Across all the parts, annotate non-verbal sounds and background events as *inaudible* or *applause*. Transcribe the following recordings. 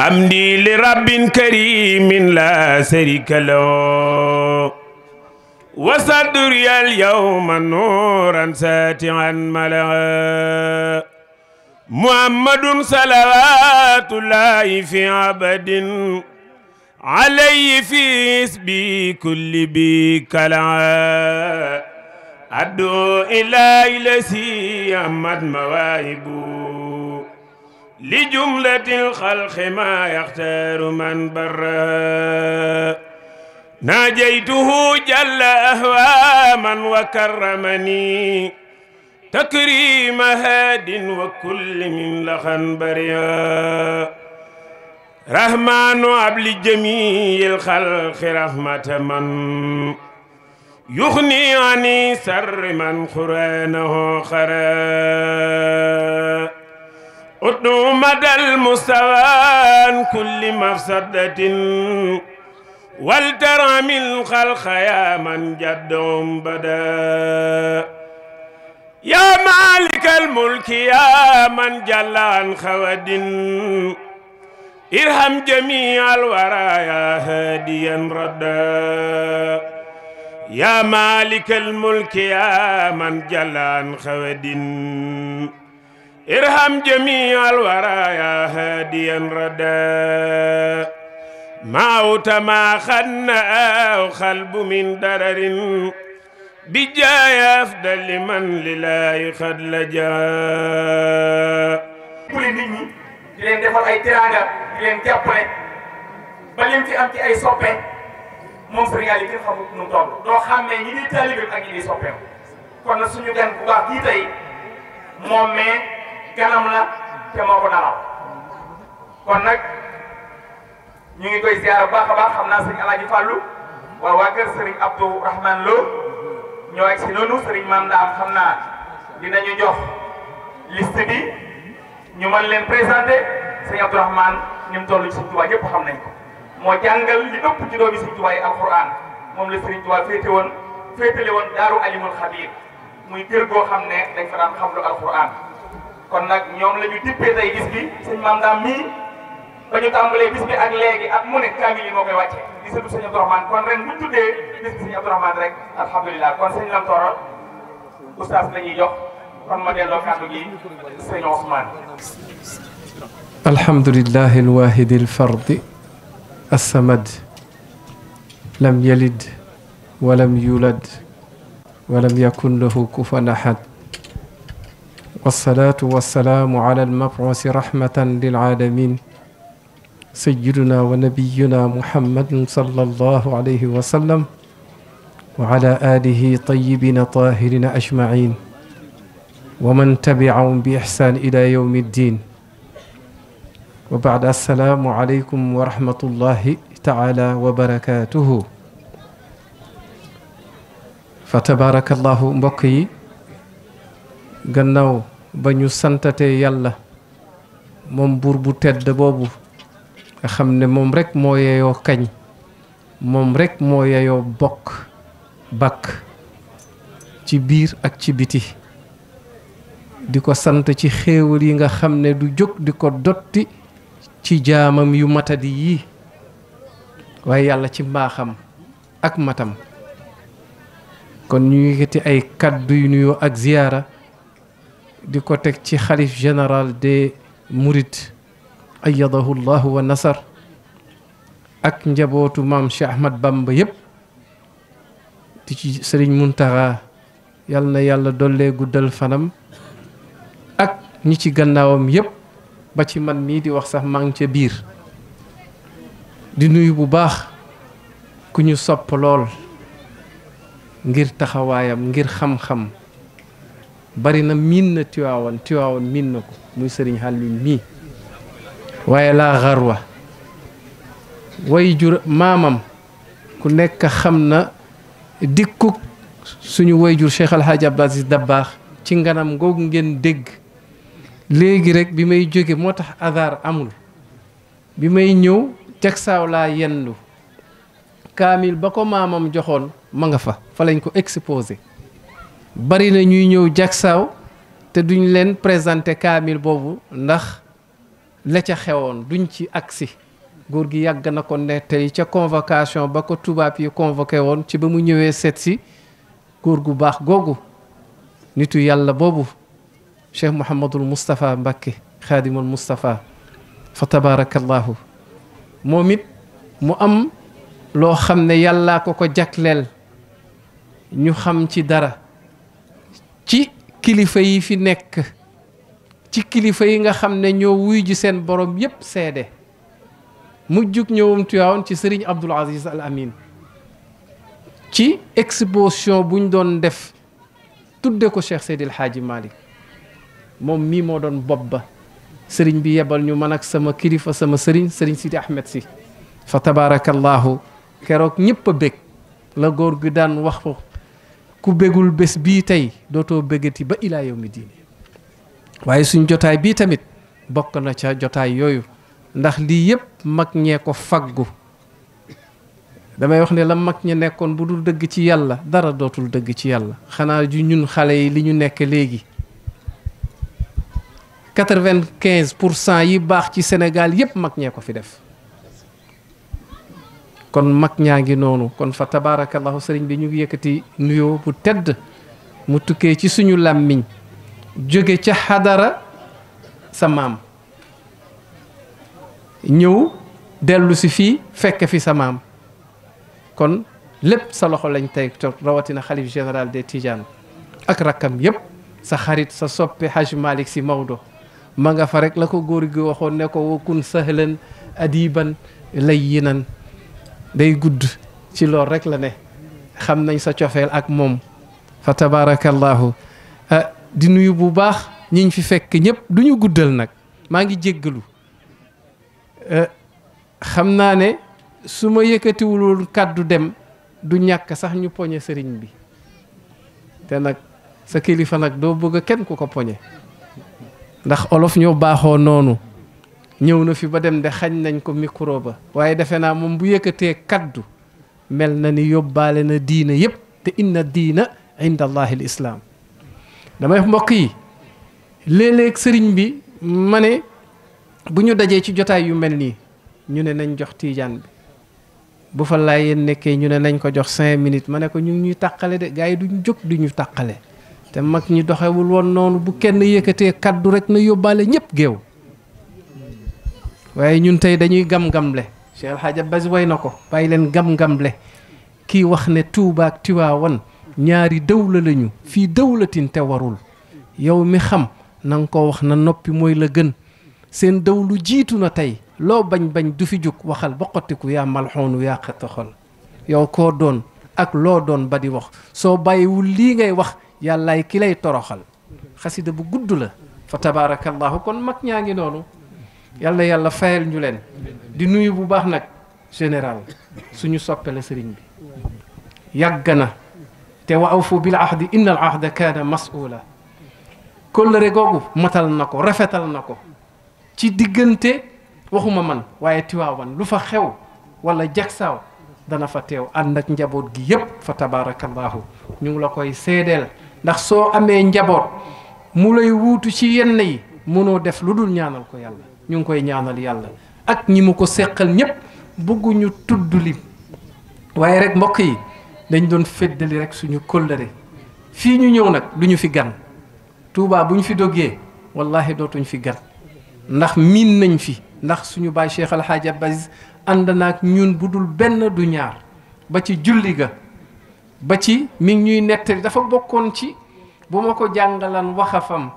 أمدي آه. لرب كريم لا شريك له وصدري اليوم نورا ساتعا ملغا محمد صلوات الله في عبد علي في اسبي كل بكلا أدعو إلى إلسي أمد مواهبه لجملة الخلق ما يختار من برا ناجيته جل أهواما وكرمني تكريم هاد وكل من لخن بريا رحمن عبل جميع الخلق رحمة من يغني عني سر من خرانه خرا ادعو مدى المستوان كل مفسدة من خلق يا من جدهم بدا يا مالك الملك يا من جل عن خود ارحم جميع الورى يا هاديا ردا يا مالك الملك يا من جل عن خود ارحم جميع الورى يا هاديا ردا موت ما خنا خلب من درر بجا افضل لمن لله قد لجا كل نيني دين ديفال اي تيراغا دين تيابلي باليم تي ام اي سوبي موم فريغالي كي خامو نو تول دو خامي ني دي طالب اك ني سوبي كون سونو دن بوخ دي تاي مومي ganam la te moo ko dalal kon nag ñu ngi koy ziar bu baax a xam naa sëriñ Alaaji Fàllu waaw waa kër sëriñ Abdou Rahman Lo ñoo egg si noonu sëriñ Maam Daam xam naa dinañu jox liste bi ñu mën leen présenté sëriñ Abdou Rahman ni mu toll ci Sëriñ Tuubaa xam nañ moo jàngal li ëpp ci doomi Sëriñ Tuubaa yi moom la Sëriñ Tuubaa féete woon féetale woon daaru alimul xabir muy kër goo xam ne dañ fa daan xam lu kon nak ñom lañu tippé tay gis bi sëñ maam daam mii ba ñu bis bi ak légui ak mu ne kaamil mo koy wàcce di sëtu sëñ Abdourahmane kon ren bu tuddé bis bi sëñ Abdourahmane rek alhamdullilah kon sëñ Lam toro oustaz la jox kon ma délo kàddu gi sëñ Ousmane لله الواحد الفرد assamad لم يلد ولم يولد ولم يكن له كفوا احد والصلاة والسلام على المبعوث رحمة للعالمين سيدنا ونبينا محمد صلى الله عليه وسلم وعلى آله طيبين طاهرين أجمعين ومن تبعهم بإحسان إلى يوم الدين وبعد السلام عليكم ورحمة الله تعالى وبركاته فتبارك الله مبقي yi ba ñu santate yàlla moom buur bu tedd boobu nga xam ne moom rekk moo yeyoo kañ moom rekk moo yeyoo bokk bakk ci biir ak ci biti di ko sant ci xéewal yi nga xam ne du jóg di ko dotti ci jaamam yu matadi yii waaye yàlla ci mbaaxam ak matam kon ñu yëkkati ay kàddu yu nuyoo ak ziyaara di ko teg ci xalif général des Mourides ayyadahu llahu wa nasar ak njabootu maam Cheikh Ahmad Bamba yëpp di ci sëriñ Muntaxa yal na yàlla dollee guddal fanam ak ñi ci gannaawam yëpp ba ci man mii di wax sax maa ngi ca biir di nuyu bu baax ku ñu sopp lool ngir taxawaayam ngir xam-xam bari na miin na Tiwaawan Tiwaawan miin na ko muy sëriñ Xalil mii waaye laa xarwa way jur maamam ku nekk xam na dikkuk suñu way jur Cheikh Alhaji Abdou Aziz Dabakh ci nganam googu ngeen dégg léegi rekk bi may jóge moo tax hasard amul bi may ñëw jagsaaw laa yendu kaamil ba ko maamam joxoon ma nga fa fa lañ ko exposé bari na ñuy ñëw jagsaaw te duñ leen présenté kaamil boobu ndax la ca xewoon duñ ci agsi góor gi yàgg na ko nettali ca convocation ba ko tubaab yi convoqué woon ci ba mu ñëwee seet si góor gu baax googu nitu yàlla boobu cheikh mouhamadul moustapha mbàkke xaadimul moustapha fa tabarakallahu moom it mu am loo xam ne yàllaa ko ko jagleel ñu xam ci dara ci kilifa yi fi nekk ci kilifa yi nga xam ne ñoo wuy ji seen boroom yépp seede mujjug ñëwum Tiwaawan ci sëriñ Abdul Aziz Al Amin ci exposition buñ doon def tudde ko Cheikh seddi Hadji Malick moom mii moo doon bopp ba sëriñ bi yebal ñu mën ak sama kilifa sama sëriñ sëriñ Sidi Ahmed si fa tabarakallahu keroog ñëpp a la góor gi daan wax ko ku bégul bés bii tey dootoo bégati ba ilaa yow mi diine waaye suñ jotaay bii tamit bokk na ca jotaay yooyu ndax lii yépp mag ñee ko faggu damay wax ne la mag ña nekkoon bu dul dëgg ci yàlla dara dootul dëgg ci yàlla xanaa ju ñun xale yi li ñu nekk léegi quatre-vingt-quinze pour cent yi baax ci senegal yépp mag ñee ko fi def kon mag ñaa ngi noonu kon fa tabaarakallahu sëriñ bi ñu ngi yëkkati nuyoo bu tedd mu tukkee ci suñu làmmiñ jóge ca xadara sa maam ñëw dellusi si fii fekk fi sa maam kon lépp sa loxo lañ tey rawatina xalif général des Tidianes ak rakkam yépp sa xarit sa soppi Haj Malick si Maodo ma nga fa rek la ko góor gi waxoon ne ko wakun sahlan adiban layyinan day gudd ci lool rekk la ne xam nañ sa cofeel ak moom fa tabaarakallaahu eh, di nuyu bu baax ñiñ fi fekk ñëpp du ñu guddal nag maa ngi jéggalu eh, xam naa ne su ma yëkkatiwuloon kàddu dem du ñàkk sax ñu poñe sëriñ bi te nag sa kilifa nag doo bëgg kenn ku ko poñe ndax olof ñoo baaxoo noonu ñëw na fi ba dem de xagn nañ ko micro ba waye defe naa bu yëkëté kaddu mel na ni yobale na diina yépp te inna diina inda allahi al islaam damay mbokk yi léeg-léeg sëriñ bi mané bu ñu dajé ci jotaay yu mel ñu ne nañ jox tiijaan bi bu fa lay yéen ñu ne nañ ko jox 5 minutes mané ko ñu ñuy takalé de gaay duñ jóg duñu takalé te mag ñi doxewul won nonu bu kenn yëkëté kaddu rek na yobale ñépp géew waaye ñun tey dañuy gam-gamle Cheikh ba Abbas na ko bàyyi leen gam-gamle kii wax ne tuubaak ak Tiwaawan ñaari dawla lañu fii dawlatin te warul yow mi xam nanga nga ko wax na noppi mooy la gën seen dawlu jiitu na tey loo bañ-bañ du fi jóg waxal ba xottiku yaa malxoonu yaa xetaxol yow koo doon ak loo doon ba di wax soo bàyyiwul lii ngay wax yàllaay ki lay toroxal xasida bu gudd la fa tabaarakallahu kon mag ñaa ngi noonu yàlla yàlla fayal ñu leen di nuyu bu baax nag général suñu soppe la sëriñ bi yàgg na te wa awfu bil ahdi inna al ahda kaana mas'uula kóllëre googu matal na ko rafetal na ko ci diggante waxuma man waaye tiwaawan lu fa xew wala jagsaaw dana fa teew ànd ak njaboot gi yépp fa tabaarakallaahu ñu ngi la koy seedeel ndax soo amee njaboot mu lay wuutu ci yenn yi mënoo def lu dul ñaanal ko yàlla ñu ngi koy ñaanal yàlla ak ñi mu ko seqal ñépp bëgguñu tudd li waaye rek mbokk yi dañ doon féddali rek suñu kóllëre fii ñu ñëw nag duñu fi gan Touba bu ñu fi dogee wallahi dootuñ fi gan ndax miin nañ fi ndax suñu baay Cheikh Al Hadj Abbas ànd naak ñun bu dul benn du ñaar ba ci julli ga ba ci mi ñuy nettali dafa bokkoon ci bu ma ko jàngalan waxafam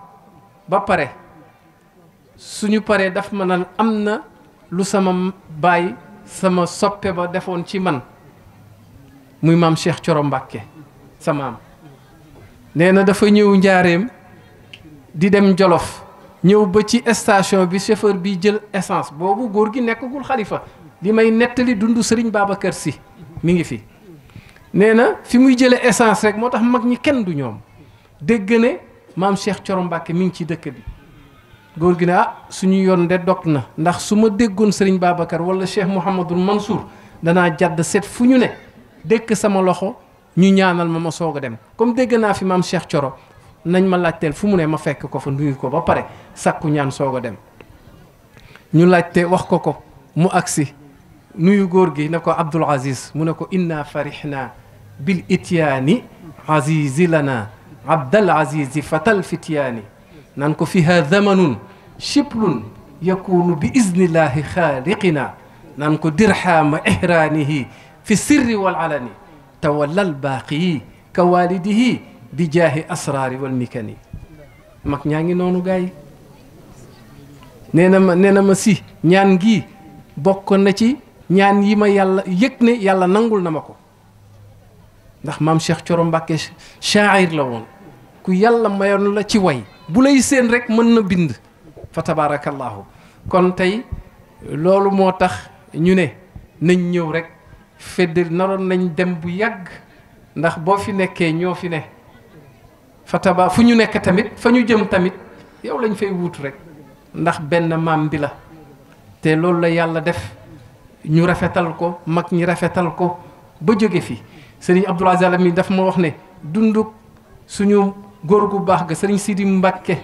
ba pare suñu paree daf ma naan am na lu sama baay sama soppe ba defoon ci man muy maam Cheikh Coro Mbàkke sa maam nee na dafa ñëw njaareem di dem Jolof ñëw ba ci station bi chauffeur bi jël essance boobu góor gi nekkagul xalifa li may nettali dundu Sëriñ Babacar Si mi ngi fi nee na fi muy jële essence rek moo tax mag ñi kenn du ñoom dégg ne maam Cheikh Coro Mbàkke mi ngi ci dëkk bi góor gi ne ah suñu yoon de dog na ndax su ma déggoon sëriñ Babacar wala Cheikh Mouhamadul Mansour danaa jàdd seet fu ñu ne dëkk sama loxo ñu ñaanal ma ma soog a dem comme dégg naa fi ma am Cheikh Coro nañ ma laajteel fu mu ne ma fekk ko fa nuyu ko ba pare sakku ñaan soog a dem. ñu laajte wax ko ko mu agsi nuyu góor gi ne ko Abdul Aziz mu ne ko inna farihna bil ityaani azizi lana abdal azizi fatal fityaani naan ko fiha zamanun shiplun yakunu bi iznillahi xaaliqina naan ko dirhaama ihraanihi fi sirri wal alani tawallal baaqiyi ka waalidihi bi jaahi asraari wal mikani mag ñaa ngi noonu gars yi nee na ma nee na ma si ñaan gi bokk na ci ñaan yi ma yàlla yëg ne yàlla nangul na ma ko ndax maam Cheikh Coro Mbàkke shaayir la woon ku yàlla mayoon la ci way bu lay séen rek mën na bind fa tabaarakallaahu kon tey loolu moo tax ñu ne nañ ñëw rek fedd naroon nañ dem bu yàgg ndax boo fi nekkee ñoo fi ne fa taba fu ñu nekk tamit fa ñu jëm tamit yow lañ fay wuutu rek ndax benn maam bi la te loolu la yàlla def ñu rafetal ko mag ñi rafetal ko ba jóge fi sëriñ Abdoul Aziz Al Amine ma wax ne dunduk suñu gor gu bax ga serigne Sidi Mbacke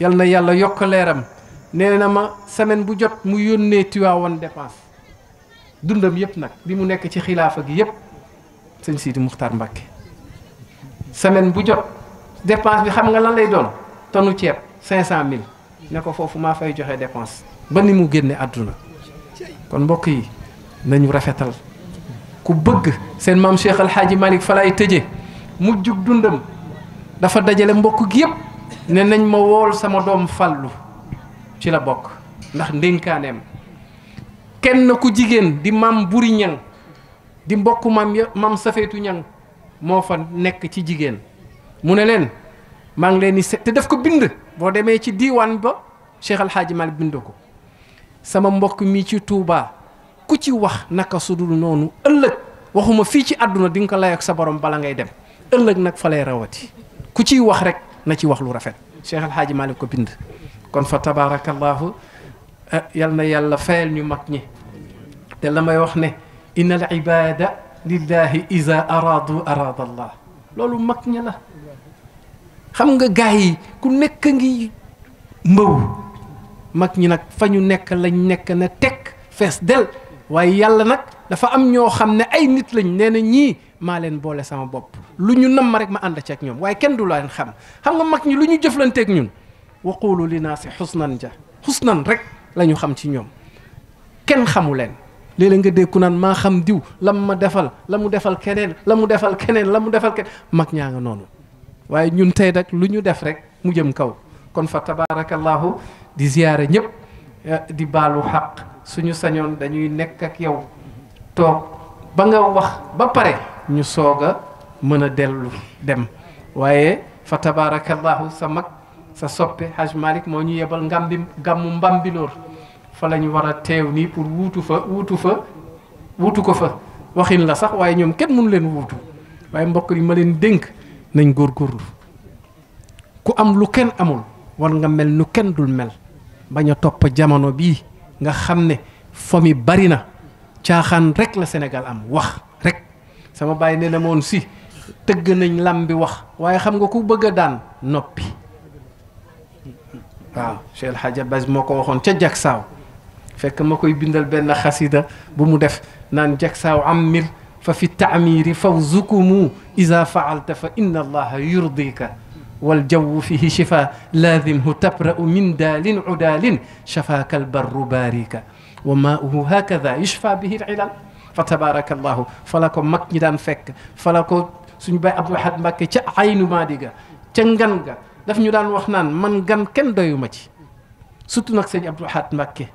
yal na yalla yok leeram neena ma semaine bu jot mu yónnee won dépense dundam yep nak bi mu nek ci khilafa gi yep serigne Sidi mukhtar Mbacke semaine bu jot dépense bi xam nga lan lay doon tonu ciep 500000 ne ko foofu fay joxe dépense ba ni mu génne aduna kon mbok yi nañu rafetal ku bëgg seen mam Cheikh Al Hadji malik fa teje mu jug dundam dafa dajale mbokk gi yëpp ne nañ ma wool sama doom fallu ci la bokk ndax ndénkaaneem kenn ku jigéen di mam buri ñang di mbokk mam ya, mam safeetu ñang moo fa nekk ci jigéen mu ne leen maa ngi leen di te daf ko bind boo demee ci diiwaan ba Cheikh Alhaaji bind ko sama mbokk mi ci Touba ku ci wax naka sudul noonu ëllëg waxuma fii ci àdduna di nga ko layoog sa borom bala ngay dem ëllëg nag fa lay rawati ku ciy wax rek na ci wax lu rafet Cheikh El Hadj Malick ko bind kon fa tabaarakallaahu yal na yàlla fayal ñu mag ñi te la may wax ne inna al ibada lillahi ida aradu arada allah loolu mag ñi la xam nga gars yi ku nekk ngi mbaw mag ñi nag fa ñu nekk lañ nekk na tekk fees del waaye yàlla nag dafa am ño xamne ay nit lañ nee ñi ma leen boole sama bop lu ñu nam rek ma ànd ci ak ñom waye kenn du leen xam xam nga mag ñi lu ñu ak ñun waqulu li naa si ja husnan rek lañu xam ci ñom kenn xamu leen léeg-léeg nga dékku nan ma xam diw lam ma defal lamu defal keneen lamu defal keneen lamu defal keneen mag ñaa nga noonu waaye ñun tay nag lu ñu def rek mu jëm kaw kon fa tabarakallah di ziaré ñep di balu haq suñu sañon dañuy nek ak yow toog ba nga wax ba pare ñu soog a mën a dellu dem waaye fa tabarakallahu sa mag sa soppe Haj Malick moo ñu yebal ngambi gàmmu Mbambilor fa la ñu war a teew nii pour wuutu fa wuutu fa wuutu ko fa waxin la sax waaye ñoom kenn mënu leen wuutu waaye mbokk yi ma leen dénk nañ góorgóorlu ku am lu kenn amul war nga mel nu kenn dul mel bañ a topp jamono bii nga xam ne fomi bari na caaxaan rek la Sénégal am wax rek sama bàyyi neena mon si teug nañ lam bi wax waye xam nga ku bëgg daan nopi waaw Cheikh El Hadj Abbas moo ko waxoon ca jagsaaw fekk makoy bindal ben khasida bu mu def nan jaksaw amir fa fi ta'mir fawzukum iza faalta fa inna allaha yurdika والجو فيه شفاء لاذمه تبرأ من دال عدال شفاك البر باريكا وماؤه هكذا يشفى به العلل فتبارك الله فلكم مكيدان فك فلكم سن باي ابو حد مكي تا عين ما ديغا تا غانغا داف ني دان واخ نان مان غان كين دويو ما تي سوتو نك سيدي عبد الحات مكي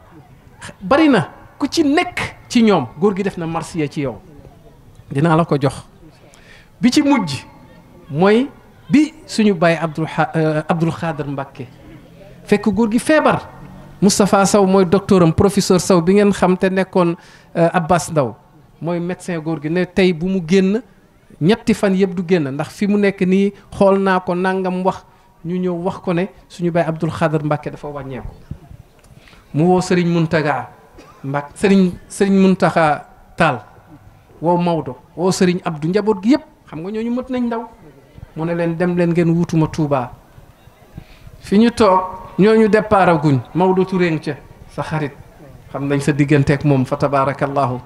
بارينا كو تي نيك تي نيوم غور دافنا مارسيا تي يو دينا لا كو جوخ بي تي موج موي بي سونو باي عبد الحا عبد القادر مكي فك غور غي فيبر Moustapha saw mooy docteur am professeur Sow bi ngeen xam te nekkoon euh, Abbas Ndaw mooy médecin góor gi ne tey bu mu génn ñetti fan yëpp du génn ndax fi mu nekk nii xool naa ko nangam wax ñu ñëw wax ko ne suñu baay Abdoul Xadar Mbacke dafa wàññeeku. mu woo Serigne Mountaga Mbacke Serigne Serigne Mountaga taal woo Maodo woo Serigne Abdou njaboot gi yëpp xam nga ñooñu mët nañ ndaw mu ne leen dem leen ngeen wutuma Touba fi ñu toog. ñooñu départ guñ Maodo Touré ca sa xarit xam nañ sa digganteeg moom fa tabaarakallaahu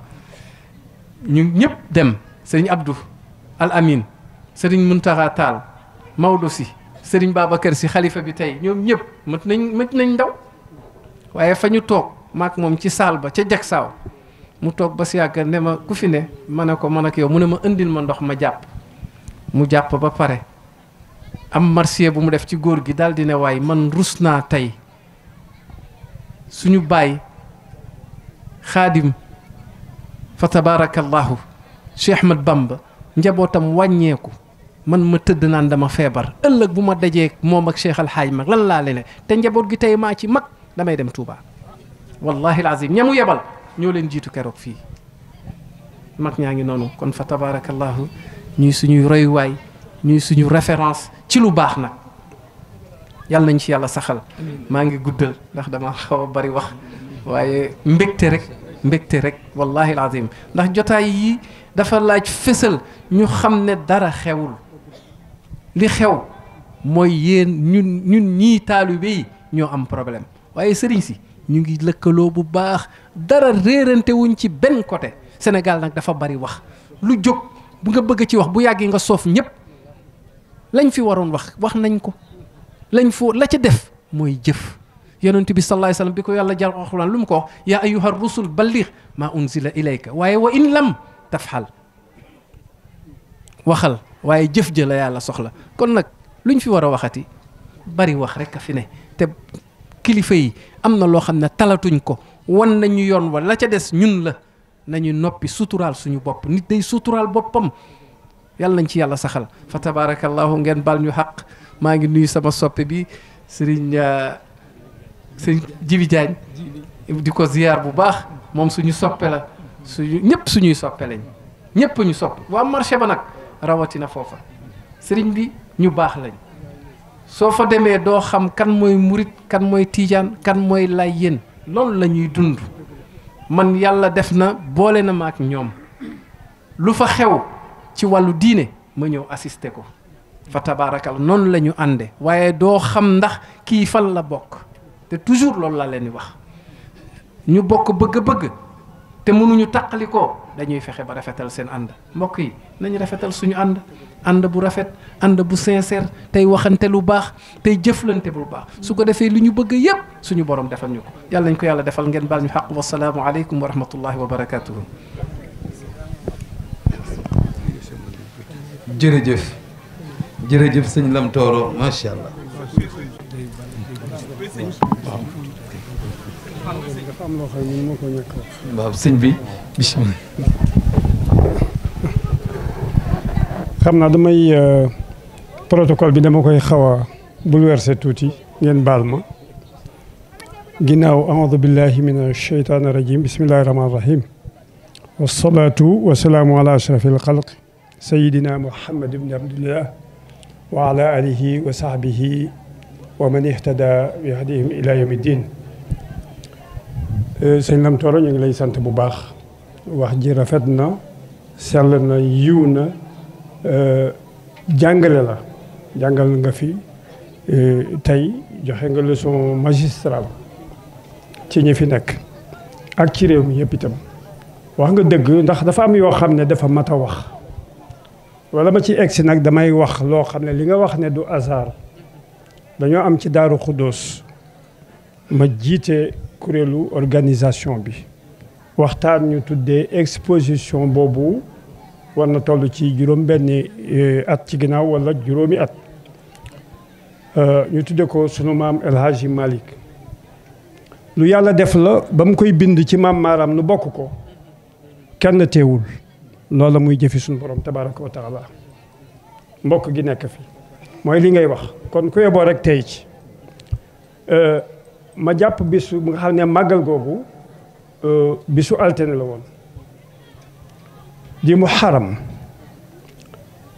ñu ñëpp dem sëriñ Abdou Al sëriñ Muntaxa Taal Maodo si sëriñ Babacar si xalifa bi tey ñoom ñëpp mët nañ mët nañ ndaw waaye fa ñu toog maak moom ci saal ba ca jagsaaw mu toog ba si yàgg ne ma ku fi ne ma ne ko man ak yow mu ne ma indil ma ndox ma jàpp mu jàpp ba pare am marché bu mu def ci góor gi dal dina way man rusna tay suñu bay khadim fa tabaarakallahu Cheikh ahmed Bamba njabotam wàññeeku man ma teud nan dama febar euleug buma dajje mom ak Cheikh Alxaaj mak lan la lene te njabot gi tay ma ci mak damay dem Touba wallahi alazim ñamu yebal ñoo leen jitu kérok fi mak ñangi nonu kon fa tabaarakallahu ñuy roy way ñuy suñu référence ci lu baax nag yàlla nañ ci yàlla saxal maa ngi guddal ndax dama xaw a bari wax waaye mbégte rek mbégte rek wallahi alazim ndax jotaay yi dafa laaj fësal ñu xam ne dara xewul li xew mooy yéen ñun ñun ñii taalibe yi ñoo am problème waaye sëriñ si ñu ngi lëkkaloo bu baax dara réerante wuñ ci benn côté Sénégal nag dafa bari wax lu jóg bu nga bëgg ci wax bu yàggee nga soof ñëpp lañ fi waroon wax wax nañ ko lañ foo la ca def mooy jëf yonent bi sallallahu alayhi wasallam bi ko yàlla jar alxuraan lu mu ko wax yaa ayyuha rusul balligh maa unzila ilayka waaye wa in lam tafxal waxal waaye jëf ja la yàlla soxla kon nag luñ fi war a waxati bari wax rek a fi ne te kilifa yi am na loo xam ne talatuñ ko wan nañu yoon wa la ca des ñun la nañu noppi suturaal suñu bopp nit day suturaal boppam yàlla nañ ci yàlla saxal fa tabaarakallaahu ngeen bal ñu xaq maa ngi nuyu sama soppe bi sëriñ sëriñ Jibi Jaañ di ko ziyaar bu baax moom suñu soppe la suñu ñëpp suñuy soppe lañ ñëpp ñu sopp waa marché ba nag rawatina foofa sëriñ bi ñu baax lañ soo fa demee doo xam kan mooy murit kan mooy tiijaan kan mooy lay layeen loolu la ñuy dund man yàlla def na boole na ma ak ñoom lu fa xew ci wàllu diine ma ñëw assister ko fa tabaarakal noonu la ñu ànde waaye doo xam ndax kii fan la bokk te toujours loolu la leen di wax ñu bokk bëgg-bëgg te mënuñu taqali ko dañuy fexe ba rafetal seen ànd mbokk yi nañu rafetal suñu ànd ànd bu rafet ànd bu sincère tey waxante lu baax tey jëflante bu baax su ko defee li ñu bëgg yépp suñu borom defal ñu ko yàlla ñu ko yàlla defal ngeen baal ñu xaq wasalaamu aleykum wa rahmatullahi wa barakatuhu jërëjëf jërëjëf sëñ Lam Tooro macha allah. waaw sëñ bi bisimilah. xam naa damay protocole bi dama koy xaw a bouleversé tuuti ngeen baal ma. ginnaaw aoudu billahi min alcheytaan rajim bismillahi rahmaani rahim wasalaatu wasalaamu ala ashrafil xalq سيدنا محمد بن عبد الله وعلى آله وصحبه ومن اهتدى بهديهم إلى يوم الدين أه، سيدنا مطورو نيغ لاي سانت بو باخ واخ جي رافتنا سلنا يونا ا أه، جانغال لا جانغال nga fi tay joxe nga leçon magistral ci ñi fi nek ak ci rew mi yépp itam wax nga dëgg ndax dafa am yoo xam ne dafa mat a wax wala ma ci egsi nag damay wax loo xam ne li nga wax ne du hasard dañoo am ci Daaru Xuddoos ma jiite kuréelu organisation bi waxtaan ñu tuddee exposition boobu war na toll ci juróom benni at ci ginnaaw wala juróomi at ñu tudde ko sunu maam El haji malik lu yàlla def la ba mu koy bind ci maam maaram nu bokk ko kenn teewul loola muy jëfi suñu borom tabaraka wa taala mbokk gi nekk fi mooy li ngay wax kon ku yeboo rek tey ci euh, ma jàpp bisu nga xam ne màggal googu euh, bisu altine la woon di muharram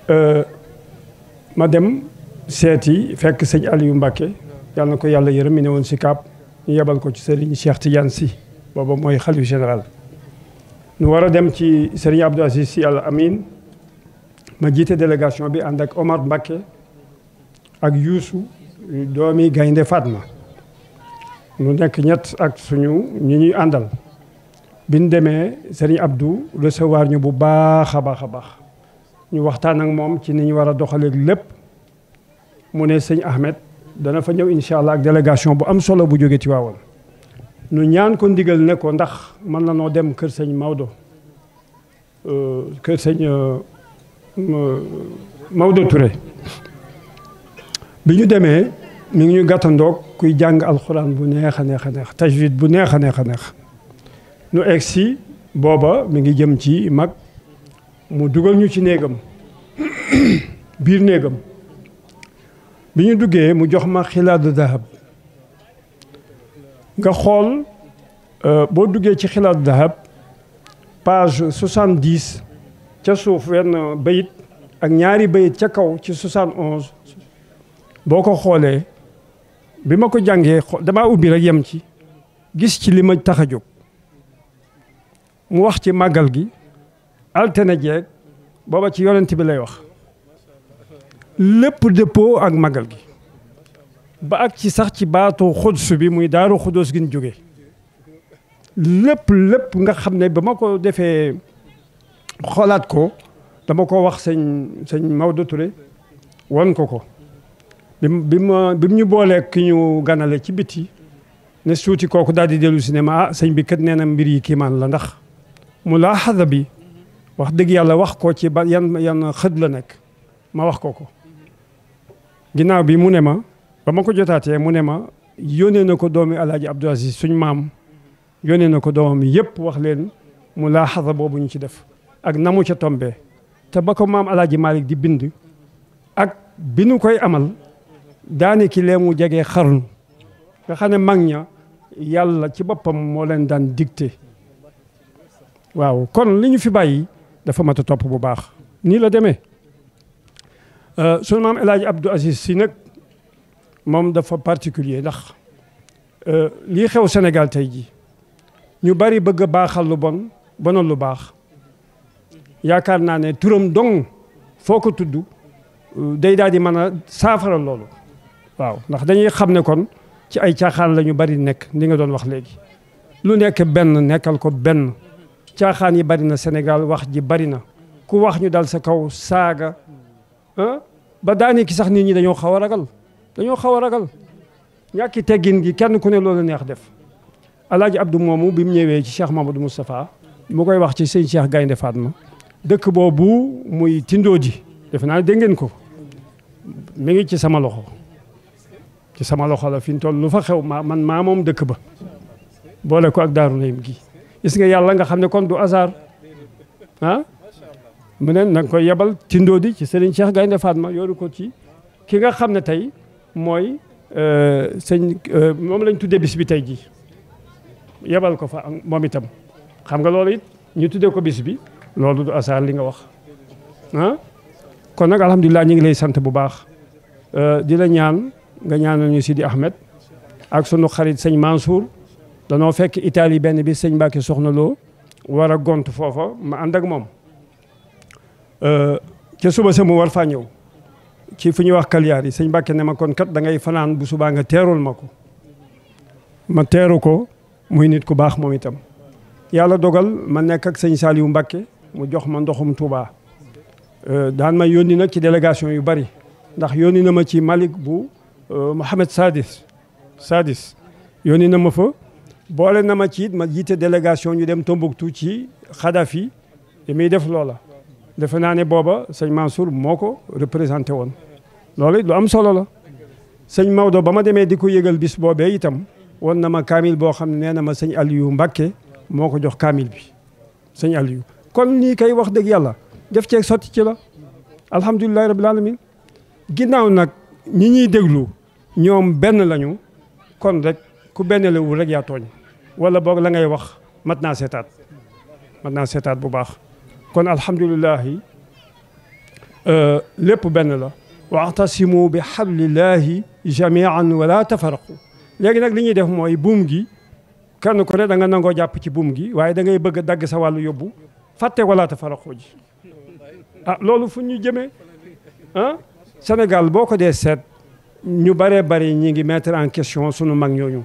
euh, ma dem seeti fekk sëñ Aliou Mbacke yàlla na ko yàlla yërëm mi ne woon si kaab ñu yebal ko ci sëriñ ti Tidiane si booba mooy xalifa général ñu war a dem ci Serigne Abdou Aziz Sy Al Amin ma jiite délégation bi ànd ak Omar Mbacké ak Youssou doomi Gaynde Fatma ñu nekk ñett ak suñu ñi ñuy àndal biñ demee Serigne Abdou recevoir ñu bu baax a baax a baax ñu waxtaan ak moom ci ni ñu war a doxaleeg lépp mu ne sëñ Ahmed dana fa ñëw incha allah ak délégation bu am solo bu jóge ci waawoon nu ñaan ko ndigal nekkoo ndax mën na noo dem kër sëñ Maodo euh, kër sëñ euh, euh, Maodo Touré bi ñu demee mi ngi ñu gàttandoog kuy jàng alxuraan bu neex a neex a neex bu neex a neex a neex nu egg si booba mi ngi jëm ci mag mu dugal ñu ci néegam *coughs* biir néegam bi ñu duggee mu jox ma xilaadu dahab nga xool boo duggee ci xilaat dahab page 70 ca suuf wenn bayit ak ñaari bayit ca kaw ci 71 boo ko xoolee bi ma ko jàngee damaa ubbi rek yem ci gis ci li ma tax a jóg mu wax ci màggal gi altene jeeg booba ci yonent bi lay wax lépp dëppoo ak màggal gi ba ak ci sax ci baatu xudus bi muy daaru xudus gi ñu jóge lépp lépp nga xam ne ba ma ko defee xoolaat ko dama ko wax sëñ sëñ Maodo Touré won ko ko bi bi ma bi ñu boolee ki ñu ganale ci biti ne suuti kooku daal di dellu cinéma ah sëñ bi kat nee na mbir yi kiimaan la ndax mu laa xada bi wax dëgg yàlla wax ko ci ba yan yan xët la nekk ma wax ko ko ginnaaw bi mu ne ma ba ma ko jotaatee mu ne ma yónnee na ko doomi alaaji Abdou Aziz suñ maam yónnee na ko doomam yëpp wax leen mu laa boobu ñu ci def ak namu ca tombee te ba ko maam alaaji di bind ak bi nu koy amal daane ki lee mu jegee xarnu nga xam ne mag ña yàlla ci boppam moo leen daan dicté waaw kon li ñu fi bàyyi dafa mat a topp bu baax nii la demee sunu maam El Hadj Abdou Aziz si nag moom dafa particulier ndax euh, lii xew Sénégal tey ji ñu bari bëgg a baaxal lu bon bonal lu baax yaakaar naa ne turam dong foo ko tudd euh, day daal di mën a saafara loolu waaw ndax dañuy xam ne kon ci ay caaxaan la ñu bari nekk li nga doon wax léegi lu nekk benn nekkal ko benn caaxaan yi bari na Sénégal wax ji bari na ku wax ñu dal sa kaw saaga ba daani ki sax nit ñi dañoo xaw a ragal dañoo xaw a ragal ñàkki teggin gi kenn ku ne loolu neex def ab du moomu bi mu ñëwee ci cheikh mamadou moustapha mu koy wax ci sëñ cheikh gaynde faat ma dëkk boobu muy tindoodi defe naa dégg ko mi ngi ci sama loxo ci sama loxo la fi mu toll lu fa xew man maa moom dëkk ba boole ko ak daaru nayim gi gis nga yàlla nga xam ne kon du hasard ah mu neen na koy yebal tindoodi ci sëriñ cheikh gaynde ma yoru ko ci ki nga xam ne tey mooy euh, sëñ euh, moom lañ tuddee bis bi tey jii yebal ko fa moom itam xam nga loolu it ñu tuddee ko bis bi loolu du asaar li nga wax ah kon nag alhamdulilah ñu ngi lay sant bu baax euh, di la ñaan nga ñaan ñu Sidi Ahmed ak sunu xarit sëñ Mansour danoo fekk Italie benn bi sëñ Mbacke soxna loo war a gont foofa ma ànd ak moom ca suba sa mu war faa ñëw ci fu ñuy wax Kaliyaar yi sëñ Mbàkke ne ma kon kat dangay fanaan bu subaa nga teerul ma ko ma teeru ko muy nit ku baax moom itam yàlla dogal ma nekk ak sëñ Saliou Mbàkke mu jox ma ndoxum Touba euh, daan ma yónni nag ci délégation yu bari ndax yónni na ma ci Malik bu euh, Mohamed Sadis Sadis yónni na ma fa boole na ma ci ma jiite délégation ñu dem Tombouctou ci Xadafi yi muy def loola defe naa ne booba sëñ Mansour moo ko représenté woon loolu it lu am solo la sëñ Maodo ba ma demee di ko yëgal bis boobee itam won na ma kaamil boo xam ne nee na ma sëñ Aliou Mbacke moo ko jox kaamil bi sëñ Aliou kon lii kay wax dëgg yàlla def ceeg sotti ci la alhamdulilahi rabbil alamin ginnaaw nag ñi ñuy déglu ñoom benn lañu kon rek ku benn lewul rek yaa tooñ wala boog la ngay wax mat naa seetaat mat naa seetaat bu baax kon alhamdulilahi euh, lépp benn la واعtasimuu bi hablillahi jamian wala tafaraqu léegi nag li ñuy def mooy buum gi kenn ku ne da nga nangoo jàpp ci buum gi waaye da ngay bëgg a dagg sa wàllu yóbbu fàtte wala tafaraqu ji ah loolu fu ñu jëmee ah Sénégal boo ko dee seet ñu baree bari ñi ngi mettre en question sunu mag ñooñu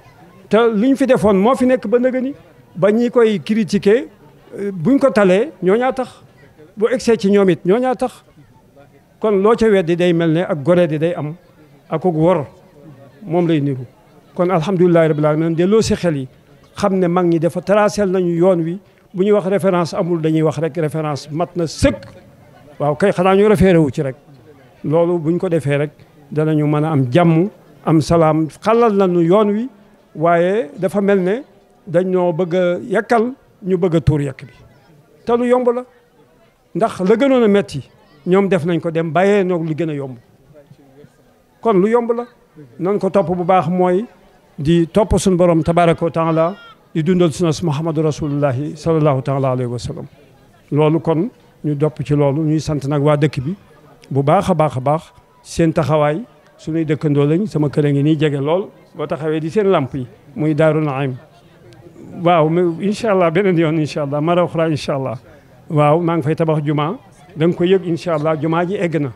te li ñu fi defoon moo fi nekk ba nëgëni ba ñi koy critiquer buñ ko talee ñoo ñaa tax bu egsee ci ñoom it ñoo ñaa tax kon loo ca weddi day mel ne ak gore di day am ak ak wor moom lay niru kon alhamdulilahi rabbil alamin delloo si xel yi xam ne mag ñi dafa tracé nañu yoon wi bu ñuy wax référence amul dañuy wax rek référence mat na sëkk waaw kay xanaa ñu référé wu ci rek loolu buñ ko defee rek danañu mën a am jàmm am salaam xalal nañu yoon wi waaye dafa mel ne dañoo bëgg a yekkal ñu bëgg a tuur yekk bi te lu yomb la ndax la gënoon a metti ñom def nañ ko dem baye nok lu gëna yomb kon lu yomb la nan ko top bu baax moy di top sun borom tabaaraku taala di dundal sunna muhammadu rasulullahi sallallahu taala alayhi wa sallam lolu kon ñu dopp ci lolu ñuy sant nak wa dëkk bi bu baaxa baaxa baax a baax seen taxawaay suñuy dëkkandoo lañ sama kër a ngi nii jege lool ba taxawé di seen làmp yi muy daaru naim waaw incha allah benen yoon incha allah mara uxra incha allah waaw ma ngi fay tabax juma da ko yëg incha allah jumaa ji egg na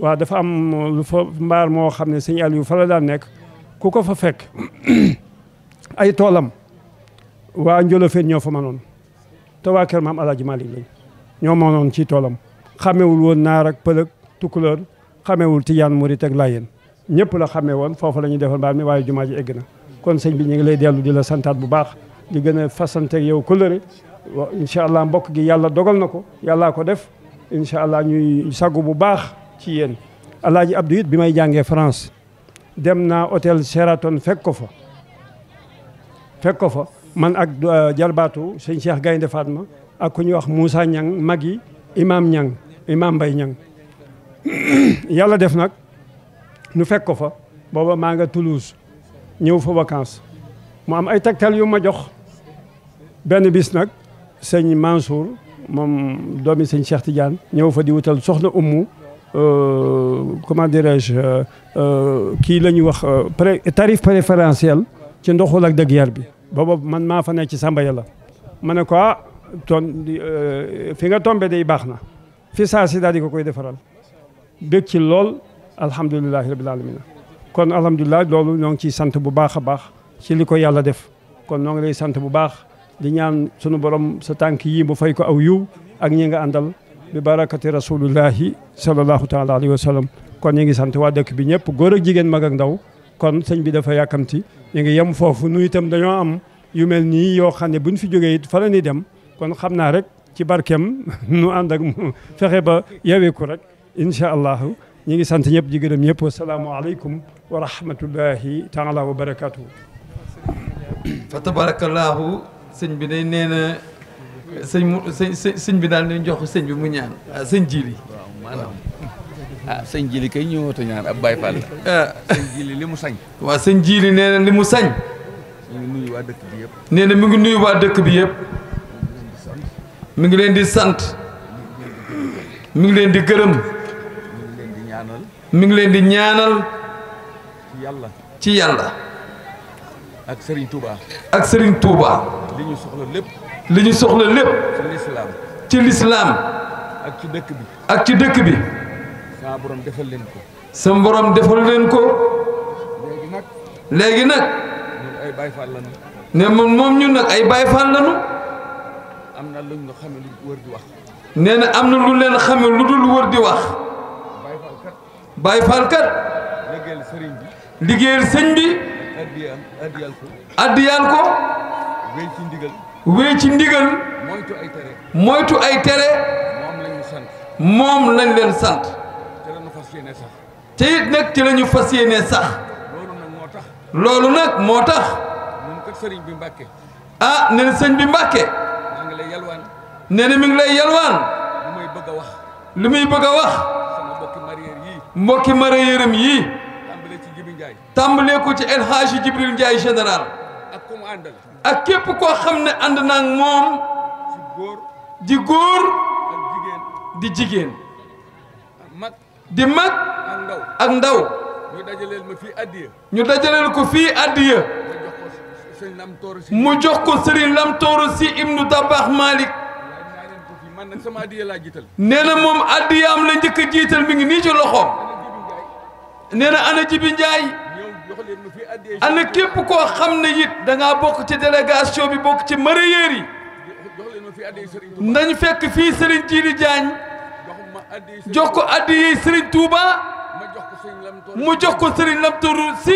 waa dafa am lu fa mbaar moo xam ne sëñ Aliou fa la daan nekk ku ko fa fekk *clears throat* ay toolam waa Njolofeen ñoo fa manoon te waa kër maam Alaaji Maalik lañ ñoo manoon ci toolam xamewul woon naar ak pël ak tukkuloor xamewul tijaan murit ak laayeen ñëpp la xamee woon foofu la ñuy defal mbaar mi waaye jumaa ji egg na kon sëñ bi ñu ngi lay dellu di la santaat bu baax di gën a fasante ak yow kóllëre incha allah mbokk gi yàlla dogal na ko yàllaa ko def incha allah ñuy sagu bu baax ci yéen alaaji Abdou it bi may jàngee France dem naa otel Sheraton fekk ko fa fekk ko fa man ak euh, jarbaatu sëñ Cheikh Gaynde ma ak ku ñuy wax Moussa ñaŋ mag yi imaam Ñang imaam Mbay ñaŋ *clears throat* yàlla def nag nu fekk ko fa booba maa nga Toulouse ñëw fa vacances mu am ay tegtal yu ma jox benn bis nag sëñ Mansour moom doomi sëñ Cheikh Tidiane ñëw fa di wutal soxna ummu euh, comment dirais-je euh, euh, kii la ñuy wax pré tarif préférentiel ci ndoxul ak dëgg yar bi booba man maa fa nekk ci Samba Yàlla ma ne ko ah ton fi nga tombe day baax na fi saa si daal di ko koy defaral bég ci lool alhamdulilahi rabil alamina kon alhamdulilah loolu ñoo ngi ciy sant bu baax a baax ci li ko yàlla def kon ñoo lay sant bu baax di ñaan suñu borom sa tànk yi mu fay ko aw yiw ak ñi nga àndal bi barakati rasulullahi sallallahu taala alayhi wa sallam kon ñi ngi sant waa dëkk bi ñëpp góor ak jigéen mag ak ndaw kon sëñ bi dafa yàkkamti ñi ngi yem foofu nuy itam dañoo am yu mel nii yoo xam ne buñ fi jógee it fa la dem kon xam naa rek ci barkem *laughs* nu ànd ak mu fexe ba yeweeku rek insha allah ñi ngi sant ñëpp di gërëm ñëpp alaykum wa rahmatullahi taala wa barakatuh fa sëñ bi day nee na sëñ mu sëñ bi daal nañ jox sëñ bi mu ñaan ah sëñ jili waaw ah, kay ñëwatu ñaan ab ah. mu sañ waaw sëñ jili nee na li mu sañ mu ngi nuyu dëkk bi yëpp nee na mu ngi nuyu waa dëkk bi yëpp mi ngi leen di sant mi ngi leen di gërëm mi leen di ñaanal mi ngi leen di ñaanal ci yàlla ci yàlla ak sëriñ Touba. ak sëriñ tuuba li ñu soxla lépp. li ñu soxla lépp. ci lislaam. ci ak ci dëkk bi. ak ci dëkk bi. sama borom defal leen ko. sama borom defal leen ko. léegi nag. ay Baye Fall lañu. ne moom moom ñun nag ay Baye Fall am na lu ñu xame lu wër wax. nee na am na lu leen xame lu dul wër di wax. Baye Fall kat. Baye kat. sëriñ bi. liggéeyal sëñ bi. addiyal ko addiyal ko wéy ci ndigal wéy ci ndigal moytu ay tere moytu ay tere moom lañ sant moom lañ leen sant te lañu fas yéene ci lañu fas yéene sax loolu nag moo tax loolu nag moo tax ñun kat bi Mbàkke ah sëñ bi Mbàkke maa ngi lay yalwaan nee na mi ngi lay yalwaan lu muy bëgg wax lu muy bëgg a wax sama mbokki yi yii mbokki mareyeuram yii Ndiaye tàmbalee ko ci El Hadji Jibril Ndiaye général ak ku ak képp koo xam ne ànd naa moom di góor di jigéen di mag ak ndaw ñu dajaleel ma fii addiya ñu dajaleel ko fii addiya mu jox ko Serigne Lamtooro si ibnu Dabaax Malick nee na moom addiyaam la njëkk a jiital mi ngi nii ci nee na ana Jibi Njaay ana képp koo xam ne it da ngaa bokk ci délégation bi bokk ci mareyeur yi nañ fekk fii Serigne Djili Diagne jox ko addiyee Serigne Touba mu jox ko Serigne Lamtourou si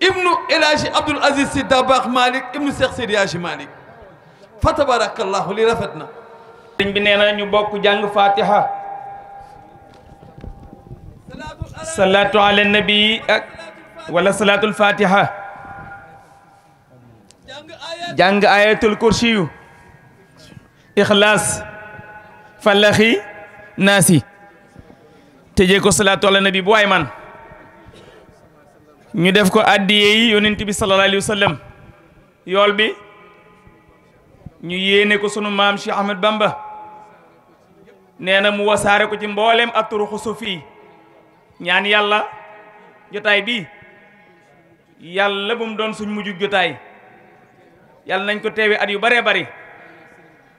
ibnu El Hadji Abdoul Aziz si Dabakh Malick ibnu Cheikh Seydi Hadji Malick fa tabarakallahu li rafet na. sëñ bi nee na ñu bokk jàng Fatiha. salaatu ala nabi ak wala salaatul fatiha jàng ayatul kursi yu ixlaas falaxi naasi tëjee ko salaatu ala nabi bu waay man ñu def ko addiye yi yonent bi sallallahu alayhi wa sallam yool bi ñu yéene ko sunu maam Cheikh Ahmed Bamba nee na mu wasaare ko ci mboolem aturuxu sufi ñaan yalla jotay bi yalla bu mu doon suñ muju jotay yalla nañ ko teewe at yu baree bari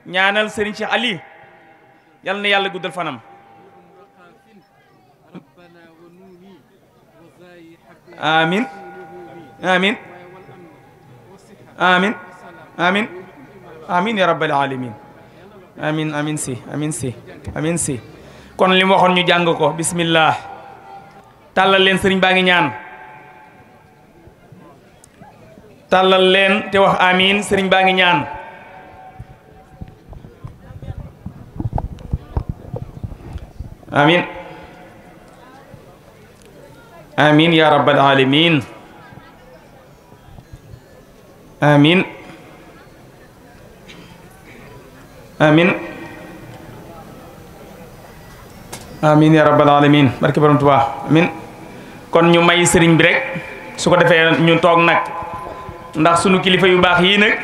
ñaanal Serigne Cheikh Ali yalla na yalla guddal fanam amin amin amin amin amin ya rabbal alamin amin amin si amin si amin si kon lim waxon ñu jang ko bismillah talal len serigne bangi ñaan talal len te wax amin, serigne bangi ñaan amin amin ya rabbal alamin, amin, amin, amin ya rabbal alamin, barke borom amin. amin kon ñu may sëriñ bi rek su ko defee ñu toog nag ndax sunu kilifa yu baax yi nag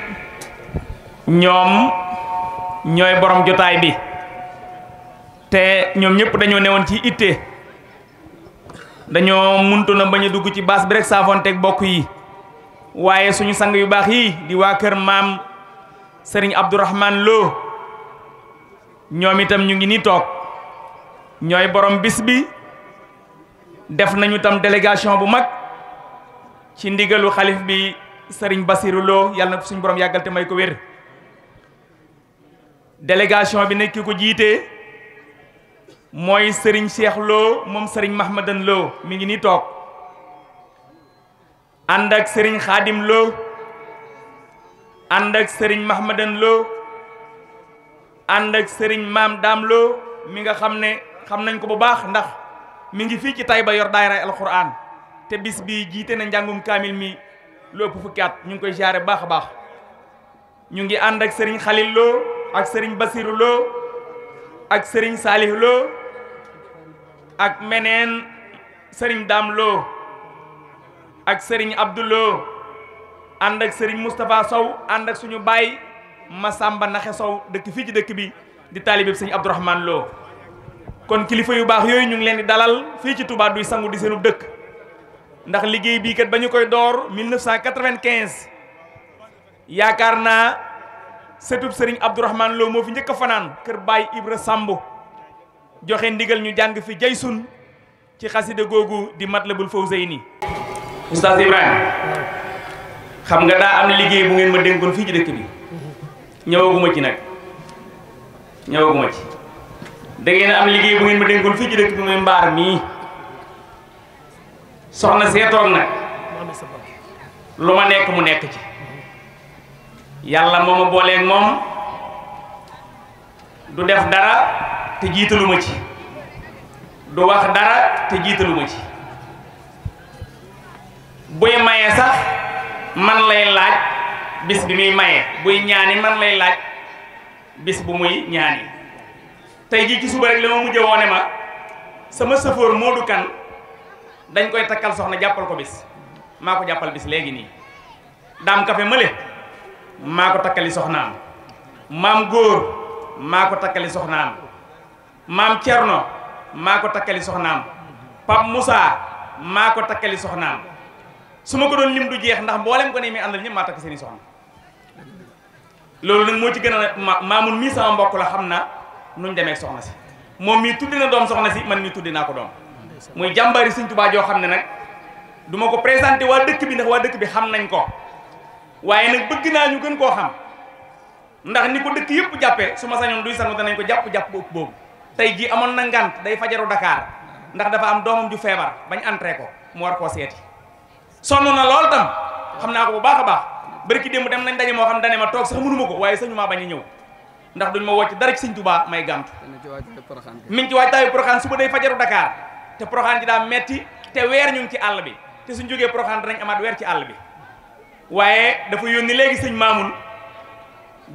ñoom ñooy borom jotaay bi te ñoom ñëpp dañoo newoon ci itte dañoo muntu na bañ a dugg ci baas bi rek saafonteeg bokk yi waaye suñu sang yu baax yi di waa kër maam sëriñ Abdourahman Lo ñoom itam ñu ngi ni toog ñooy borom bis bi def nañu tam délégation bu mag ci ndigalu xalif bi sëriñ Basiru Lo yàlla na suñ borom yàggalte may ko wér délégation bi nekk ko jiitee mooy sëriñ Cheikh Lo moom sëriñ Mahmadan loo mi ngi nii toog ànd ak sëriñ Xaadim Lo ànd ak sëriñ sëriñ Maam Daam Lo mi nga xam ne xam nañu ko bu baax ndax mi ngi fii ci Tayba yor daayira alquran te bis bii jiite na njàngum kaamil mi lu ëpp fukki ñu ngi koy jaare baax a baax ñu ngi ànd ak sëriñ Xalil Lo ak sëriñ Basiru Lo ak sëriñ Salih Lo ak meneen sëriñ Dam Lo ak sëriñ Abdou Lo ànd ak sëriñ Moustapha Sow ànd ak suñu baay Masamba Naxe Sow dëkk fii ci dëkk bi di taalibeb sëriñ Abdourahman Lo kon kilifa yu bax yoy ñu ngi leen di dalal fi ci Touba duy sangu di seenu dekk ndax liggey bi kat bañu koy door 1995 yaakaar setup serigne abdourahman Lo mo fi njëkk a fanaan kër Baye Ibra Samb joxe ndigal ñu jang fi jaysun ci khasside googu di Matlabul fawzaini Oustaz ibrahim xam nga da am liggey bu ngeen ma dénkoon fi ci dekk bi ñëwaguma ci nak ñëwaguma ci da ngeen am liggéey bu ngeen ma dénkoon fii ci dëkk bi muy mbaar mii soxna seetoon nag lu ma nekk mu nekk ci yàlla moo ma booleeg moom du def dara te jiitaluma ci du wax dara te jiitaluma ci buy maye sax man lay laaj bis bi muy maye buy ñaani man lay laaj bis bu muy tay gi ci suba rek lama mujjé woné ma sama sëfoor Modou kan dañ koy takal soxna jappal ko bis mako jappal bis légui ni dam kafe mële mako takali takkali soxnaam maam góor maa ko takkali soxnaam maam Cerno maa ko soxnaam Pape Moussa mako takali takkali soxnaam su ko don lim du jeex ndax mbolem ko ne mi andal ñi ma tak seeni soxna loolu nak mo ci gëna mamul mi sama mbokk la xamna nuñ ak soxna si mom mi tuddi na doom soxna si man mi tuddi naa ko doom muy jàmbari seigne touba jo xamné nak duma ko présenter wa dëkk bi ndax wa dëkk bi xam nañ ko waaye nak bëgg na ñu gën ko xam ndax ni ko dëkk yëpp jappé suma ma duy sañu dañ ko japp japp bu ëpp tay ji amon na ngant day fajaru Dakar ndax dafa am doomam ju feebar bañ entré ko mu war ko séti sonu na lol tam xamna ko bu baaxa a baax barki démb dem nañ daje mo xam dane ma tok sax mënuma ko waaye sañu maa bañ a ñëw ndax duñ ma wacc dara ci Seigne Touba may gàntu min ngi ci waajtaayu Porokhane suba day fajaru Dakar te Porokhane ji da metti te wer ñu ci all bi te suñu joge Porokhane danañ amat wer ci all bi waye dafa yoni legi Seigne Mamoun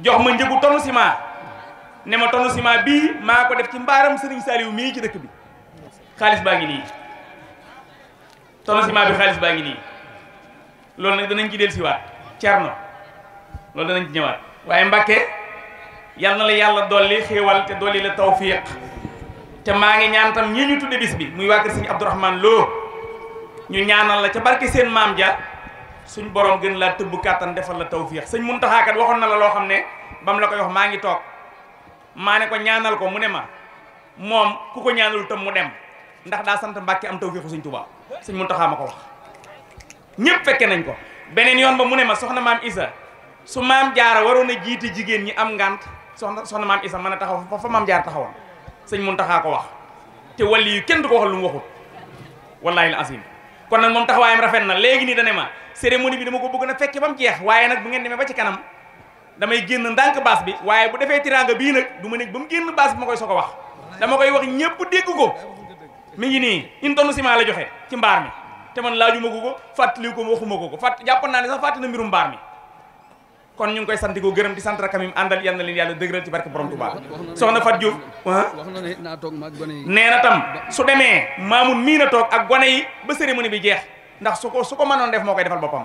jox ma ñeegu tonu sima ne ma tonu sima bi mako def ci mbaram Seigne Saliw mi ci dekk bi khalis baangi ni tonu sima bi xaalis baa ngi nii loolu danañ ci wat Cerno lool danañ ci ñewat waye mbacke Yalna la yalla doli xewal te doli la tawfiq te maa ngi ñaan tam ñi ñu tuddi bis bi muy Lo ñu ñaanal la ca barki seen mam ja suñ borom gën la tëbb katan defal la tawfiq sëñ muntaha kat waxon na la lo xamne bam la koy wax maa ngi toog ko ñaanal ko ma mom ku ko ñaanul tam mu dem ndax da sant mbacke am tawfiq sëñ touba sëñ muntaha mako wax ñepp fekke nañ ko benen yoon ba ma soxna mam Isa su mam jaara waroon nyamgant. jigen ñi am ngant soxna soxna maam isa man a taxaw fa fa maam jaar taxawoon sëñ Muntaxa ko wax te wàlli yu kenn du ko waxal lu mu waxut wallaahi la asim kon nag moom taxawaayam rafet na léegi nii dane ma cérémonie bi dama ko bëgg na fekke ba mu jeex waaye nag bu ngeen demee ba ci kanam damay génn ndànk baas bi waaye bu defee tiraanga bii nag du ma nekk ba mu génn baas bi ma koy soog a wax dama koy wax ñëpp dégg ko mi ngi nii une si ciment la joxe ci mbaar mi te man laajuma ko ko fàttaliku ko waxuma ko ko fàtt jàpp naa ne sax fàttali na mbirum mbaar mi kon ñu ngi koy sant ko gërëm di sant rek yi andal yalla leen yalla dëgëral ci barke borom tuba soxna Fat Diouf nee na tam su démé maamun mi na tok ak gone yi ba cérémonie bi jeex ndax suko suko manon def mo koy defal bopam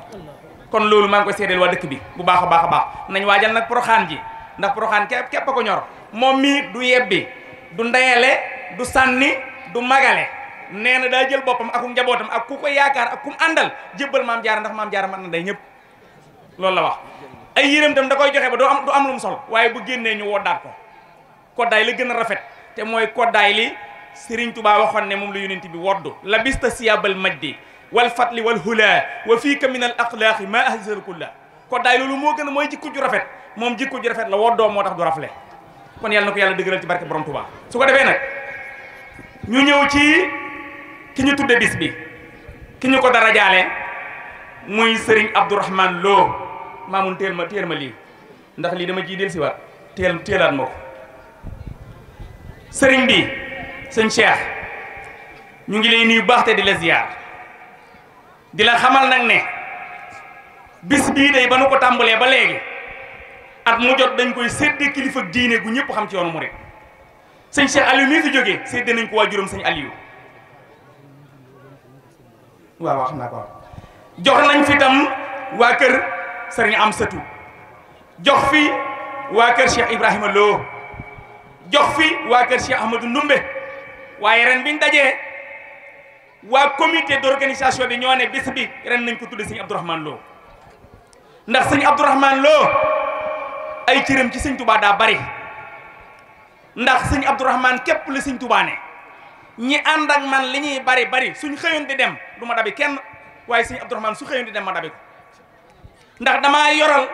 kon lolu maa ngi koy sédel wa dëkk bi bu baaxa baaxa baax nañ wajal nak proxan ji ndax proxan képp képp ko ñor mom mi du yebbi du ndeyale du sanni du magale nee da jël bopam ak njabotam ak ku ko ak kum andal àndal mam jaar ndax mam jaar man na day ñëpp lolu la wax ay yéreem tam da koy joxe ba doo am du am lu mu sol waaye bu génnee ñu woddaat ko koddaay la gën a rafet te mooy koddaay li Serigne Touba waxoon ne moom la yonent bi woddu la bista siyabal majdi wal fatli wal hula wa fiika min al axlaaqi ma ahsal kulla koddaay loolu moo gën a mooy jikko ju rafet moom jikko ju rafet la woddoo moo tax du rafle kon yàlla na ko yàlla dëgëral ci barke borom Touba su ko defee nag ñu ñëw ci ki ñu tudde bis bi ki ñu ko darajaale muy Serigne Abdourahmane Lo maamun teel ma teel ma lii ndax lii dama ciy dellusiwaat teel teelaat ma ko sëriñ bi sëñ Cheikh ñu ngi lay nuyu baaxte te di la ziyaar di la xamal nag ne bis bii day ba nu ko tàmbalee ba léegi at mu jot dañ koy séddee kilifa diine gu ñëpp xam ci yoonu murid sëñ Cheikh Aliou mii fi jógee séddee nañ ko waa juróom sëñ Aliou waaw wax ko jox nañ fi tam waa kër. sering Amsatu jox fi wa keur Cheikh Ibrahima Lo jox fi wa keur Cheikh Ahmadou numbe waye ren biñ dajé wa comité d'organisation bi ñone bis bi ren nañ ko tudde serigne Abdourahmane Lo ndax serigne Abdourahmane Lo ay ciirem ci serigne Touba da bari ndax serigne Abdourahmane kep la serigne Touba ne ñi and ak man li bari bari suñ xeyon di dem duma ma dabi kenn waye serigne Abdourahmane su xeyon di dem ma dabi ko ndax damaa yoral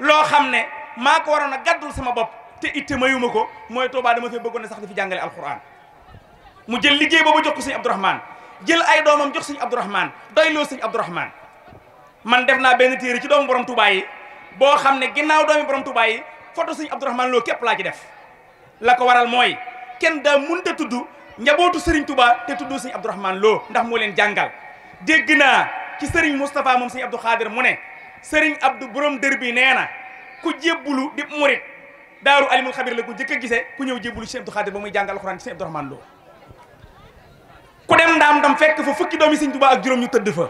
loo xam ne maa ko waroon a gàddul sama bopp te itte mayuma ko mooy Touba dama fee bëggoon ne sax dafi jàngale alquran mu jël liggéey boobu jox ko sëñ Abdourahman jël ay doomam jox sëñ Abdourahman doyloo sëñ Abdourahman man def naa benn téere ci doomu borom tubaay boo xam ne ginnaaw doomi borom Touba yi foto sëñ Abdourahman loo képp laa ci def la ko waral mooy kenn daa munta tuddu njabootu Serigne Touba te tuddoo sëñ Abdourahman loo ndax moo leen jàngal dégg naa ci Serigne Moustapha moom sëñ Abdou Khadir mu ne sëriñ Abdou borom dër bi nee na ku jébbulu di murit daaru alimul xabir la ku njëkk a gisee ku ñëw jébbulu Cheikh Abdou Khadir ba muy jàngal alxuraan ci Cheikh Abdou Rahman Lo ku dem ndaam dam fekk fa fukki doomi Sëriñ Tuubaa ak juróom ñu tëdd fa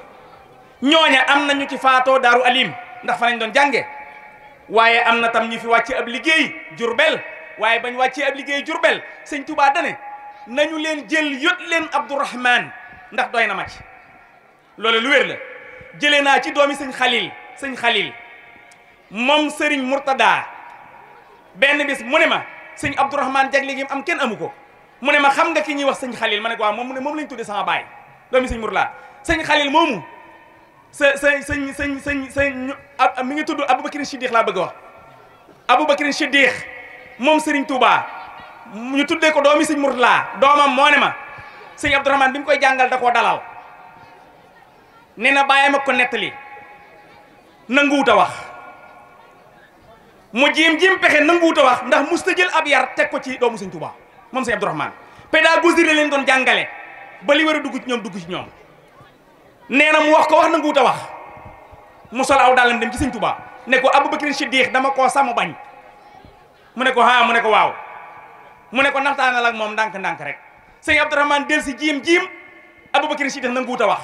ñooña am nañu ci faatoo daaru alim ndax fa lañ doon jànge waaye am na tam ñu fi wàcce ab liggéey jurbel waaye bañ wàccee ab liggéey jurbel Sëriñ Tuubaa dane nañu leen jël yot leen Abdourahman ndax doy na ma ci loolu lu wér la jëlee naa ci doomi sëñ Xalil sëñ Xalil moom sëriñ Murtada benn bis mu ne ma sëñ Abdourahman jagle gi am kenn amu ko mu ne ma xam nga ki ñuy wax sëñ Xalil ma ne ko waaw moom mu ne moom lañ tuddee sama baay doomi sëñ Murtada sëñ Xalil moomu sa sa sëñ sëñ sëñ sëñ mi ngi tudd Aboubacrine Siddiq laa bëgg a wax Aboubacrine Siddiq moom sëriñ Touba ñu tuddee ko doomi sëñ Murtada doomam moo ne ma sëñ Abdourahman bi mu koy jàngal da koo dalal nee na bàyyam ak ko nettali nanguwut a wax mu jim jim pexé nanguwut a wax ndax musta jël ab yar tek ko ci doomu sëñ Tuubaa moom sëñ Abdourahmane pédagogie la len don jangalé ba li wara dugg ci ñom dugg ci ñom néna mu wax ko wax nanguwut a wax mu sol aw dàllam dem ci seigne touba né ko Abubakar Siddiq dama ko sàmm bañ mu né ko ha mu né ko waw mu né ko naxtaanal ak mom dank dank rek sëñ Abdourahmane del jim jim abou Abubakar Siddiq nanguwut a wax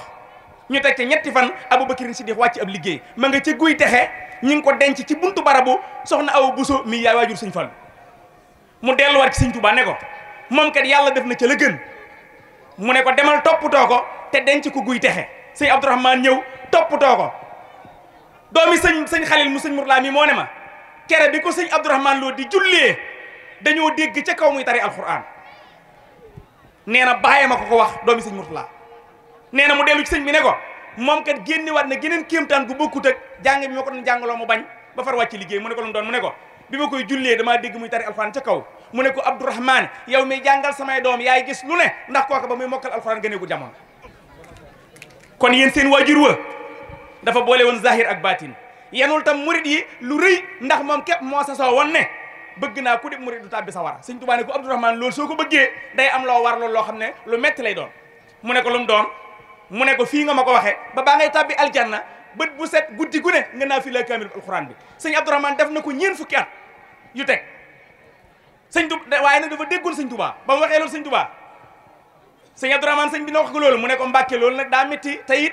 ñu teg ca ñetti fan Aboubacar Siddiq wàcc ab liggéey ma nga ca guy texe ñi ngi ko denc ci buntu barabu soxna aw Bousso mi yaay waajur sëñ Fallu mu delluwaat ci sëñ Tuubaa ko moom yàlla def na ca la gën mu ne ko demal toppatoo ko te denc ko guy texe sëñ Abdourahmane ñëw toppatoo ko doomi sëñ sëñ Xalil mu sëñ Murlaa mi moo ne ma kere bi ko sëñ Abdourahmane loo di jullee dañoo dégg ca kaw muy tari alxuraan nee na bàyyi ma ko ko wax doomi sëñ Murlaa nee na mu dellu ci sëñ bi ne ko moom kat génnewaat na geneen kéemtaan gu bokkut ak jàng bi ma ko doon jàngaloo mu bañ ba far wàcc liggéey mu ne ko lu mu doon mu ne ko bi ma koy jullee damaa dégg muy tari alxuraan ca kaw mu ne ko Abdourahman yow mi jàngal samay doom yaay gis lu ne ndax kooka ba muy mokkal alxuraan gënee ko jamono kon yéen seen waajur wa dafa boole woon zahir ak baatin yenul tam murit yi lu rëy ndax moom képp moo sasoo woon ne bëgg naa ku di murit du tàbbi sawara sëñ Tuubaa ne ko Abdourahman loolu soo ko bëggee day am loo war loolu loo xam ne lu metti lay doon mu ne ko lu doon mu ne ko fii nga ma ko waxee ba baa ngay tàbbi aljanna bët bu set guddi gu ne nga naa fi la kaamil alxuraan bi sëñ Abdourahmane def na ko ñeen fu at yu teg sëñ Tuba waaye nag dafa déggoon sëñ Tuba ba mu waxee loolu sëñ Tuba sëñ Abdourahmane sëñ bi na wax ko loolu mu ne ko mbàkke loolu nag daa métti te it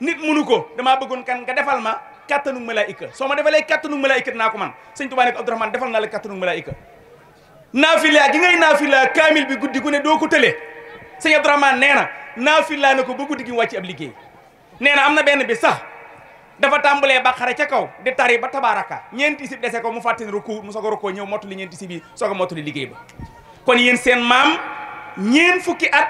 nit munu ko damaa bëggoon kan nga defal ma kattanu malaayika soo ma defalee kattanu malaayika dinaa ko man sëñ Tuba ne ko Abdourahmane defal naa la kattanu malaayika naafila gi ngay naafila kaamil bi guddi gu doo ko tëlee sëñ Abdourahmane nee na naafillaa na ko ba guddi gi wàcc ab liggey neena amna benn bi sax dafa tàmbalee baqara ca kaw di tari ba tabaraka ñeenti sib déssé ko mu fàttali ruku mu sogo ruku ñew ñëw mottali ñeenti sib yi soog a li liggéey ba kon yeen seen mam ñeen fukki at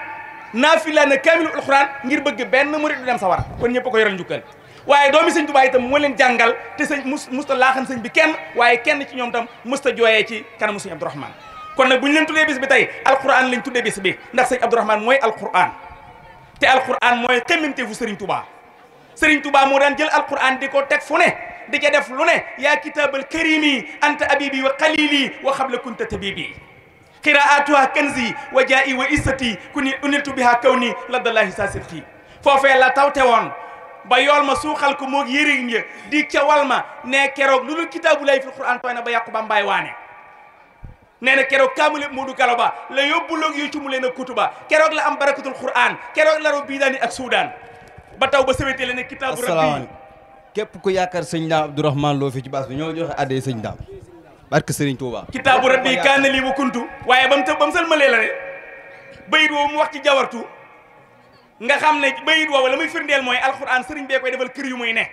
la na kaamilu alquran ngir bëgg benn murit dem sa war kon ñepp ko yoral njukkal waye doomi seigne touba itam mo len jangal te seigne musta laaxan seigne bi kenn waye kenn ci ñom tam musta joye ci kanam seigne abdourahman kon nak bu len tuddé bis bi tay alquran lañ tuddé bis bi ndax seigne abdourahman moy alquran te alquran mooy xemmemteefu Serigne Touba Serigne Touba moo daan jël alquran di ko teg fu ne di ca def lu ne yaa kitaabal karimi anta abibi wa qalili wa xabla kunta tabibi qiraatuha kanzi wa jaa'i wa isati kuni uniltu biha kawni laddallahi saasirti foofee la tawte woon ba yool ma suuxal ko moog yëriñ ya di ca wal ma ne keroog lu dul kitaabu lay fi alquran tooy na ba yàqu ba mbaay waane nee na keroog kaamule Moodu Kalo Ba la yóbbuloog yu ci mu leen a kutuba keroog la am barakatul Qur'an keroog la ro biidaani ak Soudan ba taw ba sawetee la ne kitaabu rabbi képp ku yaakaar sëñ Daam Abdourahmane loo fi ci baas ñoo joxe addee sëñ Daam barke sëriñ Touba. kitaabu rabbi kaana lii wa kuntu waaye ba mu të sëlmalee la ne bayit woowu mu wax ci jawartu nga xam ne bayit woo la muy firndeel mooy alquran sëriñ bee koy defal kër yu muy ne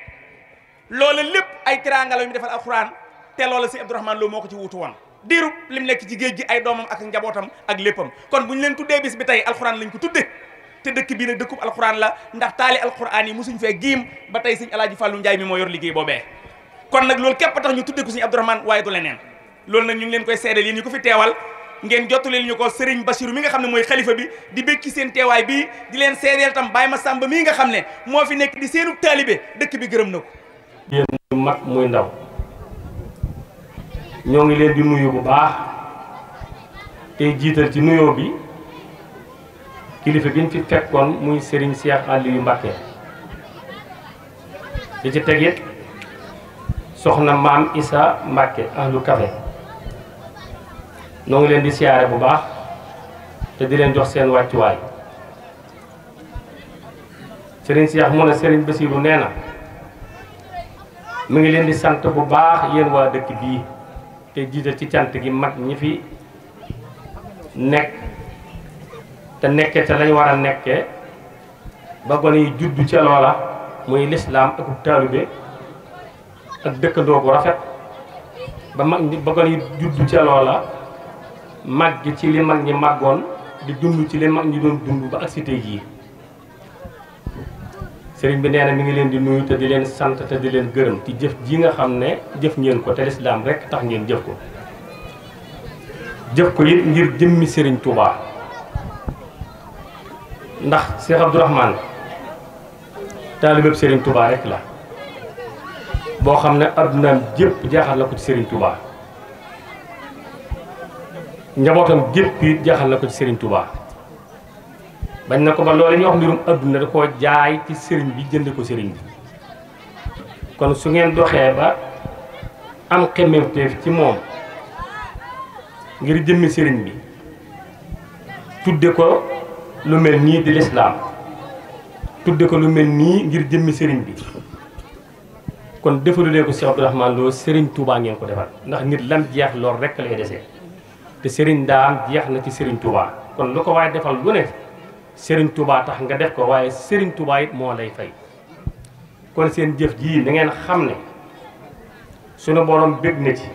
loola lépp ay teraanga la ñu defal alquran te loola si Abdourahmane loo moo ko ci wutu woon diirub lim nekk ci géej gi ay doomam ak njabootam ak léppam kon bu ñu leen tuddee bis bi tey alxuraan lañ ko tuddee te dëkk bii nag dëkkub alxuraan la ndax taali alxuraan yi suñ fee giim ba tey sëñ alaaji fàllu njaay mi moo yor liggéey boobee kon nag loolu képp tax ñu tuddee ko sëñ abdourahman waaye du leneen lool nag ñu ngi leen koy seedal yéen ñu ko fi teewal ngeen jottali ñu ko Serigne Bassirou mi nga xam ne mooy xalifa bi di békki seen teewaay bii di leen seedeel tam Baye Massamba mii nga xam ne moo fi nekk di seenu taalibe dëkk bi gërëm na ko yéen muy mag ndaw ñoo ngi leen di nuyu bu baax tey jiital ci nuyoo bi kilifa gi ñu fi fekkoon muy Serigne Cheikh Aliou Mbacké di ci teg soxna maam isa Mbacké ahlu café ñoo ngi leen di siyaare bu baax te di leen jox seen wàccuwaay Serigne Cheikh mu ne Serigne Bassirou nee na mu ngi leen di sant bu baax yéen waa dëkk bii. te jiital ci cant gi mag ñi fi nekk te nekke te lañ war a nekke ba gone yi juddu ca loola muy lislaam ak taalibe ak dëkkandoo ku rafet ba mag ñi ba gone yi juddu ca loola mag gi ci li mag ñi màggoon di dund ci li mag ñi doon dund ba ak tey jii sëriñ bi nee na mi ngi leen di nuyu te di leen sant te di leen gërëm ci jëf ji nga xam ne jëf ngeen ko te lislaam rek tax ngeen jëf ko jëf ko it ngir jëmmi sëriñ Touba ndax Cheikh Abdourahmane taalibeb sëriñ Touba rek la boo xam ne addunaam jëpp jaaxal na ko ci sëriñ Touba njabootam jëpp it jaaxal na ko ci sëriñ Touba bañ na ko ba loolu ñuy wax mbirum àdduna da koo jaay ci sëriñ bi jënd ko sëriñ bi kon su ngeen doxee ba am xemmemteef ci moom ngir jëmmi sëriñ bi tudde ko lu mel nii di lislaam tudde ko lu mel nii ngir jëmmi sëriñ bi kon defalulee ko Cheikh Abdourahmane Lo sëriñ Touba ngeen ko defal ndax ngir lam jeex lool rek lay desee te sëriñ daam jeex na ci sëriñ Touba kon lu ko waaye defal lu ne sëriñ Touba tax nga def ko waaye Serigne Touba moo lay fay kon seen jëf jii na xam ne sunu borom bég na ci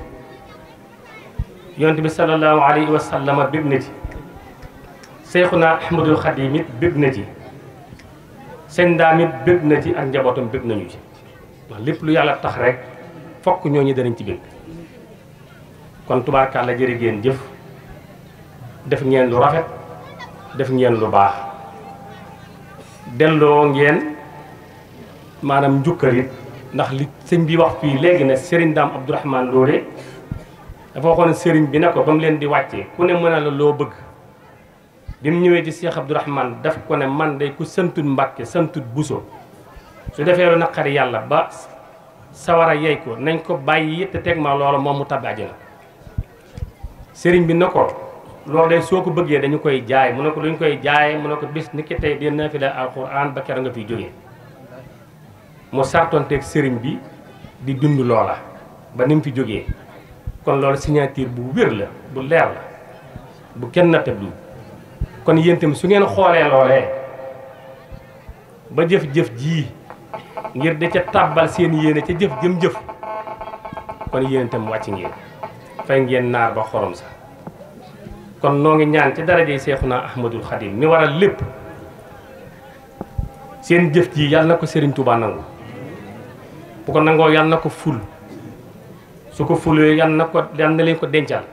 yonent bi sallallahu alayhi wa sallam bég na ci Seyxuna Ahmadul Xadim it bég na ci seen ndaam it bég na ci ak njabootam bég nañu ci ndax lépp lu yàlla tax rek fokk ñoo ñooñu danañ ci bég kon tubaarkàlla jërë ngeen jëf def ngeen lu rafet def ngeen lu baax delloo ngeen maanaam njukkal ndax li sëñ bi wax fii léegi ne Serigne Dame Abdourahmane Loore dafa waxoon sëriñ bi ne ko ba mu leen di wàccee ku ne mën a la loo bëgg bi mu ñëwee ci Cheikh Abdourahmane daf ko ne man day ku santut Mbàkke santut Buso su defee lu naqari yàlla ba sawara yey ko nañ ko bàyyi te teg ma loola moom mu tàbbi àjjana sëriñ bi na ko loolu day soko beugé dañ koy jaay mu ne luñ koy jaay mu ne bis ni ki na di naafila alxuraan ba keroog nga fiy jógee mu ak sëriñ bi di dund lola ba nim fi jógee kon loolu signature bu wër la bu leer la bu kenn nattablu kon yentem su ngeen xolé lolé ba jëf-jëf ji ngir da ca tabal seen yene ca jëf jëm jëf kon yentem wacc ngeen fay ngeen nar ba xorom sax kon no ngi ñaan ci darajey cheikhuna Ahmadul khadim mi waral lepp seen jëf ji yalla na ko Serigne Touba nang bu ko nango yalla na ko ful su ko fulé yalla na ko yàlla na leen ko dencal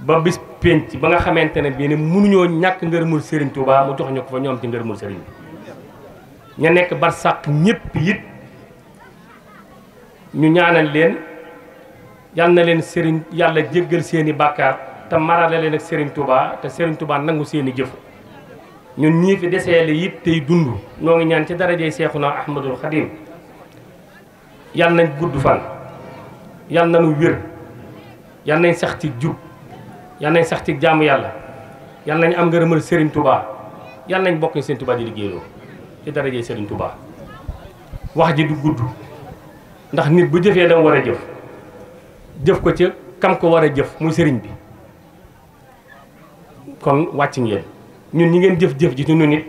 ba bis penc ba nga bi ne munu ñoo ñak ngeer ngërëmul Serigne Touba mu jox ñuko fa ñom ci Serigne nek bar sax ñepp yit ñu ñaanal leen. yal na leen Serigne yàlla jéggal seeni bàkkaar te marale leen ak Serigne Touba te Serigne Touba nangu seeni jëf ñun ñii fi deseele it dund noo ngi ñaan ci darajey Seexuna Ahmadul Xadim yal nañ gudd fan yal nañu wér yal nañ sax ci jub yal nañ sax ci jaamu yàlla yal nañ am ngërëmal Serigne Touba yal nañ bokk Serigne Touba di liggéeyloo ci darajey Serigne Touba wax ji du gudd ndax nit bu jëfee dama war a jëf. jëf ko ca kam ko war a jëf mu sëriñ bi kon wàcc ngeen ñun ñi ngeen jëf-jëf ji ñun nit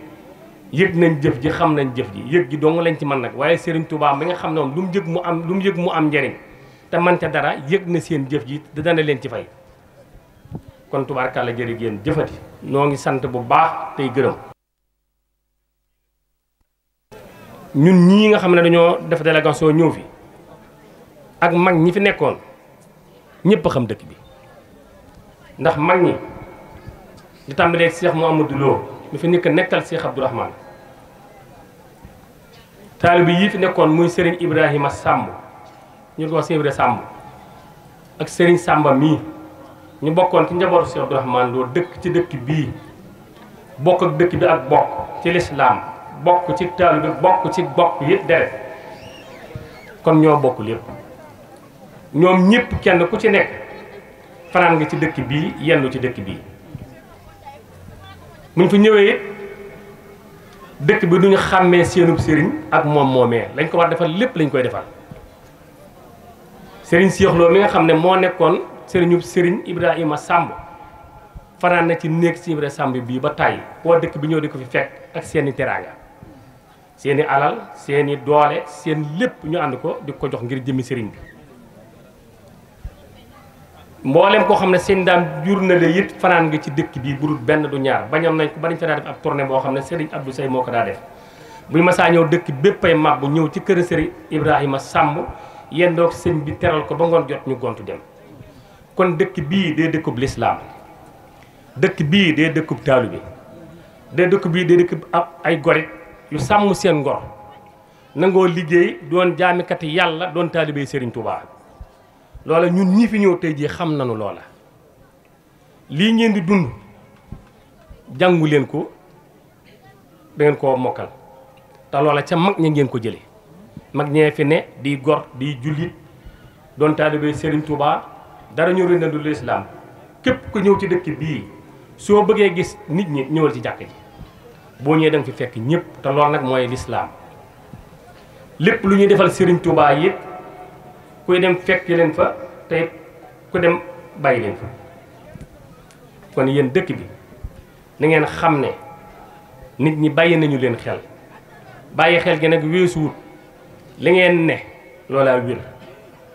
yëg nañ jëf ji xam nañ jëf ji yëg gi dong lañ ci mën nag waaye sëriñ Touba mi nga xam ne moom lu mu yëg mu am lu mu mu am njëriñ te man ca dara yëg na seen jëf ji te dana leen ci fay kon tubaarkàlla jëri géen jëfati noo ngi sant bu baax tey gërëm ñun ñii nga xam ne dañoo def délégation ñëw fi ak mag ñi fi nekkoon ñëpp xam dëkk bi ndax mag ñi di tàmbalee Cheikh Mouhamadou Lo mi fi nekk nekkal Cheikh Abdourahmane bi yii fi nekkoon muy Serigne Ibrahima sàmb ñu ko wax Serigne sàmb ak sëriñ Samba mii ñu bokkoon ci njabootu Cheikh Abdourahmane dëkk ci dëkk bii bokk ak dëkk bi ak bokk ci lislaam bokk ci taalibe bokk ci bokk yëpp deret kon ñoo bokkul lépp ñom ñepp kenn ku ci nek fanaan nga ci dëkk bi yennu ci dëkk bi muñ fi ñëwé dëkk bi duñu xamé seenu sëriñ ak mom momé lañ ko war defal lépp lañ koy defal sëriñ Cheikh Lo mi nga xamné ne nekkon sëriñu sëriñ Ibrahima Samb faran na ci nek ci Ibrahima Samb bi ba tay ko dëkk bi ñëw di ko fi fekk ak seeni teranga seeni alal seeni doole seen lépp ñu and ko di ko jox ngir jëmi sëriñ bi mboolem koo xam ne sëñ daam jur na la it fanaan nga ci dëkk bii burut benn du ñaar bañoon nañ ko ba dañ fa daa def ab tournée boo xam ne Serigne Abdou Seye moo ko daa def buñ masaa ñëw dëkk béppay màgg ñëw ci kër Serigne Ibrahima Samb yendoog sëñ bi teral ko ba ngoon jot ñu gontu dem kon dëkk bii dee dëkkub lislaam dëkk bii dee dëkkub taalu bi dee dëkk bii dee dëkkub ab ay gorit yu sàmm seen ngor nangoo liggéey doon jaamikati yàlla doon taalibey Serigne Touba. loola ñun ñi fi ñëw tey jii xam nañu loola lii ngeen di dund jàngu leen ko dangeen ko mokkal te loola ca mag ña ngeen ko jële mag ñee fi ne di gor di jullit doon taalibe Serigne Touba dara ñëw leen du lislaam képp ku ñëw ci dëkk bii soo bëggee gis nit ñi ñëwal ci jàkk ji boo ñëwee da nga fi fekk ñëpp te loolu nag mooy lislaam lépp lu ñuy defal sëriñ Touba yëpp kuy dem fekk leen fa te ku dem bàyyi leen fa kon yéen dëkk bi na ngeen xam ne nit ñi bàyyi nañu leen xel bàyyi xel gi nag weesuwut li ngeen ne loolaa wér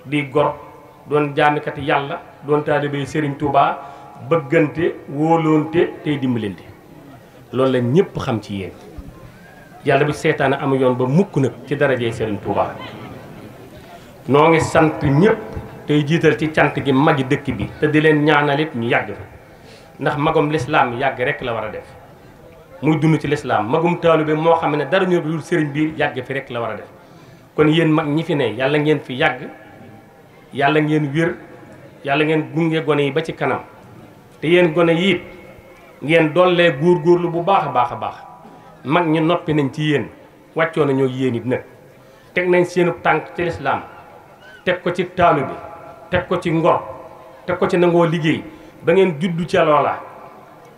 di gor doon jaamikati yàlla doon taalibey sëriñ Touba bëggante wóoloonte tey dimbalante loolu la ñëpp xam ci yéen yàlla bi seetaan am yoon ba mukk nag ci darajee Serigne Touba. noo ngi sant ñëpp tey jiital ci cant gi yi dëkk bi te di leen ñaanal ñu yàgg fi ndax magum lislaam yàgg rek la war a def muy dund ci lislaam magum taalibe moo xam ne dara ñor dul sëriñ bi yàgg fi rek la war a def kon yéen mag ñi fi ne yàlla ngeen fi yàgg yàlla ngeen wér yàlla ngeen gunge gone yi ba ci kanam te yéen gone yi it ngeen dollee góorgóorlu bu baax a baax a baax mag ñi noppi nañ ci yéen wàccoo nañoo yéen it nag teg nañ seenu tànk ci lislaam teg ko ci taalu bi teg ko ci ngor teg ko ci nangoo liggéey ba ngeen juddu ca loola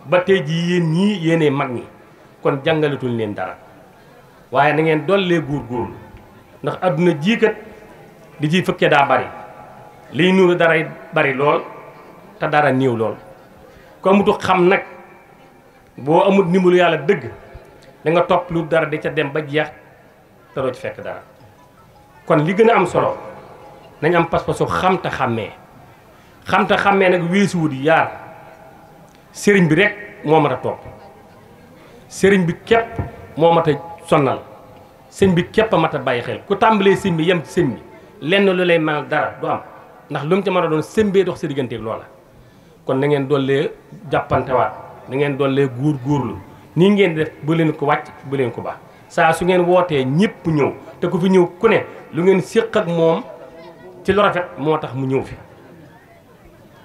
ba tey jii yéen ñii yéenee mag ñi kon jàngalatul leen dara waaye na dollee dollee góorgóorlu ndax adduna jiikat di ciy fëkkee daa bari liy nuuru daray bari lool te dara néew lool ko amutu xam nag boo amut ndimbalu yàlla dëgg danga topp lu dara di ca dem ba jeex te doo fekk dara kon li gën a am solo nañ am pas-pasu xam te xàmmee xam te xàmmee nag weesuwut yaar sëriñ bi rek moo mat a toog sëriñ bi képp moo mat a sonnal sëñ bi képp a mat a bàyyi xel ku tàmbalee sëñ bi yem ci sëñ bi lenn lu lay manal dara du am ndax lu mu ci mën a doon sëmbee dox sa digganteeg loola kon na ngeen dollee jàppantewaat na ngeen dollee góor góorlu nii ngeen def bu leen ko wàcc bu leen ko ba saa su ngeen wootee ñëpp ñëw te ku fi ñëw ku ne lu ngeen séq ak moom ci lu rafet moo tax mu ñëw fi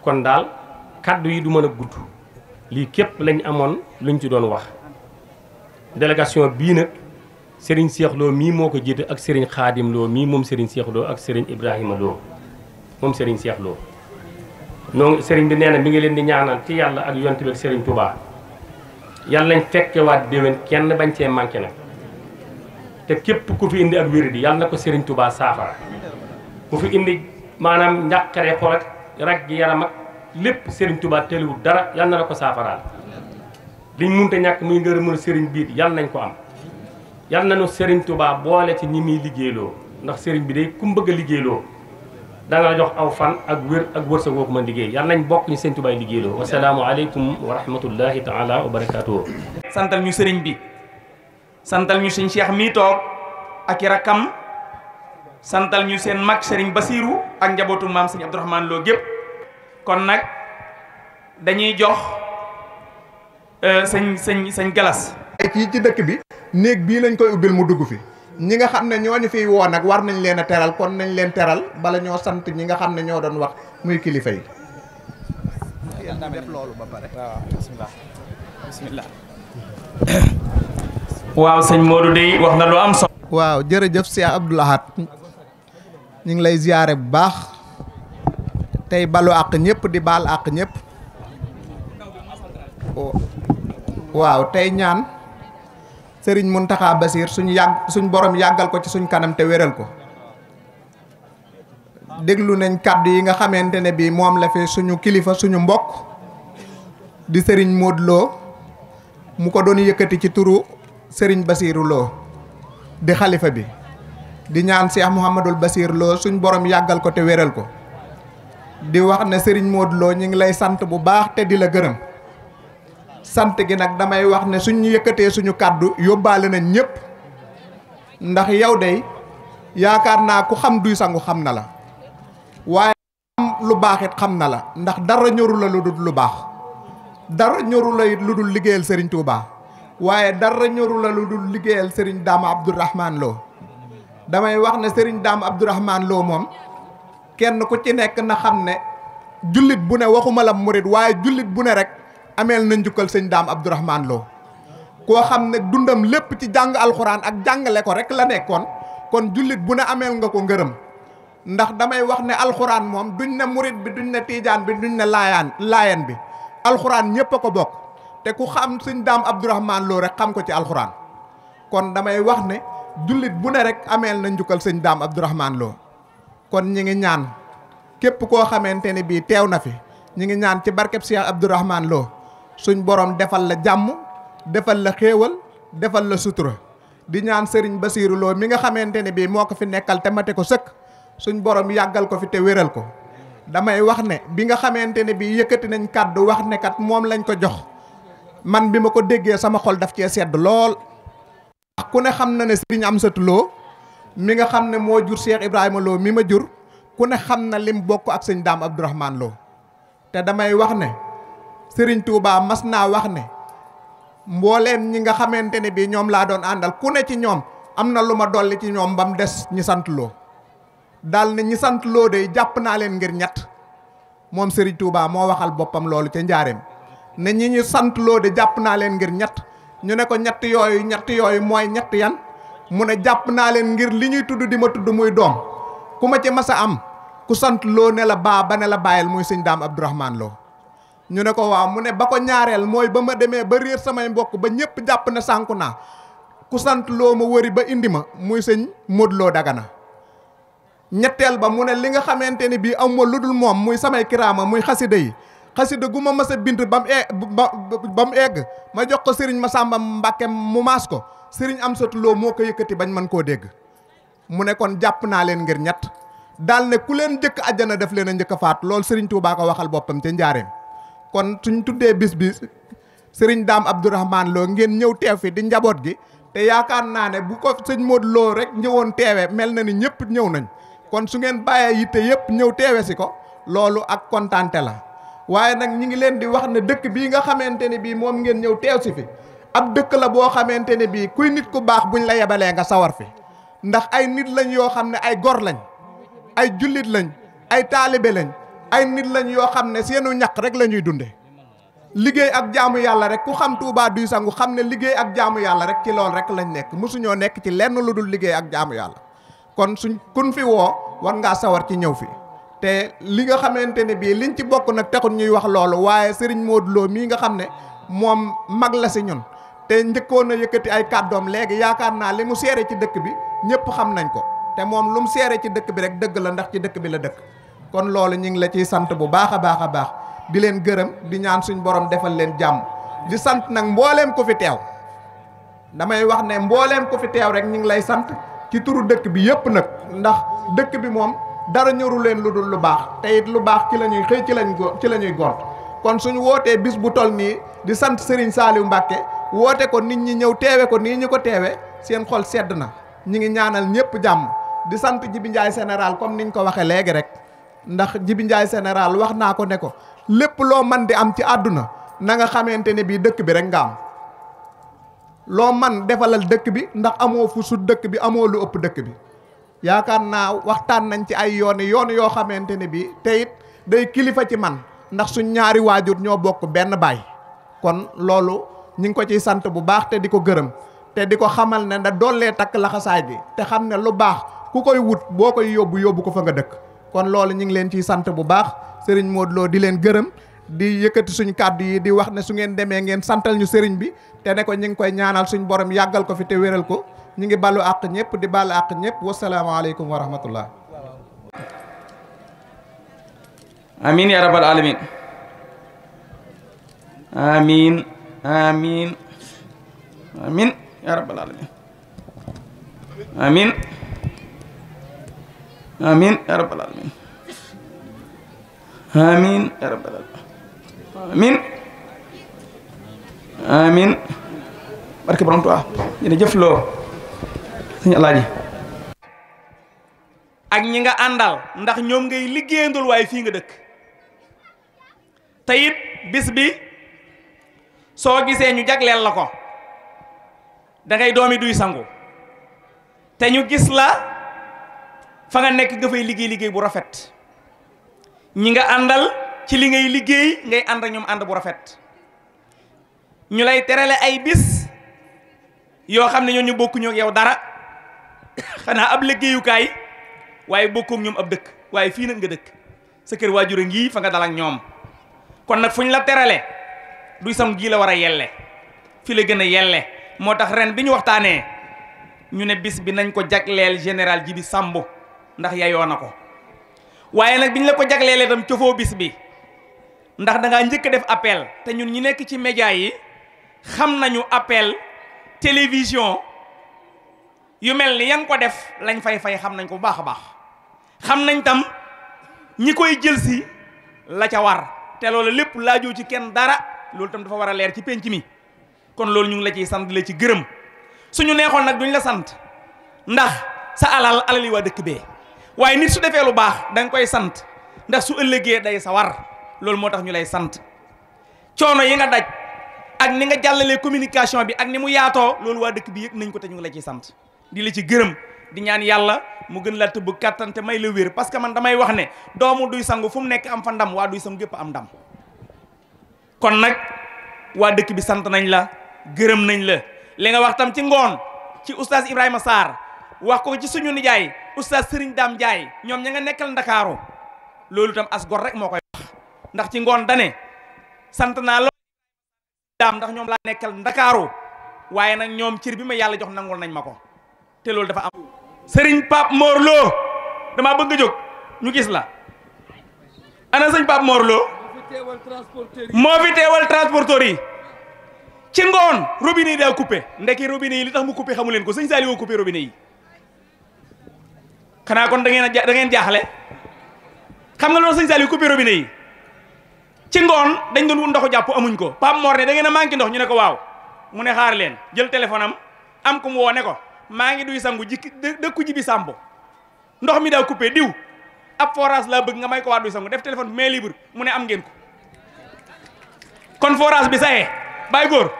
kon daal kàddu yi du mën a gudd lii képp lañu amoon luñ ci doon wax délégation bii nag sëriñ Cheikh mii moo ko jiite ak Serigne Khadim mii moom sëriñ Cheikh Lo ak Serigne Ibrahima Lo moom sëriñ Cheikh Lo noonu Serigne bi nee na mi ngi leen di ñaanal ci yàlla ak yont bi ak Serigne Touba yàlla nañ fekkewaat déwén kenn bañ see manqué nag te képp ku fi indi ak wér di yàlla na ko Serigne Touba saafara. bu fi indi maanaam njàqare xol ak rag gi lépp Serigne Touba teelewul dara yal na la ko saafaraal liñ munta ñàkk muy ngërëmul sëriñ biit yal nañ ko am yal nañu Serigne Touba boole ci ñi muy liggéeyloo ndax sëriñ bi day ku bëgg a liggéeyloo dana la jox aw fan ak wér ak wërsëg woo ko mën liggéey yal nañ bokk ñu Serigne Touba liggéeyloo. wasalaamualeykum wa rahmatullahi taala wa barakaatuh. santal ñu Serigne bi santal ñu suñu Cheikh mii toog ak i rakkam santal ñu seen mag serigne basirou ak njabootu mam serigne Abdourahmane Lo gep kon nak dañuy jox euh, señ señ señ galas fii ci dekk bi neeg bi lañ koy ubbil mu dugg fi ñi nga xamne ñoo ñu fi wo nak war nañ leena teral kon nañ leen teral bala ñoo sant ñi nga xamne ñoo doon wax muy kilifa yi Modou dey wax na lu am so waaw Cheikh ñu ngi lay ziyaare bu baax tey balu àq ñëpp di baal àq ñëpp waaw tey ñaan sëriñ mun Muntaxa Basiir suñ yàgg suñ borom yàggal ko ci suñ kanam te wéral ko déglu nañ kàddu yi nga xamante ne bii moom la fi suñu kilifa suñu mbokk di sëriñ Modou loo mu ko doon yëkkati ci turu sëriñ Basiiru Lo di xalifa bi di ñaan Cheikh Mouhamadul Basir Lo suñ borom yàggal ko te wéral ko di wax ne Serigne Modou Lo ñu ngi lay sant bu baax te di la gërëm sant gi nag damay wax ne suñu yëkkatee suñu kàddu yóbbaale nañ ñëpp ndax yow day yaakaar naa ku xam duy sangu xam na la waaye lu baax it xam na la ndax dara ñoru la lu dul lu baax dara ñoru la it lu dul liggéeyal Serigne Touba waaye dara ñoru la lu dul liggéeyal Serigne Dama Abdourahman Lo damay wax ne sëriñ daam abdourahman loo moom kenn ku ci nekk na xam ne jullit bu ne waxuma la murit waaye jullit bu ne rek ameel na njukkal sëñ daam abdourahman loo koo xam ne dundam lépp ci jàng alxuraan ak jàngale ko rek la nekkoon kon jullit bu ne ameel nga ko ngërëm ndax damay wax ne alxuraan moom duñ ne murit bi duñ ne tiijaan bi duñ ne laayaan laayan bi alxuraan ñëpp a ko bokk te ku xam sëñ daam abdourahman loo rek xam ko ci alxuraan kon damay wax ne dulit bu ne rek amel na njukkal sëñ dam abdourahman Lo kon ñi ngi ñaan kep ko xamantene bi tew na fi ñi ngi ñaan ci Cheikh abdourahman Lo suñ borom defal la jamm defal la xewal defal la sutura di ñaan serigne Lo mi nga xamantene bi moko fi nekkal te maté ko sëkk suñ borom yagal ko fi te wéral ko damay wax ne bi nga xamantene bi yëkëti nañ kaddu wax ne kat mom lañ ko jox man bima ko déggé sama xol daf ci sédd lool ku ne xam na ne Serigne Amsatou Lo mi nga xam ne moo jur seex Ibrahima Lo mi ma jur ku ne xam na lim bokk ak sëñ Daam Abdourahmane Lo te damay wax ne sëriñ Touba mas naa wax ne mbooleen ñi nga xamante ne bii ñoom laa doon àndal ku ne ci ñoom am na lu ma dolli ci ñoom ba mu des ñi sant loo daal ne ñi sant loo de jàpp naa leen ngir ñett moom sëriñ Touba moo waxal boppam loolu ca njaareem ne ñi ñu sant loo de jàpp naa leen ngir ñett. ñu ne ko ñett yooyu ñett yooyu mooy ñett yan mu ne jàpp naa leen ngir li ñuy tudd di ma tudd muy doom ku ma ci masa am ku sant loo ne la baa ba ne la bàyyil muy sëñ daam Abdourahman Lo ñu ne ko waaw mu ne ba ko ñaareel mooy ba ma demee ba réer samay mbokk ba ñépp jàpp na sànku naa ku sant loo ma wëri ba indi ma muy sëñ Modou Lo Dagana ñetteel ba mu ne li nga xamante ni bii am lu dul moom muy samay kiraama muy xasida yi xasida gu ma mas bind ba mu ba mu egg ma jox ko sëriñ Masamba Mbàkke mu maas ko sëriñ Amsatu Lo moo ko yëkkati bañ mën koo dégg mu ne kon jàpp naa leen ngir ñett daal ne ku leen njëkk ajjana def leen a njëkk faat lool sëriñ Tuubaa ko waxal boppam ca njaareem kon suñ tuddee bis bi sëriñ Daam Abdourahman loo ngeen ñëw teew fi di njaboot gi te yaakaar naa ne bu ko sëñ Modou loo rek ñëwoon teewee mel na ni ñëpp ñëw nañ kon su ngeen bàyyee yitte yëpp ñëw teewe si ko loolu ak kontaante la waaye nag ñi ngi leen di wax ne dëkk bii nga xamante ne bii moom ngeen ñëw teew si fi ab dëkk la boo xamante ne bii kuy nit ku baax buñ la yebalee nga sawar fi ndax ay nit lañ yoo xam ne ay gor lañ ay jullit lañ ay taalibe lañ ay nit lañ yoo xam ne seenu ñaq rek la ñuy dunde liggéey ak jaamu yàlla rek ku xam Touba duy sangu xam ne liggéey ak jaamu yàlla rek ci lool rek lañ nekk mësuñoo nekk ci lenn lu dul liggéey ak jaamu yàlla kon suñ kun fi war ngaa sawar ci ñëw fi te li nga xamante ne bii liñ ci bokk nag taxul ñuy wax loolu waaye Serigne Modou Lo mii nga xam ne moom mag la si ñun te njëkkoon na yëkkati ay kàddoom léegi yaakaar naa li mu seere ci dëkk bi ñëpp xam nañ ko te moom lu mu seere ci dëkk bi rek dëgg la ndax ci dëkk bi la dëkk kon loolu ñu ngi la ciy sant bu baax a baax a baax di leen gërëm di ñaan suñ borom defal leen jàmm di sant nag mbooleem ku fi teew damay wax ne mbooleem ku fi teew rek ñu ngi lay sant ci turu dëkk bi yëpp nag ndax dëkk bi moom dara ñoru leen lu dul lu baax te it lu baax ci lañuy ñuy xëy ci lañ go ci la ñuy gont kon suñu wootee bis bu toll nii di sant Serigne Saliou Mbacke woote ko nit ñi ñëw teewe ko nii ñu ko teewe seen xol sedd na ñi ngi ñaanal ñëpp jàmm di sant Jibi Ndiaye général comme niñ ko waxee léegi rek ndax Jibi Ndiaye général wax naa ko ne ko lépp loo man di am ci àdduna na nga xamante ne bii dëkk bi rek nga am loo man defalal dëkk bi ndax amoo fu su dëkk bi amoo lu ëpp dëkk bi yaakaar naa waxtaan nañ ci ay yoon yoon yoo xamante ne bi te it day kilifa ci man ndax suñ ñaari waajur ñoo bokk benn baay kon loolu ñu ngi ko ciy sant bu baax te di ko gërëm te di ko xamal ne da dollee takk laxasaay bi te xam ne lu baax ku koy wut boo koy yóbbu yóbbu ko fa nga dëkk kon loolu ñu ngi leen ciy sant bu baax sëriñ Modou Lo di leen gërëm di yëkkati suñu kàddu yi di wax ne su ngeen demee ngeen santal ñu sëriñ bi te ne ko ñu ngi koy ñaanal suñu borom yàggal ko fi te wéral ko ñu ngi ballu àq ñëpp di ballu àq ñëpp wasalaamaaleykum wa rahmatullah amin ya rabbal alamin amin amin amin ya rabbal alamin amin amin ya rabbal alamin amin ya rabbal alamin amin amin barke borom Tuubaa jërëjëf loo sëñ alaaji ak ñi nga àndal ndax ñoom ngay liggéeyandul waaye fii nga dëkk te it bis bi soo gisee ñu jagleel la ko da ngay doomi duy sangu te ñu gis la fa nga nekk nga fay liggéey liggéey bu rafet ñi nga àndal ci li ngay liggéey ngay ak bu rafet ñu lay terale ay bis yoo xam ñoo ñu yow dara xanaa ab liggéeyukaay waaye bokkook ñoom ab dëkk waaye fii nag nga dëkk sa kër waajur a ngi fa nga dal ak ñoom kon nag fu ñu la terale duy sam gii la war a yelle fi la gën a yelle moo tax ren bi ñu waxtaanee ñu ne bis bi nañ ko jagleel général ji bi Samb ndax yayoo na ko waaye nag bi ñu la ko jagleelee itam cofoo bis bi ndax da ngaa njëkk def appel te ñun ñi nekk ci média yi xam nañu appel télévision. yu mel ni yan ko def lañ fay fay xam nañ ko bu baax a baax xam nañ tam ñi koy jël si la ca war te loolu lépp laajoo ci kenn dara loolu tam dafa war a leer ci penc mi kon loolu ñu ngi la ciy sant la ci gërëm suñu neexoon nag duñ la sant ndax sa alal alal yi waa dëkk bee waaye nit su defee lu baax danga koy sant ndax su ëllëgee day sa war loolu moo tax ñu lay sant coono yi nga daj ak ni nga jàllalee communication bi ak ni mu yaatoo loolu waa dëkk bi yëg nañ ko te ñu la ciy sant di la ci gërëm di ñaan yàlla mu gën la tëbb kàttan te may la wér parce que man damay wax ne doomu duy sangu fu mu nekk am fa ndam waa duy sangu gépp am ndam kon nag waa dëkk bi sant nañ la gërëm nañ la li nga wax tam ci ngoon ci oustaz Ibrahima saar wax ko ci suñu nijaay oustaz Serigne daam jaay ñoom ña nga nekkal ndakaaru loolu tam as gor rek moo koy wax ndax ci ngoon dane sant naa lool daam ndax ñoom laa nekkal ndakaaru waaye nag ñoom cër bi ma yàlla jox nangul nañ ma ko te loolu dafa am sëriñ Pape moor Lo dama bëgg a jóg ñu gis la ana sëñ Pape Mor Lo moo fi teewal transporteur yi ci ngoon robinet yi daa coupé ndekki robinet yi li tax mu coupé xamu leen ko sëñ saali coupé robinet yi xanaa kon da ngeen a da ngeen jaaxle xam nga loolu sëñ Saliou coupé robinet yi ci ngoon dañ doon wut ndoxu jàpp amuñ ko Pape moor ne da ngeen a manqué ndox ñu ne ko waaw mu ne xaar leen jël téléphone am am ku mu woo ne ko maa ngi duy sangu jikki dëkku ji bi sàmbo ndox mi daa coupé diw ab forage laa bëgg nga may ko waa duy sangu def téléphone bi main libre mu ne am ngeen ko kon forage bi sayee bàyyi góor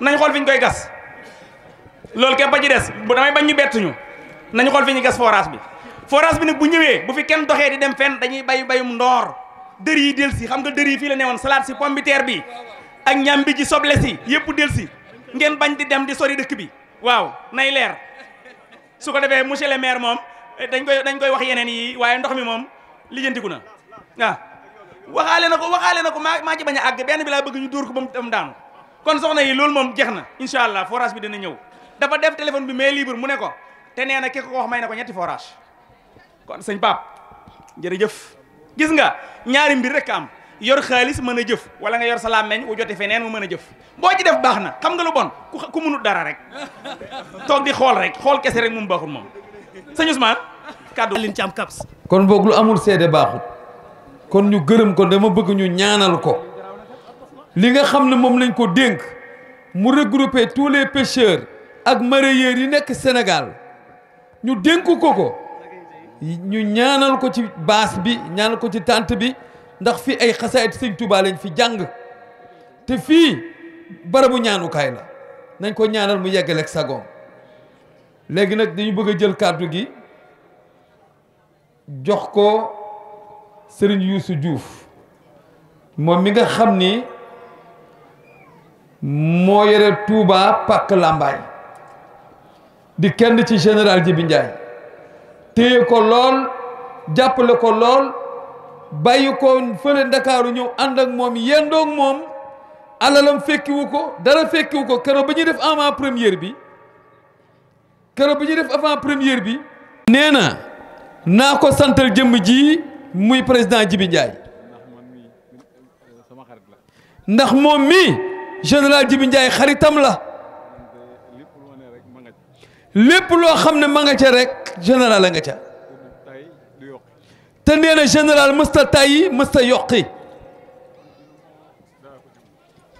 nañ xool fi ñu koy gas loolu képp ba ci des bu damay bañ ñu bettuñu nañ nañu xool fi ñu gas forage bi forage bi nag bu ñëwee bu fi kenn doxee di dem fenn dañuy bay bayum ndoor dër yi del si xam nga dër yi fii la newoon salaat si pomme bi ak ñam bi ci soble si yëpp del si ngeen bañ di dem di sori dëkk bi waaw nay leer su ko defee monsieur le maire moom eh, dañ koy dañ koy wax yeneen yi waaye ndox mi moom lijjantiku na waaw ah, waxaale na ko waxaale na ko maa maa ci bañ a àgg benn bilaa laa bëgg ñu dóor ko ba daanu kon soxna yi loolu moom jeex na incha allah forage bi dina ñëw dafa def téléphone bi mais libre mu ne ko te nee na ki ko wax may na ko ñetti forage kon sëñ Pape jërëjëf gis nga ñaari mbir rek am. yor xaalis mën a jëf wala nga yor sa làmmeñ wu joti feneen mu mën a jëf boo ci def baax na xam nga lu bon ku mënut dara rek *laughs* toog di xool rek xool kese rek moom baaxul moom sëñ Ousmane kàddu liñ ci am kaps kon boog lu amul seede baaxul kon ñu gërëm ko dama bëgg ñu ñaanal ko li nga xam ne moom lañ ko dénk mu regrouper tous les pêcheurs ak mareyeurs yi nekk Sénégal ñu dénk ko ko ñu ñaanal ko ci baas bi ñaanal ko ci tànt bi ndax fii ay xasaayit sëñ Tuubaa lañ fi jàng te fii barabu ñaanukaay la nañ ko ñaanal mu yeggaleeg sagoom léegi nag dañu bëgg a jël kàddu gi jox ko sëriñ Youssou juuf moom mi nga xam ni moo yore Touba Pàkk Làmbaay di kenn ci général Jibi Njaay ko lool jàppale ko lool bàyyi ko fële ndakaaru ñëw ànd ak moom yendoog moom alalam fekkiwu ko dara fekkiwu ko keroog ba ñuy def avant première bi keroog ba ñuy def avant première bi nee na naa ko santal jëmm ji muy président Jibi Ndiaye ndax moom mi général Jibi Ndiaye xaritam la lépp loo xam ne ma nga ca rek général la nga ca te nee général mësta tàyyi mësta yokki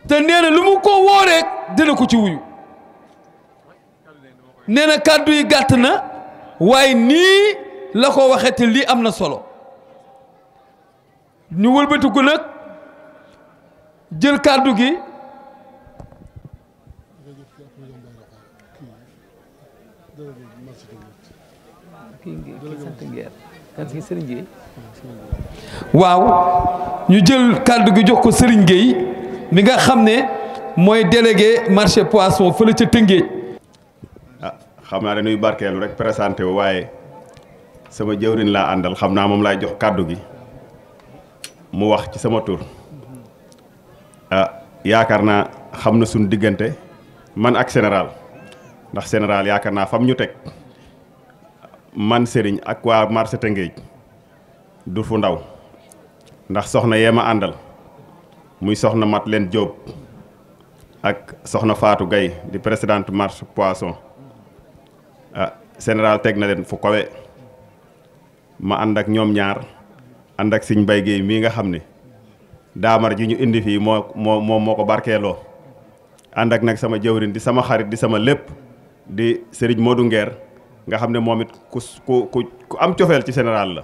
te nee lu mu ko woo dina ko ci wuyu nee kàddu yi gàtt na waaye nii la ko waxee te lii am na solo ñu wëlbatiku nag jël kàddu gi kan waaw ñu jël kàddu gi jox ko sëriñ Gueye mi nga xam ne mooy délégué marché poisson fële ca Tëngéej. a ah, xam naa dañuy barkeelu rek présenté wu waaye sama jëwriñ laa àndal xam naa moom laay jox kàddu gi mu wax ci sama tur ah yaakaar naa xam na suñu diggante man ak général ndax général yaakaar naa fam ñu teg man Serigne ak waa marché Tëngéej du fu ndaw. ndax soxna yema andal muy soxna mat len job, ak soxna fatou Gay di president march poisson ah general tek na len fu kowe ma andak ak nyar, ñaar ànd ak siñ bay gay mi nga xamne damar daamar ji ñu indi fi mo mo moko barkelo ko sama jëwrin di sama xarit di sama lip, di serigne Modou Nguer nga xamne momit ku ku am tiofel ci general la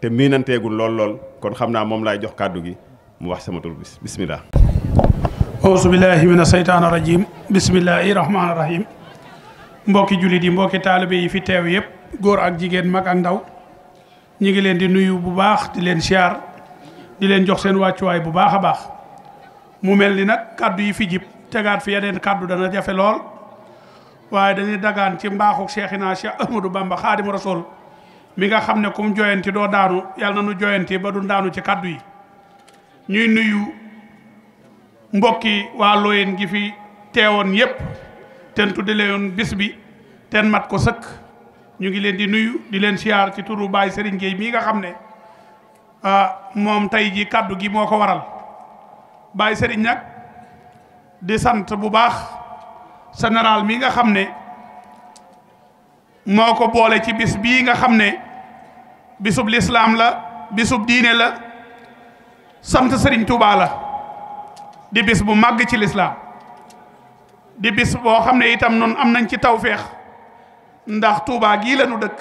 te gul lol lol kon xamna mom lay jox kaddu gi mu wax sama tour bis bismillah a'udhu billahi mina seytaani rajim bismillahi rahmanir rahim mbokki julit yi mbokki taalibe yi fi tew yeb gor ak jigen mak ak ndaw ñi ngi len di nuyu bu baax di len siyaar di len jox waccu way bu baaxa baax mu melni nak kaddu yi fi jip tegaat fi yeneen kaddu dana jafe lool waaye dañuy dagaan ci mbaaxu cheikhina cheikh Ahmadu Bamba khadim rasoul mi nga xam ne kum joyanti doo daanu yàlla na nu joyanti ba du daanu ci kàddu yi ñuy nuyu mbokki waa looyeen gi fi teewoon yépp ten tudde leen bis bi ten mat ko sëkk ñu ngi leen di nuyu di leen siyaar ci turu Baye Serigne Gueye mii nga xam ne ah, moom tey ji kàddu gi moo ko waral Baye sëriñ nag di sant bu baax général mi nga xam ne moo ko boole ci bis bii nga xam ne bisub lislaam la bisub diine la sant sëriñ Tuubaa la di bis bu màgg ci lislaam di bis boo xam ne itam noonu am nañ ci tawféex ndax Tuubaa gii lañu dëkk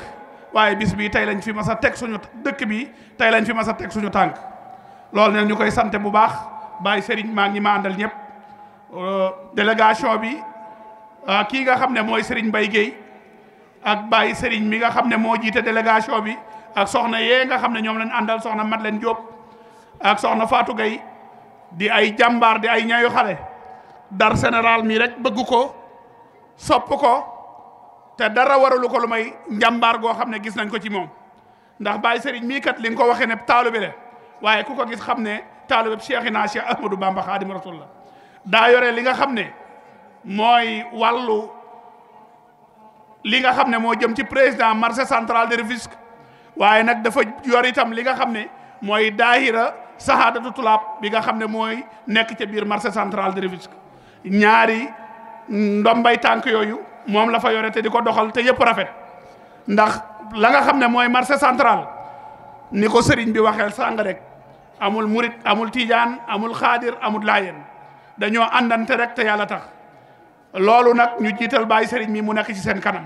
waaye bis bii tey lañ fi mas a teg suñu dëkk bi tey lañ fi mas a teg suñu tànk loolu nag ñu koy sante bu baax bàyyi sëriñ maa ngi ma àndal ñëpp euh, délégation bi euh, kii nga xam ne mooy sëriñ Mbay Géey ak bàyyi sëriñ mi nga xam ne moo jiite délégation bi ak soxna yee nga xam ne ñoom lañ àndal soxna Madeleine Diop ak soxna faatu gay di ay jàmbaar di ay ñaayu xale dar sénéral mii rek bëggu ko sopp ko te dara waralu ko lu may njàmbaar goo xam ne gis nañ ko ci moom ndax Baye Serigne mii kat li nga ko waxee ne taalibe la waaye ku ko gis xam ne taalibe Cheikhina Cheikh Ahmadou Bamba Khadim Rasulullah daa yore li nga xam ne mooy wàllu li nga xam ne moo jëm ci président marché central de Rufisque waaye nag dafa yor itam li nga xam ne mooy daahira sahaadatu tulaab bi nga xam ne mooy nekk ca biir marché central de Rufisque ñaari ndombay tànk yooyu moom la fa yore te di ko doxal te yëpp rafet ndax la nga xam ne mooy marché central ni ko sëriñ bi waxee sàng rek amul murit amul tijaan amul xaadir amul laayeen dañoo àndante rek te yàlla tax loolu nag ñu jiital bàyyi sëriñ mii mu nekk ci seen kanam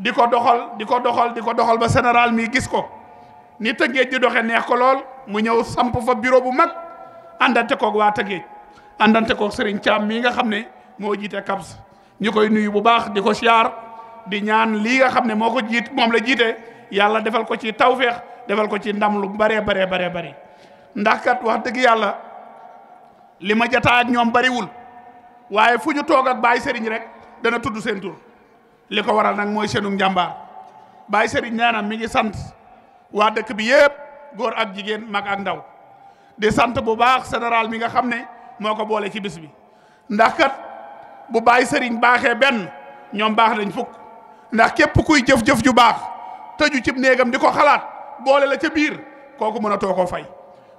di doxal di doxal di doxal ba général mi gis ko ni tege ji doxé neex ko lol mu ñew samp fa bureau bu mag andante ko wa tege andante ko Serigne cham mi nga mo jité CAPS nuyu bu baax di ko di ñaan li nga xam moko jitt mom la jité yalla defal ko ci tawfiq defal ko ci ndam lu bare bare bare bari ndax kat wax deug yalla lima ma ak ñom bari wul waye fuñu tok ak Baye Serigne rek dana tuddu sen tour li ko waral nag mooy seenum njàmbaar Baye Serigne ñaanam mi ngi sant waa dëkk bi yëpp góor ak jigéen mag ak ndaw di sant bu baax général mi nga xam ne moo ko boole ci bis bi ndax kat bu Baye sëriñ baaxee benn ñoom baax nañ fukk ndax képp kuy jëf-jëf ju baax tëju cib néegam di ko xalaat boole la ca biir kooku mën a too koo fay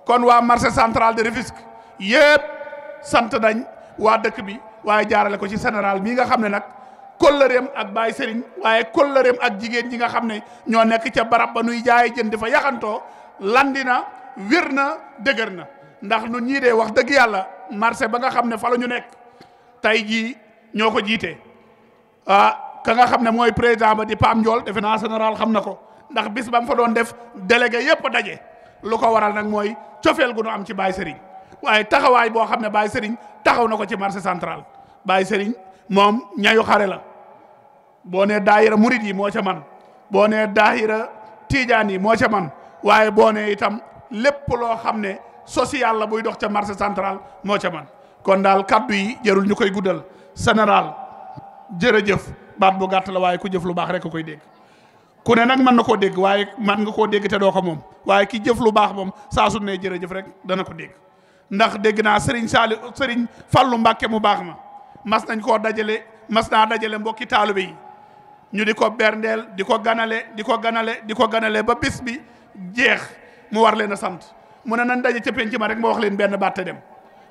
kon waa marché central de Rufisque yëpp sant dañ waa dëkk bi waaye jaarale ko ci général mii nga xam ne nag kóllëreem ak baay sëriñ waaye kóllëreem ak jigéen ñi nga xam ne ñoo nekk ca barab ba nuy jaay jënd fa yaxantoo landi na wir na dëgër na ndax nu ñii de wax dëgg yàlla marché ba nga xam ne fa la ñu nekk tey jii ñoo ko jiite ah ka nga xam ne mooy président ba di Pam Ndiol defe naa général xam na ko ndax bis ba mu fa doon def délégué yépp daje lu ko waral nag mooy cofeel gu nu am ci Baye Serigne waaye taxawaay boo xam ne Baye sëriñ taxaw na ko ci marché central Baye Serigne moom ñayu xare la boo nee daayira murit yi moo ca man boo nee daayira tiijaan yi moo ca man waaye boo nee itam lépp loo xam ne social la buy dox ca marché centrale moo ca man kon daal kaddu yi jarul ñu koy guddal général jërëjëf baat bu gàtt la waaye ku jëf lu baax rek koy dégg ku ne nag mën na koo dégg waaye man nga koo dégg te doo ko moom waaye ki jëf lu baax moom saa su ne jëf rek dana ko dégg ndax dégg naa Serigne Saali Serigne Fallu mbakke mu baax ma mas nañ koo dajale mas naa dajale mbokki taalibe yi ñu di ko berndeel di ko ganale di ko ganale di ko ganale ba bis bi jeex mu war leen a sant mu ne nan daje ca penc ma rek ma wax leen benn batte dem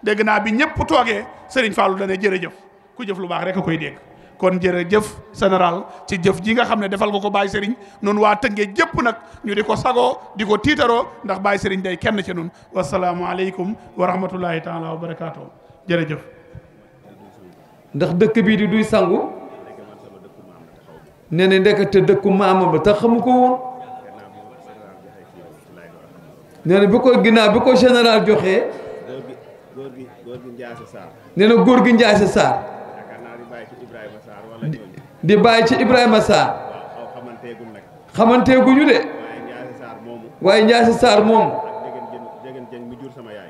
dégg naa bi ñëpp toogee Serigne Fallou dana jërëjëf ku jëf lu baax rek koy dégg kon jëf général ci jëf ji nga xam ne defal nga ko Baye Serigne noonu waa Tëngéej jëpp nag ñu di ko sagoo di ko tiitaroo ndax Baye Serigne day kenn ci nun wasalaamualeykum wa rahmatullahi taala wa barakaatu jërëjëf. ndax dëkk bii di duy sangu. ne ne ndekete dëkku maamam la te xamu ko woon nee na bi ko ginnaaw bi ko général joxee nee na góor gi Njaase Saar di bàyyi ci Ibrahima Saar xamanteeguñu de waaye Njaase Saar moom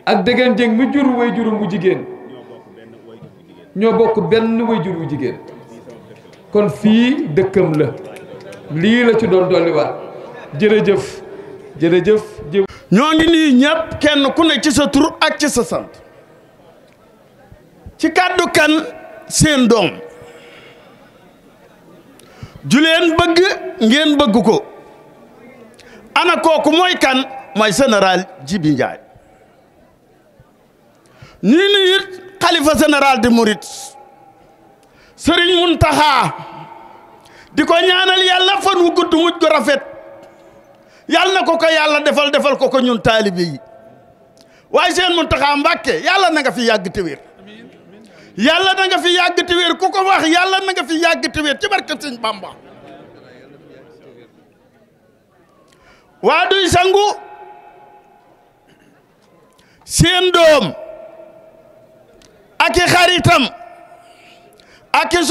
ak dëggan jëng mi jur way jurum bu jigéen ñoo bokk benn way jur jigéen kon fii dëkkam la lii la ci doon dolliwaat jërëjëf jërëjëf jë ñoo ngi nii ñëpp kenn ku ne ci sa tur ak ci sa ci kàddu kan seen doom juleen bëgg ngeen bëgg ko ana kooku mooy kan mooy général Djibi Ndiaye ñuy nuyu xalifa général de Mouride sëriñ taxa di ko ñaanal yàlla fan wu gudd mujj gu rafet yàlla na ko ko yàlla defal defal ko ko ñun taalibe yi waaye seen taxa Mbàkke yàlla na nga fi yàgg te wér yàlla na nga fi yàgg te wér ko wax yàlla na nga fi yàgg te wér ci barke sëñ Bàmba waa duy sangu seen doom ak xaritam ak qui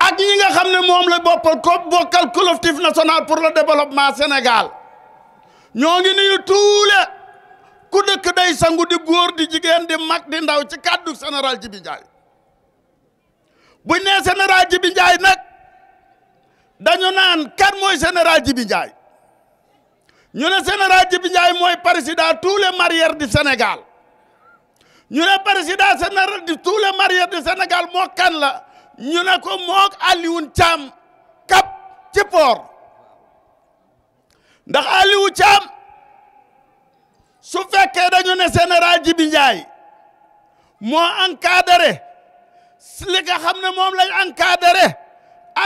ak qui nga xamne mom la ko collectif national pour le développement Sénégal ñoo ngi nuyu les ku dekk day sangu di de di jigen di mak di ndaw ci du général Djibi ndjay général Djibi ndjay nak dañu naan général Djibi ndjay ñu ne général Djibi président tous les marières du Sénégal ñu ne président général de tous les mariés du Sénégal moo kan la ñu ne ko mook Alioune Thiam kap ci port ndax Aliou Thiam su fekkee dañu ne général Djibi Ndiaye moo encadré li nga xam ne moom lañ encadré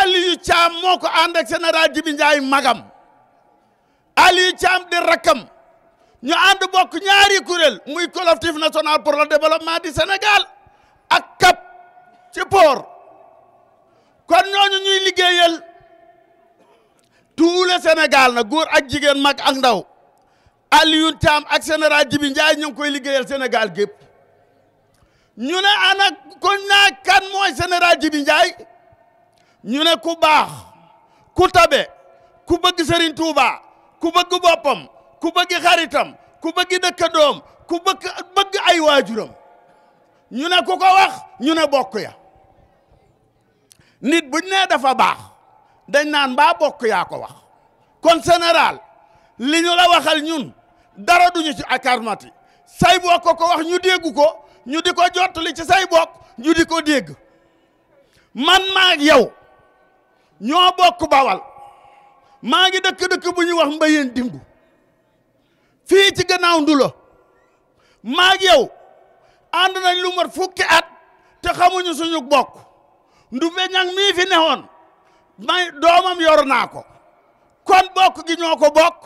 Aliou Thiam moo ko ànd ak général Djibi Ndiaye magam Aliou Thiam di rakkam ñu ànd bokk ñaari kuréel muy collectif national pour le développement du Sénégal ak CAP ci port kon ñooñu ñuy liggéeyal tout le Sénégal na góor ak jigéen mag ak ndaw Alioune ak général Djibi Ndiaye ñu ngi koy liggéeyal Sénégal gépp ñu ne ana ko naa kan mooy général Djibi Ndiaye ñu ne ku baax ku tabe ku bëgg Serigne Touba ku bëgg boppam ku bëgg xaritam ku bëgg dëkkandoom ku bëgg bëgg ay waajuram ñu ne ku ko wax ñu ne bokk ya nit buñ ne dafa baax dañ naan mbaa bokk yaa ko wax kon général li ñu la waxal ñun dara duñu ci akarmati say bokk ko wax ñu dégg ko ñu di ko jottali ci say bokk ñu di ko dégg man maag yow ñoo bokk bawal maa ngi dëkk-dëkk bu ñuy wax mbayeen dimbu fii ci gannaaw ndulo maag yow ànd nañ lu mat fukki at te xamuñu suñu bokk ndumbe ñang mii fi newoon may doomam yor naa ko kon bokk gi ñoo ko bokk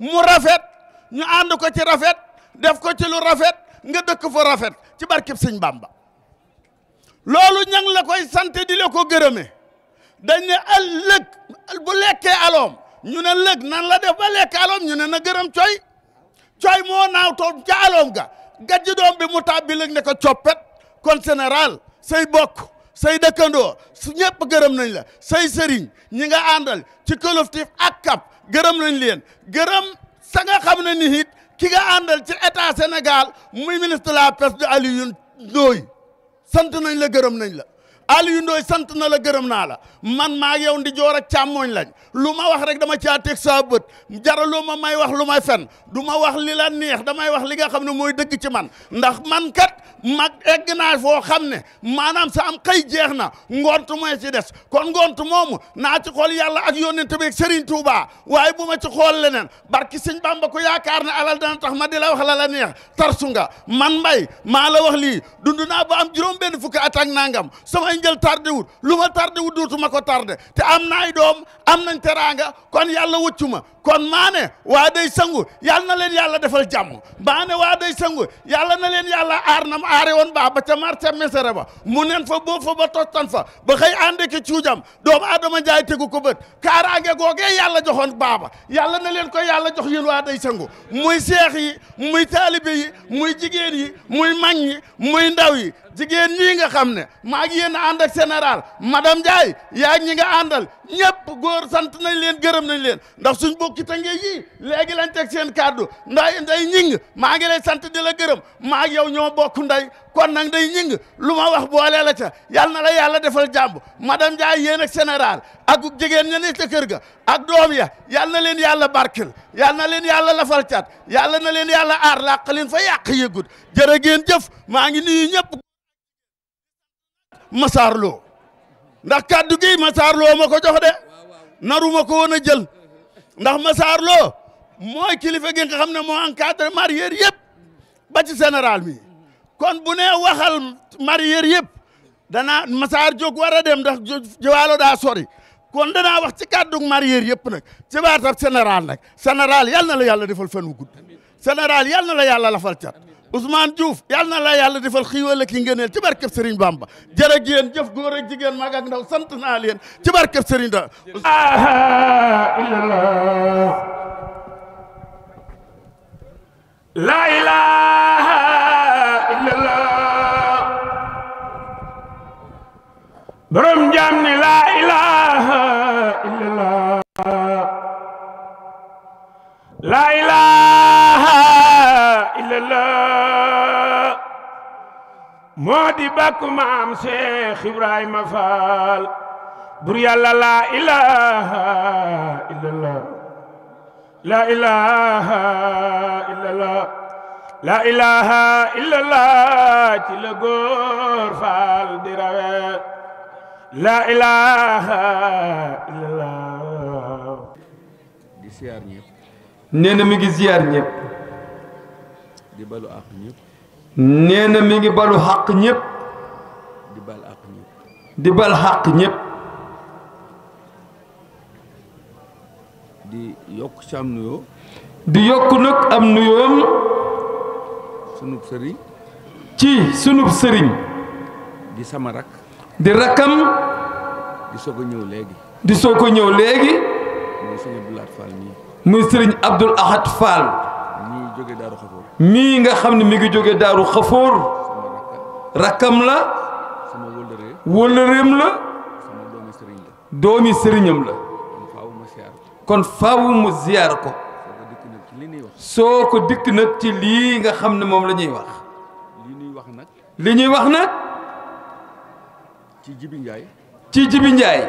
mu rafet ñu ànd ko ci rafet def ko ci lu rafet nga dëkk fa rafet ci barkeb sëñ Bamba loolu ñang la koy sant di la ko gërëme dañ ne al bu lekkee aloom ñu ne lëg nan la def ba lekk aloom ñu ne na gërëm coy coy moo naaw tool ca aloom ga gajji doom bi mu tàbbi léegi ne ko coppet kon général say bokk say dëkkandoo su gërëm nañ la say sëriñ ñi nga àndal ci collectif ak kap gërëm nañ leen gërëm sa nga xam ne ni ki nga àndal ci état Sénégal muy ministre de la pêche de Aliou sant nañ la gërëm nañ la Aliou ndooy sant na la gërëm naa la man maa yow ndi joor ak càmmooñ lañ lu ma wax rek dama caa teg saa bët jaraloo ma may wax lu may fen du ma wax li la neex damay wax li nga xam ne mooy dëgg ci man ndax man kat mag egg naa foo xam ne maanaam sa am xëy jeex na ngoon ngont mooy ci des kon ngont moomu naa ci xool yàlla ak yoon nen ak Serigne Touba waaye bu ma ci xool leneen barki sëñ Bamba ko yaakaar ne alal dana tax ma di la wax lala la neex tarsu nga man mbay maa la wax lii dund naa ba am juróom benn fukki at ak nangam samay njël tardé wut lu ma tardé wut duutuma ko tardé te am teraanga kon yàlla wëccu ma kon maa ne waa day sangu yàlla na leen yàlla defal jàmm maa ne waa day sangu yàlla na leen yàlla aar nam aare woon baa ba ca marca mesere ba mu nen fa boob fa ba tottan fa ba xëy ànde ki cuujam doomu adama njaay tegu ko bët kaaraange googee yàlla joxoon baaba yàlla na leen koy yàlla jox yéen waa day sangu muy seex yi muy taalibe yi muy jigéen yi muy mag yi muy ndaw yi jigéen ñii nga xam ne maa ngi yéen ànd ak général madame Ndiaye yaa ñi nga àndal ñëpp góor sant nañ leen gërëm nañ leen ndax bokki tange yii léegi lañ teg seen kàddu nday nday ñing maa ngi lay sant di la gërëm maak yow ñoo bokk nday kon nag day ñing lu ma wax boole la ca yal na la yàlla defal jàmb madame Ndiaye yéen ak général ak jigéen ña ne ca kër ga ak doom ya yal na leen yàlla barkel yal na leen yàlla lafal cat yàlla na leen yàlla aar làq leen fa yàq yëgut jërë ngeen jëf maa ngi nuyu ñëpp Massar Lo ndax kàddu gi Massar Lo ma ko jox de naruma ko woon jël ndax masaar loo mooy kilifa gi nga xam ne moo encadré mareyeur yëpp ba ci général mi kon bu nee waxal mareyeur yëpp dana Massar jóg war a dem ndax jiwaalo daa sori kon danaa wax ci kàddug mareyeur yëpp nag ci baatab général nag général yal na la yàlla defal fan wu gudd général yal na la yàlla lafal cat Ousmane Diouf yal na la yàlla defal xiiwal ak ngeenel ci barke Serigne Bamba jërë gien def góor ak jigen mag ak ndaw sant na len ci barke Serigne da la ilaha illallah borom jaam ni la ilaha illallah la ilaha illallah مودي باكو مام شيخ ابراهيم فال بريا لا لا اله الا الله لا اله الا الله لا اله الا الله تي لغور فال ديراو لا اله الا الله دي سيار نيب نينا ميغي زيار نيب دي بالو اخ nee na mi ngi balu xàq ñépp di bal xàq ñépp di yokk ci di yokk nag am nuyoom sunub sëriñ ci sunub sëriñ di sama rak di rakam di soo ko ñëw léegi di soo ko ñëw léegi muy sëriñ Abdoul Ahad Fall muy mii nga xam ne mi ngi jóge daaru xafoor rakkam la wëllëreem la doomi sëriñam la kon faaw mu ziyaar ko soo ko dikk nag ci lii nga xam ne moom la ñuy wax li ñuy wax nag ci jibi ci jibi njaay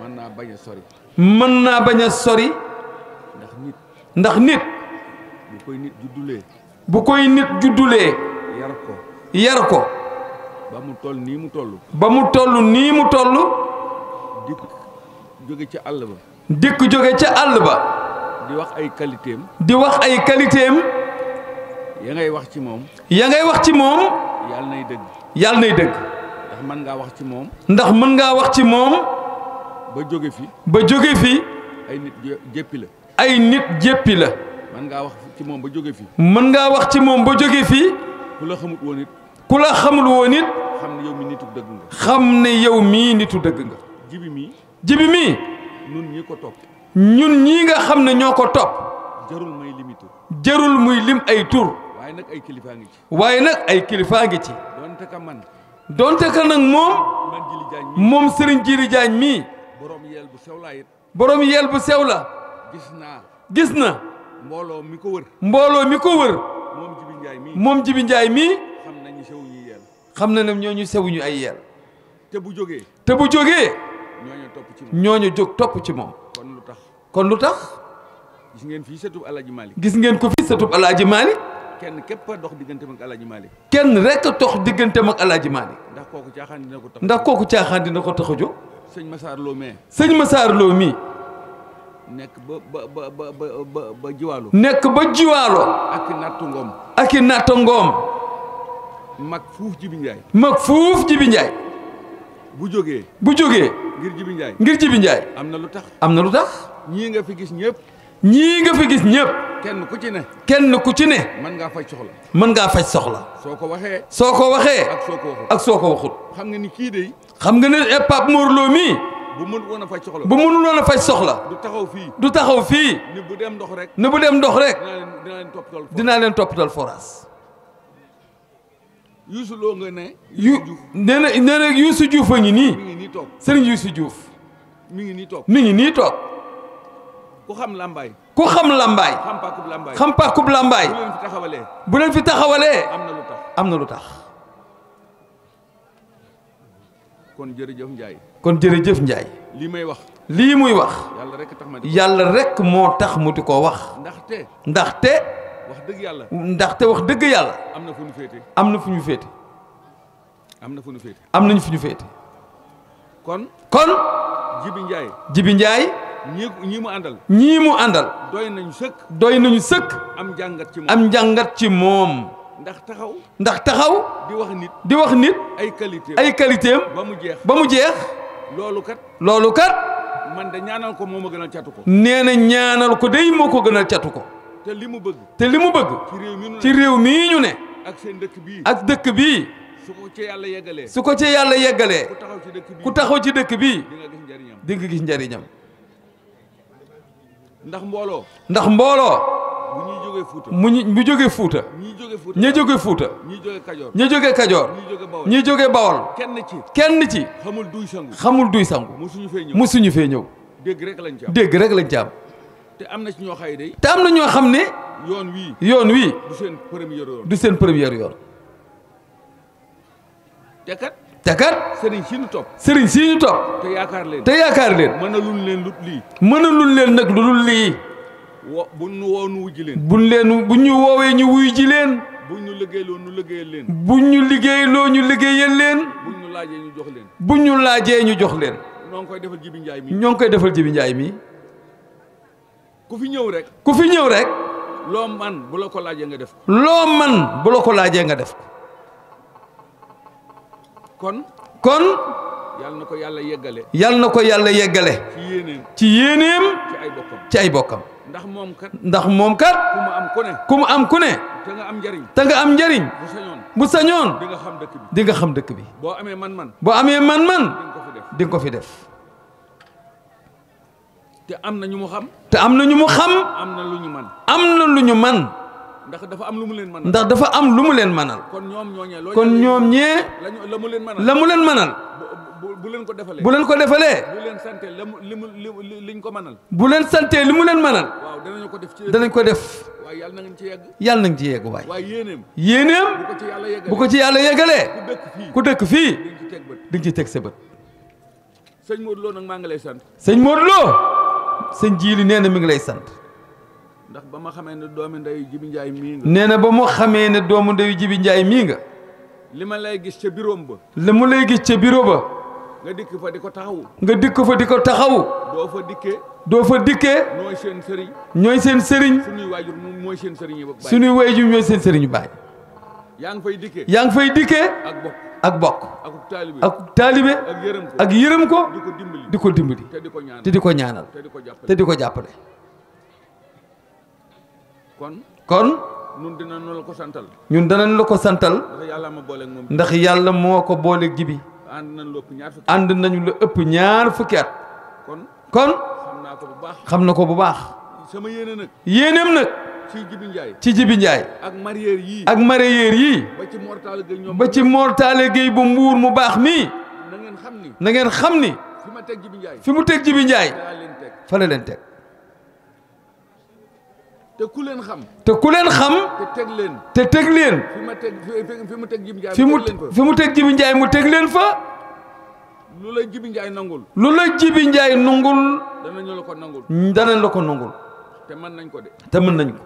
mën naa bañ a sori mën naa bañ a sori ndax nit koy bu koy nit juddulee. yar ko yar ko. ba mu toll nii mu toll. ba mu toll nii mu toll. dikk jóge ca àll ba. dikk jóge ca àll ba. di wax ay qualité di wax ay qualité am. ya ngay wax ci moom. ya ngay wax ci moom. nay dëgg. yàlla nay dëgg. ndax mën ngaa wax ci moom. ndax mën ngaa wax ci moom. ba jóge fi. ba jóge fi. ay nit jéppi la. ay nit jéppi la. mën ngaa wax ci moom ba jóge fi mën ngaa wax ci moom ba jóge fii ku la xamul woon it ku la xamul woon it xam ne yow mii nitu dëgg nga xam ne yow mii nitu dëgg nga jibi mii jibi mii ñun ñi ko topp ñun ñii nga xam ne ñoo jarul may limi jarul muy lim ay tur waaye nag ay kilifaa ngi ci waaye nag ay kilifaa ngi ci donte ka man donte ka nag moom moom Serigne Djily Diagne mii borom yeel bu sew la borom yeel bu sew la gis mbooloo mi ko wër. mbooloo mi ko wër. moom Jibi Njaay mii moom Jibi Njaay mii. xam nañu sewuñu yeel. xam na ne ñoo ñooñu sewuñu ay yeel. te bu jógee. te bu jógee. ñooñu topp ci moom ñooñu jóg topp ci moom. kon lu tax kon lu tax. gis ngeen fii sëtub Alaaji Malik. gis ngeen ko fii sëtub Alaaji Malik. kenn képp a dox digganteem ak Alaaji Malik. kenn rek a dox digganteem ak Alaaji Malik. ndax kooku caaxaan dina ko tax ndax kooku caaxaan dina ko tax a jóg. sëñ ma Lo mee. sëñ Massar Lo mii. nekk ba ba ba ba jiwaalo. nekk ba jiwaalo. ak i natt ngoom. ak i natt ngoom. mag fuuf Jibi Ndiaye. mag fuuf Jibi Ndiaye. bu jógee. bu jógee. ngir Jibi Ndiaye. ngir Jibi Ndiaye. am na lu tax. am na lu tax. ñii nga fi gis ñëpp. ñii nga fi gis ñépp kenn ku ci ne. kenn ku ci ne. mën nga faj soxla. mën ngaa faj soxla. soo ko waxee. soo ko waxee. ak soo ko waxut. soo ko waxut. xam nga ni kii de. xam nga ne eh, Pape Mor bu mënul woon a faj soxla bu mënul woon a faj soxla. du taxaw fii du taxaw fii. ni bu dem ndox rek. ni bu dem ndox rek. dinaa leen toppatal forage Youssou Lo nga ne. yu nee na nee na Youssou Diouf a ngi nii. mi ngi nii toog sëriñ mi ngi nii toog mi ngi nii toog. ku xam làmbaay ku xam lambaay. xam pàkkub lambaay xam pàkkub lambaay. bu leen fi taxawalee. bu am na lu tax am na lu tax. kon jërëjëf Ndiaye. kon jërëjëf Njaay lii may wax lii muy wax yàlla rek moo tax mu di ko wax ndaxte wax dëgg yàlla ndaxte wax dëgg yàlla am na fu ñu féete am na fu ñu féete am na fu ñu féete am nañ fu féete kon kon Jibi Njaay Jibi Njaay ñii mu àndal ñii mu àndal doy nañu sëkk doy nañu sëkk am njàngat ci moom am njàngat ci moom ndax taxaw ndax taxaw di wax nit di wax nit ay qualité ay qualité ba mu jeex ba mu jeex loolu kat. loolu kat. man de ñaanal ko moo ma gënal catu ko. nee na ñaanal ko day moo ko gënal catu ko. te li mu bëgg. te li mu bëgg. ci réew mii ñu ne. ak seen dëkk bii. ak dëkk bii. su ko ci yàlla yeggalee. su ko ci yàlla yeggalee. ku taxaw ci dëkk bii ku taxaw ci dëkk bii. di nga gis njariñam. ndax mbooloo. ndax mbooloo. jóge Fuuta mu ñu jóge Fuuta ñu jóge Fuuta ña jóge Kajoor ñi jóge Bawol kenn ci kenn ci xamul duy sangu musuñu fee ñëw dégg rek lañ ci te am na ñoo xam ne yoon wii du seen première yoon te kat te kat sëriñ si ñu topp sëriñ si ñu topp te yaakaar leen te yaakaar leen mënaluñ leen nag lu dul lii wo bu ñu woo nu wujji leen. buñ leen bu ñu woowee ñu wuy ji leen. bu ñu liggéeyloo ñu liggéeyal leen. bu ñu liggéeyloo ñu liggéeyal leen. buñ ñu laajee ñu jox leen. bu ñu laajee ñu jox leen. ñoo ngi koy defal Jibi Njaay mi. ñoo ngi koy defal Jibi Njaay mi. ku fi ñëw rek. ku fi ñëw rek. loo man bu la ko laajee nga def. loo man bu ko laajee nga def. kon. kon. yàlla na ko yàlla yeggale. yàlla na ko yàlla yeggale. ci yéeneem. ci yéeneem. ci ay bokkam. ndax moom kat ndax moom kat mu am ku ne ku am ku ne te nga am njëriñ te am njëriñ bu sañoon bu sañoon di nga xam dëkk bi xam dëkk bi boo amee man-man boo amee man-man di nga ko fi def te am na ñu mu xam te am na ñu mu xam am na lu ñu man am na lu ñu man ndax dafa am lu mu leen mënal ndax dafa am lu mu leen mënal kon ñoom ñooñee kon ñoom ñee la mu leen mënal la mu leen mënal bu leen ko defalee bu leen ko defalee. bu leen sante li mu liñ ko mënal. bu leen santee li mu leen manal waaw danañ ko def ci danañ ko def. yàlla na ngeen ci yegg. yàlla na ngeen ci yegg waay. waaye yéeneem. bu ko ci yàlla yeggalee ku dëkk fii di ci teg sa bët. sëñ Modou Lo nag maa ngi lay sant. sëñ Modou Lo. sëñ Jiili nee na mi ngi lay sant. ndax ba ma xamee ne doomi ndeyu Jibi Njaay mii nga. nee na ba mu xamee ne doomu ndeyu Jibi Njaay mii nga. li ma lay gis ca bureau ba. li mu lay gis ca bureau ba. nga dikk fa diko taxaw nga dikk fa diko taxaw do fa dikke do fa dikke ñooy seen sëriñ. fay dikke yang fay dikkee. ak ak ko ak dimbali te diko ñaanal te diko ñaanal te diko kon kon. ñun dinañ la ko santal. ñun dana santal. ndax yalla ma ko ànd nañu lu ëpp ñaar fukki at kon xam na ko bu baax yéeneem nag ci Jibi Njaay ak mareyeur yii ba ci mortaale géey bu mbuur mu baax nii na ngeen xam ni fi mu teg Jibi Njaay fa la leen teg te ku leen xam. te ku leen xam. teg leen. te teg leen. fi ma teg fi mu teg Jibi Njaay mu teg leen fa mu teg mu teg leen fa. lu la Jibi Njaay nangul. lu la Jibi Njaay nangul. danañ la ko nangul. danañ la ko nangul. te mën nañ ko de. te mën nañ ko.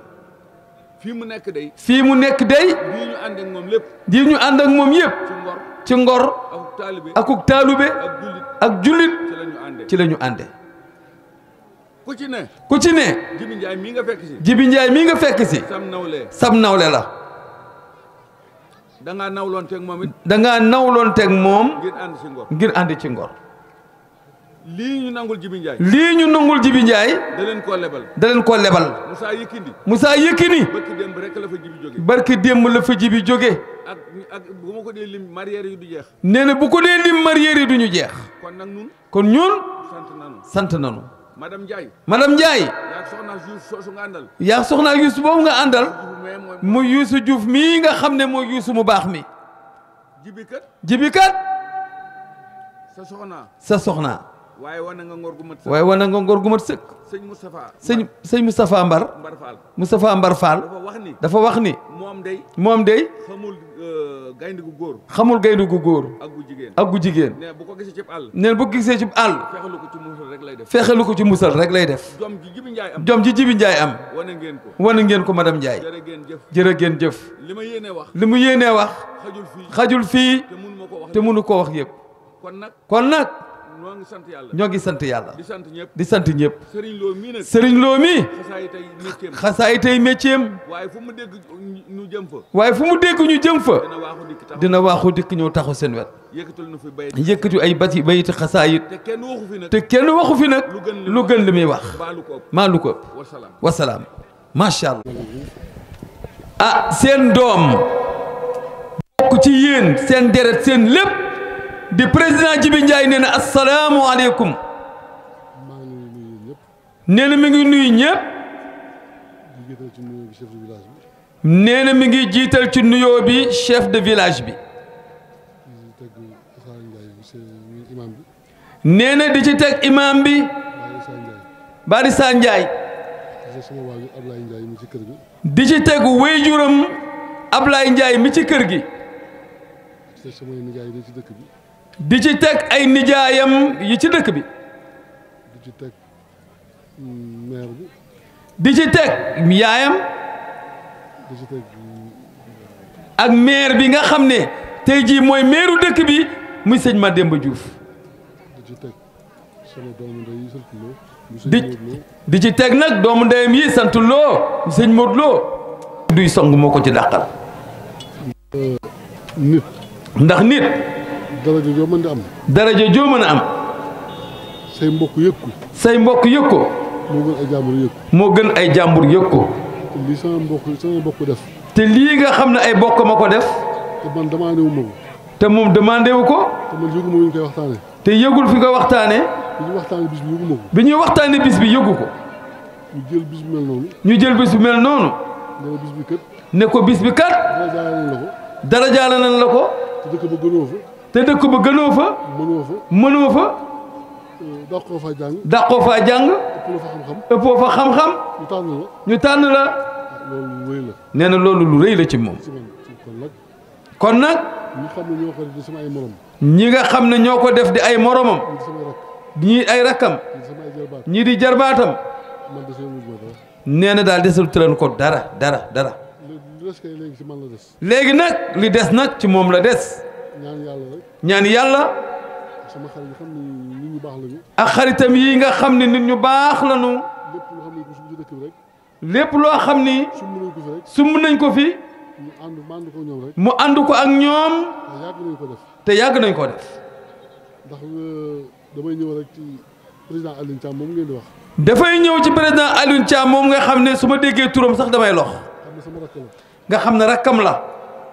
fii mu nekk day. fii mu nekk day. lii ñu ànd ak moom lépp. lii ñu ànd ak moom yëpp. ci ngor ci ngor. akuk taalibe akuk ak jullit ak jullit. ci la ñu àndee ci la ñu àndee. ku ci ne. ku ci ne. Jibi Ndiaye mii nga fekk si. Jibi Ndiaye mii nga fekk si. sam nawle sam nawle la. da ngaa nawloon teg moom it. da nawloon teg moom. ngir ànd ci ngor ngir ànd ci ngor. lii ñu nangul Jibi njaay lii ñu nangul Jibi Ndiaye. da leen koo lebal. da leen koo lebal. Moussa Yekini. Moussa Yekini. barki dem rek la fa Jibi jóge. barki démb la fa Jibi jóge. ak ak bu ma ko dee lim marière yi du jeex. nee na bu ko dee lim marière yi du ñu jeex. kon nag ñun. kon ñun. sant na sant nañu. madame Ndiaye. madame Ndiaye. yaa soxna Youssou soxna Youssou boobu nga àndal. mu Youssou Diouf mii nga xam ne mooy Youssou mu baax mi. jibi kat. jibi kat. sa soxna. sa soxna. waaye wana nga ngor gu mat waaye wana nga ngor gu mat sëkk. sëñ Moustapha sëñ sëñ Moustapha Mbar. Mbar Fall Moustapha Mbar Fall. dafa wax ni dafa wax ni. moom dey moom day. xamul euh, gaynde gu góor. xamul gaynde gu góor. ak gu jigéen ak gu jigéen. bu ko gisee ci àll. nee bu ko gisee ci àll. fexelu ko ci musal rek lay def. fexelu ko ci musal rek lay def. jom ji jibi njaay am jom ji jibi njaay am. wane ngeen ko wane ngeen ko a Ndiaye. jërë ngeen jëf jërë ngeen jëf. li ma yéenee wax li mu yéenee wax. xajul fii xajul fii. te mënu koo wax yépp kon nag ñoo ngi sant yàlla ñoo ngi sant yàlla. di sant ñëpp di sant ñëpp. Serigne Lo loo nag Serigne Lo mii. xasaay tey métier am tey métier am. waaye fu mu dégg ñu jëm fa. waaye fu mu ñu jëm fa. dina waaxu dikk ñëw taxu seen wet. yëkkatu na fi bay yëkkatu ay bati bayit xasaayit. te kenn waxu fi nag te kenn waxu fi nag. lu gën li muy wax maa lu ko ëpp. wasalaam macha allah. ah seen doom. bokk ci yéen seen deret seen lépp. di président Jibi Ndiaye nee na asalaamualeykum nee na mi ngi nuyu ñëpp nee mi ngi jiital ci nuyoo bi chef de village bi nee na di ci teg imam bi Barissa Ndiaye di ci teg wéyjuram Ablaye Ndiaye mi ci kër gi. di ci teg ay nijaayam yi ci dëkk bi. di ci teg mm, di ci teg yaayam. ak maire bi nga xam ne tey jii mooy maireu dëkk bi muy sëñ Mademba Diouf. di ci teg sama doomu ndey di di ci teg nag doomu ndeyam yi sant loo sëñ Modou Lo. duy song moo ko ci dàqal. ndax nit. daraja joo mën di am. daraja joo mën a am. say mbokk yëg ko. say mbokk yëg ko. moo gën ay jàmbur yëg ko. moo gën ay jàmbur yëg mbokk sama mbokk te lii nga xam ne ay bokk a ko def. te wu ma te moom demandé wu ko. te te yëgul fi nga waxtaanee. bi ñuy waxtaanee bis bi yëgu ma ko. ñu jël bis bu mel noonu. ñu jël bis bu mel noonu. ne ko bis bi kat. ne ko la ko. la ko. te dëkk ba gënoo fa. mënoo fa mënoo fa. Eh, dàqoo faa jàng. ëppoo fa xam-xam ëppoo fa xam ñu tànn la ñu tànn nee na loolu lu rëy la ci moom. kon nag. ñii nga xam ne ñoo ko def di ay moromam. ñii ay rakkam. ñii di jarbaatam. nee na daal desul tëran ko dara dara dara. léegi nag li des nag ci moom la des. ñaan yàlla rek. ñaan yàlla. sama xarit yi xam ne xaritam yi nga xam ne nit ñu baax lañu. lépp loo xam ni. sumb nañ ko fi. ànd mu ànd ko mu ànd ko ak ñoom. te yàgg nañ ko def. Euh, damay ñëw ci président Alioune Thiam moom ngeen di wax. dafay ñëw ci président Alioune Thiam moom nga xam ne su ma déggee turam sax damay lox. nga xam ne rakkam la.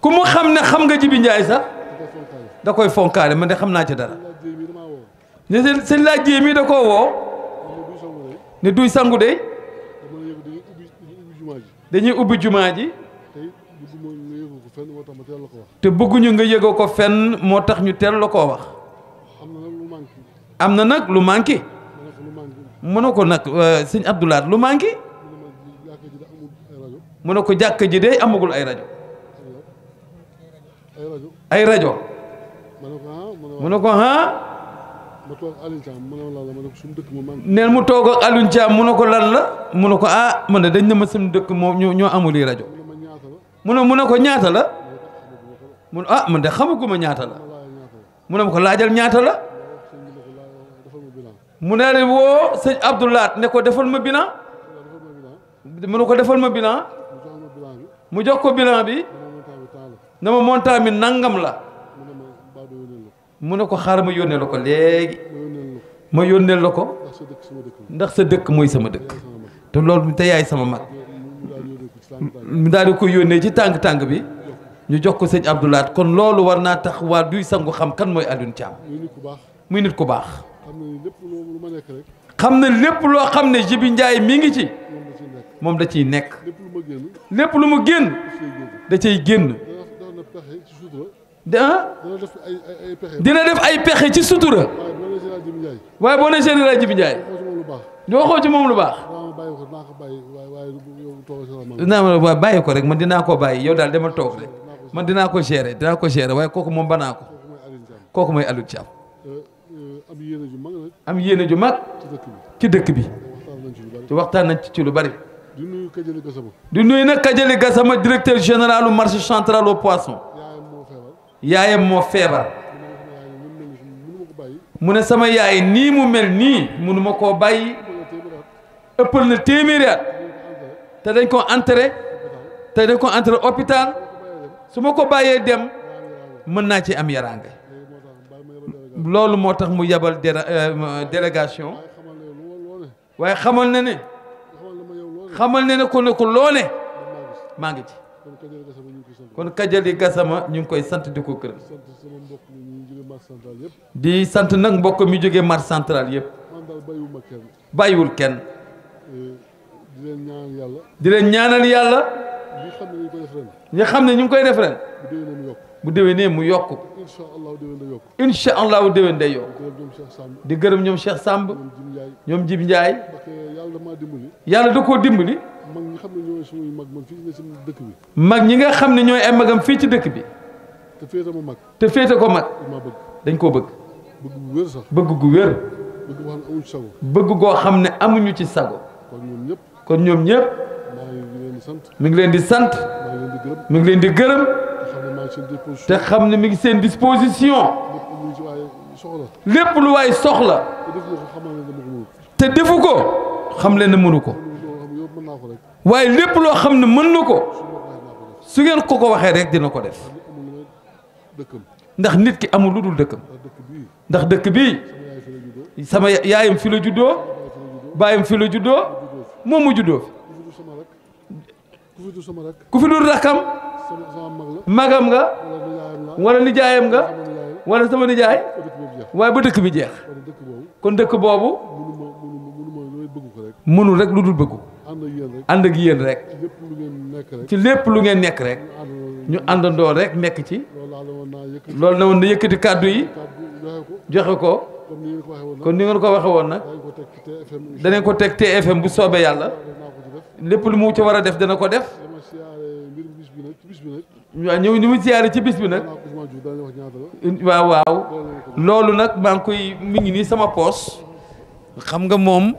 ku mu xam ne xam nga Jibi Njaay sax da koy fonkaale man de xam naa ci dara ne sëñ laa jéem mi da koo woo ne duy sangu de dañuy ubbi jumaa ji te bëgguñu nga yëgoo ko fenn moo tax ñu teel la koo wax am na nag lu manqué mu ne ko nag euh, sëñ Abdoulaat lu manqué mu ko jàkk ji de amagul ay rajo ay rajo mu ko ah neen mu toog ak Alioune mu ko lan la mu ne ko ah man ne dañ ne ma sam dëkk moom ñoo amul rajo mu ne mu ko ñaata la mu ne xamaguma ñaata la mu ne ko laajal ñaata la mu ne woo sëñ Abdoulaat ne ko defal ma bina mu ko defal ma bina mu jox ko bilan bi na ma montant mi nangam la mu ne ko xaar ma yónnee la ko léegi ma yónnee la ko ndax sa dëkk mooy sama dëkk te loolu te yaay sama mag mu daal di ko yónnee ci tàng tànk bi ñu jox ko sëñ Abdoulaat kon loolu war naa tax waa duy sangu xam kan mooy Alioune Thiam muy nit ko baax xam na lépp loo xam ne Jibi Njaay mi ngi ci moom da ciy nekk génn. lépp lu mu génn. da cay génn. da ah? dina def ay pexe ci sutura. waaye boo nee général Jibi Ndiaye. ñoo xoo ci moom lu baax. dinaa ma bàyyi ko rek man dinaa ko bàyyi yow daal demal toog rek man dinaa ko gérer dinaa ko gérer waaye kooku moom banaa ko kooku mooy Aliou Thiam. am yéene ju mag. ci dëkk bi ci waxtaan nañ ci lu bari. di nuyu na Gassama. di nuyu nag Kajali Gassama directeur général marché central au poisson. yaayam moo feebar. mu ne sama yaay nii mu mel nii mënuma koo bàyyi. ëppal na téeméeri at. te dañ ko enterré. te dañ ko enterré hôpital. su ma ko bàyyee dem. mën naa ci am yaraange. loolu moo tax mu yabal euh, délégation. waaye xamal na ne. xamal ne ne ko ne ko loone maa ngi ci kon Kajali Gassama ñu ngi koy sant di ko gërëm di sant nag mbokk mi jógee marché central yëpp bàyyiwul kenn di leen ñaanal yàlla ñi xam ne ñu ngi koy def ren bu déwénee mu yokk incha allahu déwén day di gërëm ñoom Cheikh Samb ñoom Jib Ndiaye yàlla dama dimbali yàlla da koo dimbali mag ñi xam ne ñooy suñuy mag man fii ci dëkk ñi nga xam ne ñooy ay magam fii ci dëkk bi te féete ma mag te féete ko mag dañ koo bëgg bëgg gu wér sax bëgg gu wér goo xam ne amuñu ci sago kon ñoom ñëpp kon ñoom ngi leen di sant mi ngi leen di gërëm te xam ne mi ngi seen disposition lépp lu waay soxla te defu ko xam leen ne mënu ko waaye lépp loo xam ne mën na ko su ngeen ko ko waxee rek dina ko def ndax nit ki amul lu dul dëkkam ndax dëkk bii sama yaayam fi la juddoo baayam fi la juddoo moom mu juddoo fi ku fi dul rakam magam nga wala nijaayam nga wala sama nijaay waaye ba dëkk bi jeex kon dëkk boobu mënul rek lu dul bëggu ànd ak yéen rek ci lépp lu ngeen nekk rek ñu àndandoo rek nekk ci loolu na woon na yëkkati kàddu yi joxe ko kon ni ngeen ko waxe woon nag danañ ko teg TFM bu soobee yàlla lépp lu mu ci war a def dana ko def bi ci bis bi nag. ñëw ñu mu siyaare ci bis bi nag. waaw waaw. loolu nag maa ngi koy mi ngi nii sama poos. xam nga moom.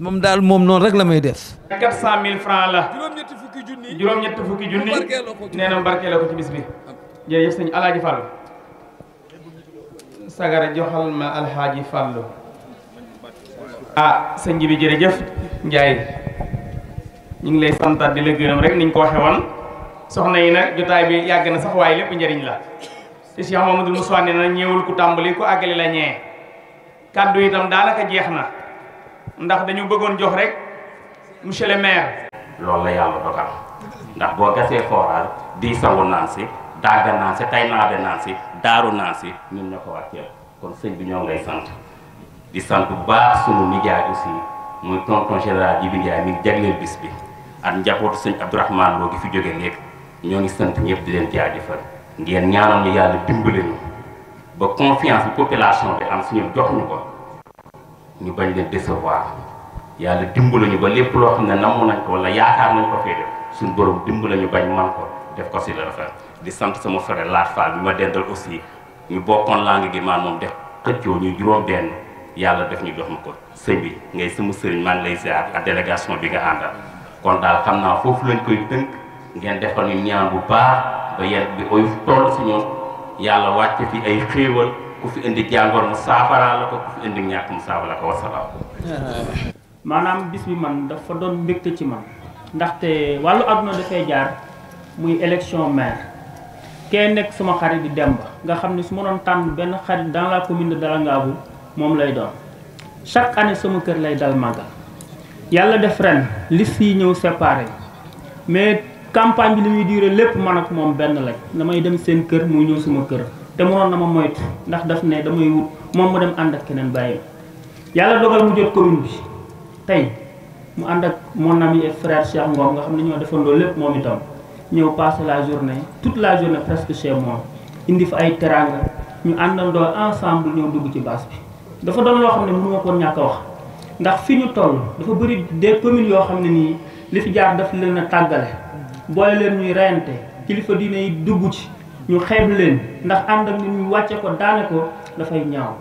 moom daal moom noonu rek la may def. 400000 francs la. juróom-ñetti fukki junni juróom-ñetti ko ci bis bi. jërëjëf sagara joxal ma Alxaaji Fall. ah sëñ bi jërëjëf Ndiaye. ñu ngi lay santaat di la gërëm rek niñ ko waxee soxna yi nag jotaay bi yàgg na sax waaye lépp njariñ la te Cheikh du Moussa ne na ñëwul ku tàmbali ku àggale la ñee kàddu yi itam daanaka jeex na ndax dañu bëggoon jox rek monsieur le maire. loolu la yàlla dogal ndax boo gasee forage di sawu naan si dagga naan si tay naan si daaru naan si ñun ñoo ko wàcceel kon sëñ bi ñoo ngay sant di sant bu baax sunu nijaay aussi muy tonton général Jibi Ndiaye mi ngi jagleel bis bi ak njabootu sëñ Abdourahmane loo gi fi jóge ñoo ngi sant ñëpp di leen jaajëfal ngeen ñaanal ñu yàlla dimbali ñu ba confiance bi population bi am suñu jox ñu ko ñu bañ leen décevoir yàlla dimbali ñu ba lépp loo xam ne namm nañ ko wala yaakaar nañ ko fee def suñu borom dimbali ñu bañ man ko def ko si la rafet di sant sama frère Laat Fall bi ma dendal aussi ñu bokkoon langue gi maanaam moom def xëccoo ñu juróom benn yàlla def ñu jox ma ko sëñ bi ngay sama sëriñ maa ngi lay ziar ak délégation bi nga àndal kon daal xam naa foofu lañ koy tënk ngeen ya ko ni ñaan bu baax ba yet bi koy toll ci ñun yàlla wàcc fi ay xéewal ku fi indi jàngoor mu saafara la ko ku fi indi ñàkk mu saafara la ko wasalaam maanaam bis bi man dafa doon mbégte ci man ndaxte wàllu àdduna dafay jaar muy élection maire kee nekk suma xarit di ba nga xam ne su ma doon tànn benn xarit dans la commune de Dalangaabu moom lay doon chaque année sama kër lay dal màggal yàlla def ren liste yi ñëw séparé mais campagne bi li muy duré lépp man ak moom benn lañ damay dem seen kër muy ñëw suma kër te mënoon na ma moytu ndax daf ne damay moom mu dem ànd ak keneen bàyyi yàlla dogal mu jot commune bi tey mu ànd ak mon ami et frère Cheikh Ngom nga xam ne ñoo defandoo lépp moom itam ñëw passé la journée tout la journée presque see moi indi fa ay teranga ñu ànd àndandoo ensemble ñëw dugg ci base bi. dafa doon loo xam ne mënu ma ko ñàkk a wax ndax fi ñu toll dafa bëri des communes yoo xam ne nii li fi jaar daf leen a tàggale. boole leen ñuy reyante kilifa diine yi dugg ci ñu xeeb leen ndax ànd ak nit ñu wàcce ko daane ko dafay ñaaw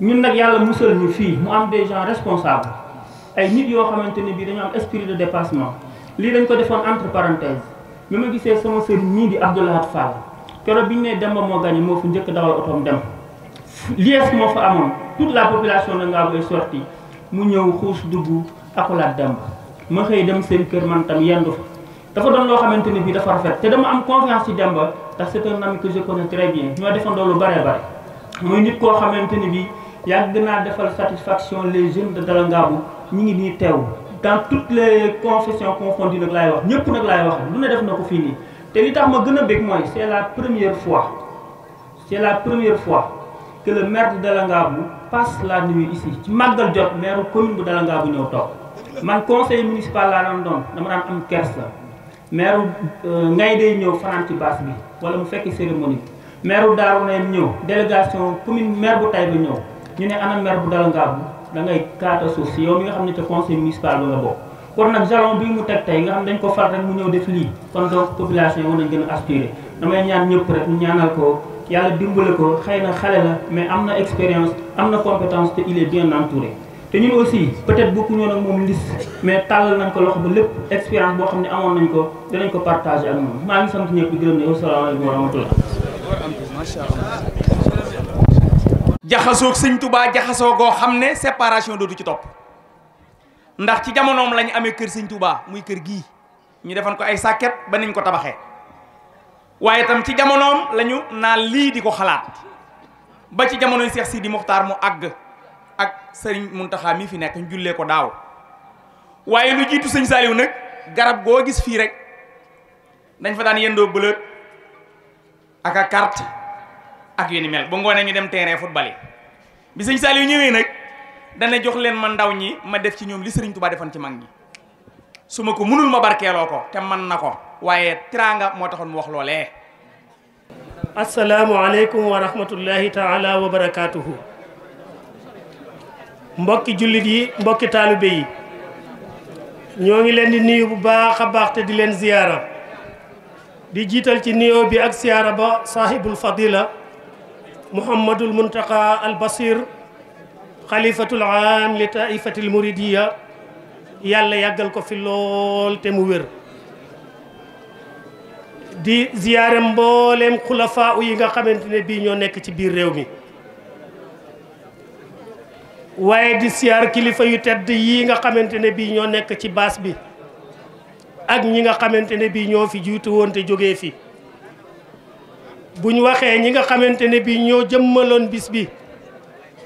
ñun nag yàlla musal ñu fii mu am des gens responsables ay nit yoo xamante ne bii dañu am esprit de dépassement lii dañ ko defoon entre parenthèse bi ma gisee sama sëriñ ñii di Abdoulahat Fall keroog bi ñu nee Demba moo gagné moo fi njëkk dawal otoom dem lies moo fa amoon toute la population de Ngabou sorti mu ñëw xuus dugg akulaat Demba ma xëy dem seen kër man dafa doon loo xamante ni bii dafa rafet te dama am confiance ci Demba ndax c'est un ami que je connais très bien ñoo defandoo lu bare bare muy nit koo xamante ni bii yàgg naa defal satisfaction les jeunes de Dalla ñi ngi nii teew dans toutes les confessions confondues nag laay wax ñëpp nag laay wax lu ne def na ko fii nii te li tax ma gën a bég mooy c'est la première fois c'est la première fois que le maire de Dalla passe la nuit ici ci màggal jot maire commune bu Dalla Ngabou ñëw toog man conseil municipal laa doon doon dama daan am la meeru ngay day ñëw fanaan ci baas bi wala mu fekki cérémonie meeru daaru nay ñëw délégation commune maire bu tay Taïba ñëw ñu ne ana maire bu Dalangaabu da ngay kaata suuf si yow mi nga xam ne te conseil municipal ba nga bokk kon nag jalon bi mu teg tey nga xam dañ ko far rek mu ñëw def lii kon donc population yi war nañ gën a damay ñaan ñëpp rek ñaanal ko yàlla dimbale ko xëy na xale la mais am na expérience am na compétence te il est bien entouré te ñun aussi peut-être bokkuñu woon ak moom lis mais tàllal nañ ko loxo ba lépp expérience boo xam ne amoon nañ ko danañ ko partage ak moom maa ngi sant ñëpp di gërëm ne asalaamaaleykum wa jaxasoog sëñ tubaa jaxasoo goo xam ne séparation dootu ci topp ndax ci jamonoom lañu amee kër sëñ tubaa muy kër gi ñu defan ko ay sàkket ba nañ ko tabaxee waaye itam ci jamonoom lañu naa lii di ko xalaat ba ci jamonoy Seex Sidi Muxtaar mu àgg ak sëriñ Muntaxa mi fi nekk ñu jullee ko daaw waaye lu jiitu sëñ Saaliw nag garab goo gis fii rek dañ fa daan yendoo bëlët ak kart ak yu ni mel ba ngoonee ñu dem terrain football yi bi sëñ Saaliw ñëwee nag dana jox leen ma ndaw ñi ma def ci ñoom li sëriñ Tuubaa defoon ci mag ñi su ma ko mënul ma barkeeloo ko te mën na ko waaye tiraanga moo taxoon mu wax loolee. asalaamualeykum wa rahmatullahi taala wa barakaatuhu. mbokki jullit yi mbokki taalibe yi ñoo ngi leen di nuyu bu baax a baax te di leen ziyaara di jiital ci nuyoo bi ak ziyaara ba saahibul fadila muhammadul muntaqa al basir xalifatul aam li taifatil muridiya yàlla yàggal ko fi lool te mu wér di ziyaare mbooleem xulafaa yi nga xamante ne bii ñoo nekk ci biir réew mi waaye di siyaar kilifa yu tedd yii nga xamante ne bii ñoo nekk ci baas bi ak ñi nga xamante ne bii ñoo fi jiitu woon te jóge fi buñ waxee ñi nga xamante ne bii ñoo jëmmaloon bis bi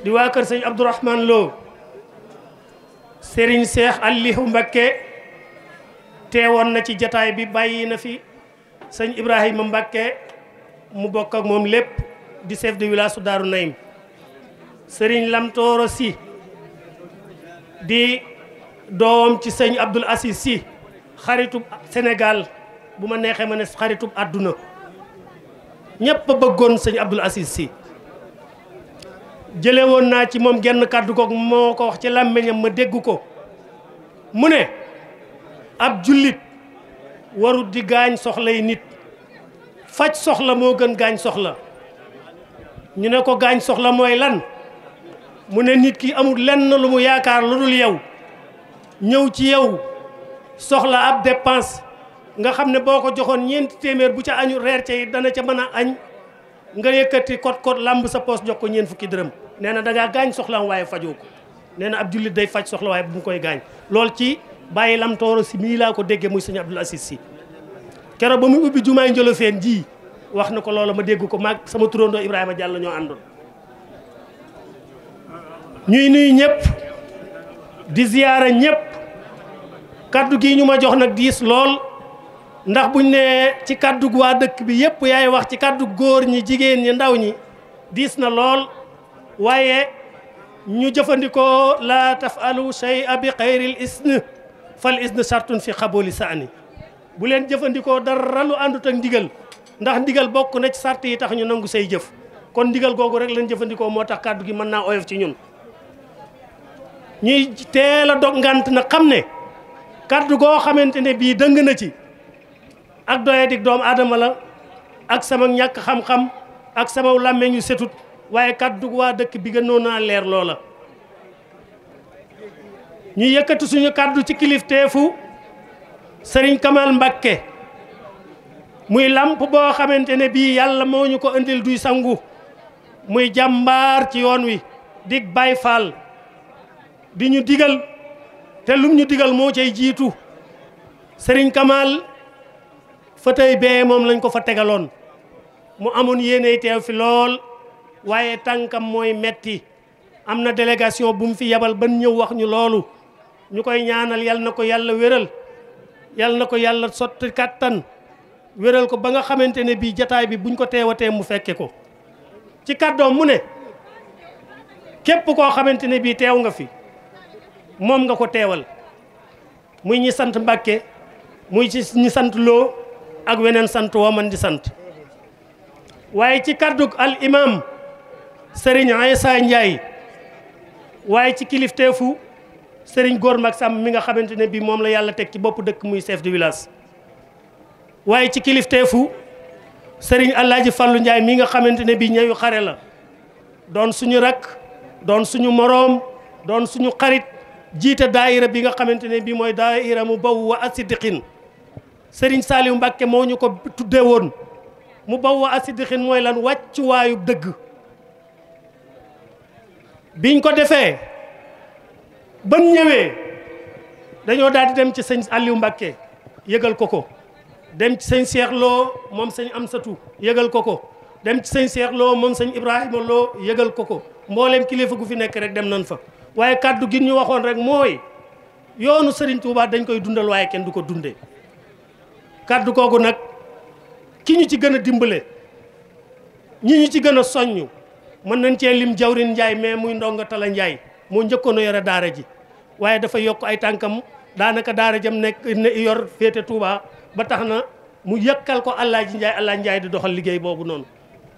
di waa kër sëñ Abdourahman Lo Serigne Cheikh Aliou Mbakke teewoon na ci jataay bi bàyyi na fi sëñ Ibrahima Mbakke mu bokk ak moom lépp di chef de village su Daaru Naim lam toro si di dom ci serigne Abdul Asis si xaritou Sénégal buma ma mané xaritou aduna ñepp bëggoon serigne Abdul Asis si jële won na ci mom genn kaddu ko moko wax ci làmmiñam ma dégg ko mune ab julit waru di gañ soxlay nit faj soxla mo gën gañ soxla ñu ne ko gañ soxla moy lan mu ne nit ki amul lenn lu mu yaakar lu dul yow ñew ci yow soxla ab dépense nga xamne ne joxone ko témèr bu ca añu rër ci dana ca mëna a añ nga yëkëti kot kot lamb sa poste jox ko ñen fukki dërëm néna da nga gañ soxla waye fajoo ko ab jullit day faj soxla waye bu koy gañ lool ci baye lam toro si mi la ko déggé muy sëñ abdoul assis si kéro ba mu ubbi jumaay njëlofeen ji waxna ko loola ma dégg ko mak sama turondo Ibrahima Diallo ñoo andul ñuy nuyu ñëpp di ziyaara ñëpp kàddu gi ñu ma jox nag diis lool ndax buñ ne ci kaddu waa dëkk bi yëpp yaay wax ci kàddu góor ñi jigéen ñi ndaw ñi diis na lool waaye ñu jëfandikoo la tafalu shay'a bi xayril isn fal isn shartun fi xaboli saani bu leen jëfandikoo dara lu àndut ak ndigal ndax ndigal bokk na ci sart yi tax ñu nangu say jëf kon ndigal googu rek leen jëfandikoo moo tax kàddu gi mën naa oyof ci ñun ñuy teel a dog ngant na xam ne kàddu goo xamante ne bii dëng na ci ak doyadik doomu aadama la ak sama ñàkk xam-xam ak sama làmmeñ ñu setut waaye kaddu waa dëkk bi gënoon naa leer loola. ñu yëkkati suñu kàddu ci kilifteefu sëriñ Kamal Mbakke muy làmp boo xamante ne bii yàlla moo ñu ko indil duy sangu muy jàmbaar ci yoon wi dig bay Faal. di ñu digal te lum ñu digal moo cay jiitu sëriñ Kamal fatay bee moom lañ ko fa tegaloon mu amoon yéeney teew fi lool waaye tànkam mooy metti am na délégation bu mu fi yebal ba ñëw wax ñu loolu ñu koy ñaanal yal na ko yàlla wéral yal na ko yàlla sotti kàttan wéral ko ba nga xamante ne bii jataay bi buñ ko teewatee mu fekke ko ci kàddoom mu ne képp koo xamante ne bii teew nga fi mom nga ko teewal muy ñi sante mui muy ci ñi santu lo ak wenen sante wo man di sante waye ci kaddu al imam serigne Aïssa Ndiaye waye ci kiliftefu tefu gor mak sam mi nga xamantene bi mom la yalla tek ci bop dekk muy chef de village waye ci kiliftefu serigne Alaaji fallu Ndiaye mi nga xamantene bi bii ñayu xare la don suñu rak don suñu morom don suñu xarit jiite daayira bi nga xamante ne bii mooy daayira mu baw wa asidiqin Serigne Saliou Mbacke moo ñu ko tuddee woon mu baw wa asidiqin mooy lan wàccuwaayu dëgg biñ ko defee ba mu ñëwee dañoo daal di dem ci sëñ Aliou Mbacke yëgal ko ko dem ci sëñ Cheikh Lo moom sëñ Amsatou yëgal ko ko dem ci sëñ Cheikh Lo moom sëñ Ibrahima Lo yëgal ko ko mboolem kilifa gu fi nekk rek dem nañ fa. waaye kàddu gi ñu waxoon rek mooy yoonu sëriñ Touba dañ koy dundal waaye kenn du ko dundee kàddu kooku nag ki ñu ci gën a dimbale ñi ñu ci gën a soññ mën nañ cee lim jawrin Njaay mais muy ndonga Talla Njaay moo njëkkoon yore daara ji waaye dafa yokk ay tànkam daanaka daara jam nekk yor féete Touba ba tax na mu yëkkal ko Alaaji Njaay Alaaji Njaay di doxal liggéey boobu noonu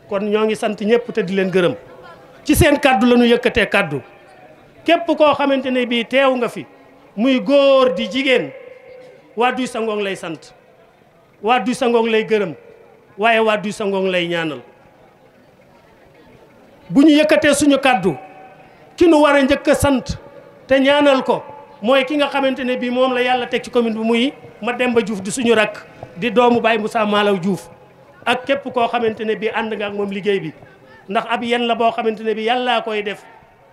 kon ñoo ngi sant ñëpp te di leen gërëm ci seen kàddu lañu ñu yëkkatee kàddu képp koo xamante ne bii teew nga fi muy góor di jigéen waa duy lay sant wadu duy lay gërëm waaye waa duy lay ñaanal bu ñu yëkkatee suñu kàddu ki nu war a njëkk a sant te ñaanal ko mooy ki nga xamante ne bii moom la yàlla teg ci commune bi muy Mademba juuf di suñu rakk di doomu Baye Moussa Malaw Diouf ak képp koo xamante ne bii ànd nga ak moom liggéey bi ndax ab yen la boo xamante ne bii koy def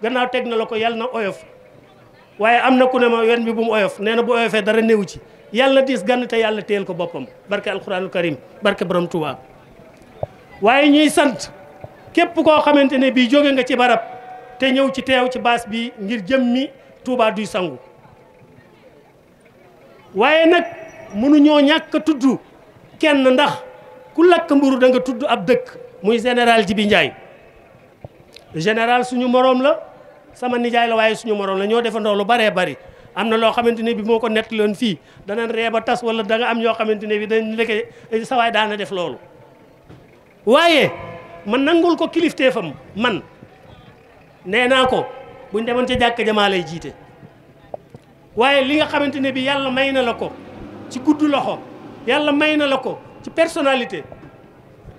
gannaaw teg na la ko yàlla na oyof waaye am na ku ne ma wen bi bu mu oyof nee na bu oyofee dara néew ci yàlla na diis gànn te yàlla téyel ko boppam barke alxuraanu karim barke borom Tuubaa waaye ñuy sant képp koo xamante ne bii jóge nga ci barab te ñëw ci teew ci baas bi ngir jëmmi Touba duy sangu waaye nag mënuñoo ñàkk a tudd kenn ndax ku lakk mburu da nga tudd ab dëkk muy général Jibi njaay général suñu moroom la sama nijaay la waaye suñu moroom la ñoo defandoo lu baree bari am na loo xamante ne bi moo ko nett loon fii danañ ree ba tas wala da nga am ñoo xamante ne bi dañ lekke eh, sawaay daana def loolu waaye man nangul ko fa man nee naa ko buñ demoon ci jàkk jamaa lay jiite waaye li nga xamante ne bi yàlla may na la ko ci gudd loxo yàlla may na la ko ci personnalité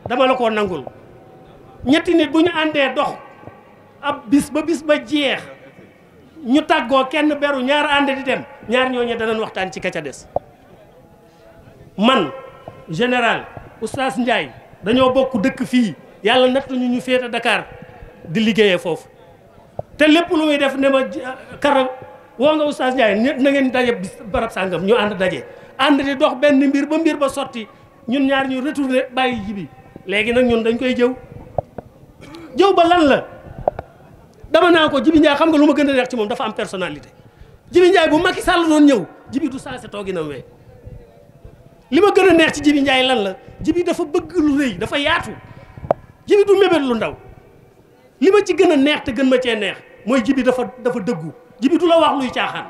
dama la ko nangul ñetti nit bu ñu àndee dox ab bis ba bis ba jeex ñu tàggoo kenn beru ñaar ànd di dem ñaar ñooñu danañ waxtaan ci ka ca des man général oustaz Ndiaye dañoo bokk dëkk fii yàlla nattuñu ñu féete dakaar di liggéeyee foofu te lépp lu muy def ne ma kara woo nga oustaz Ndiaye na ngeen daje barab sàngam ñu ànd daje ànd di dox benn mbir ba mbir ba sotti ñun ñaar ñu retourné bàyyi ji léegi nag ñun dañ koy jëw jëw ba lan la dama naa ko Jibi Ndiaye xam nga luma ma rek ci mom dafa am personnalité Jibi Ndiaye bu Macky Sall doon ñew Jibi du sansé togi na wé lima gëna neex ci Jibi lan la Jibi dafa bëgg lu reuy dafa yaatu Jibi du mebet lu ndaw lima ci gëna neex te gën ma ci neex moy Jibi dafa dafa deggu Jibi du la wax luy chaxan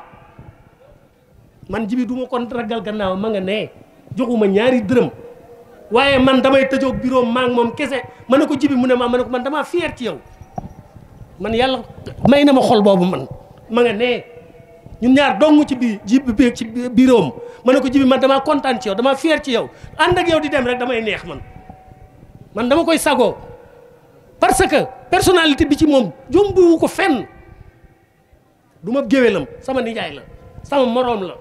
man Jibi du ma kon ragal gannaaw ma nga ne joxuma ñaari waye man damay bureau kese ma ko Jibi mune ma ma man dama fier ci yow man yàlla may na ma xol boobu man ma nga nee ñun ñaar dong ci biir ji bi ci biiroom ma ne ko jibi man damaa kontaan ci yow damaa fier ci yow ànd ak yow di dem rek damay neex man man dama koy sagoo parce que personnalité bi ci moom jombuwu ko fenn du ma géwélam sama nijaay la sama moroom la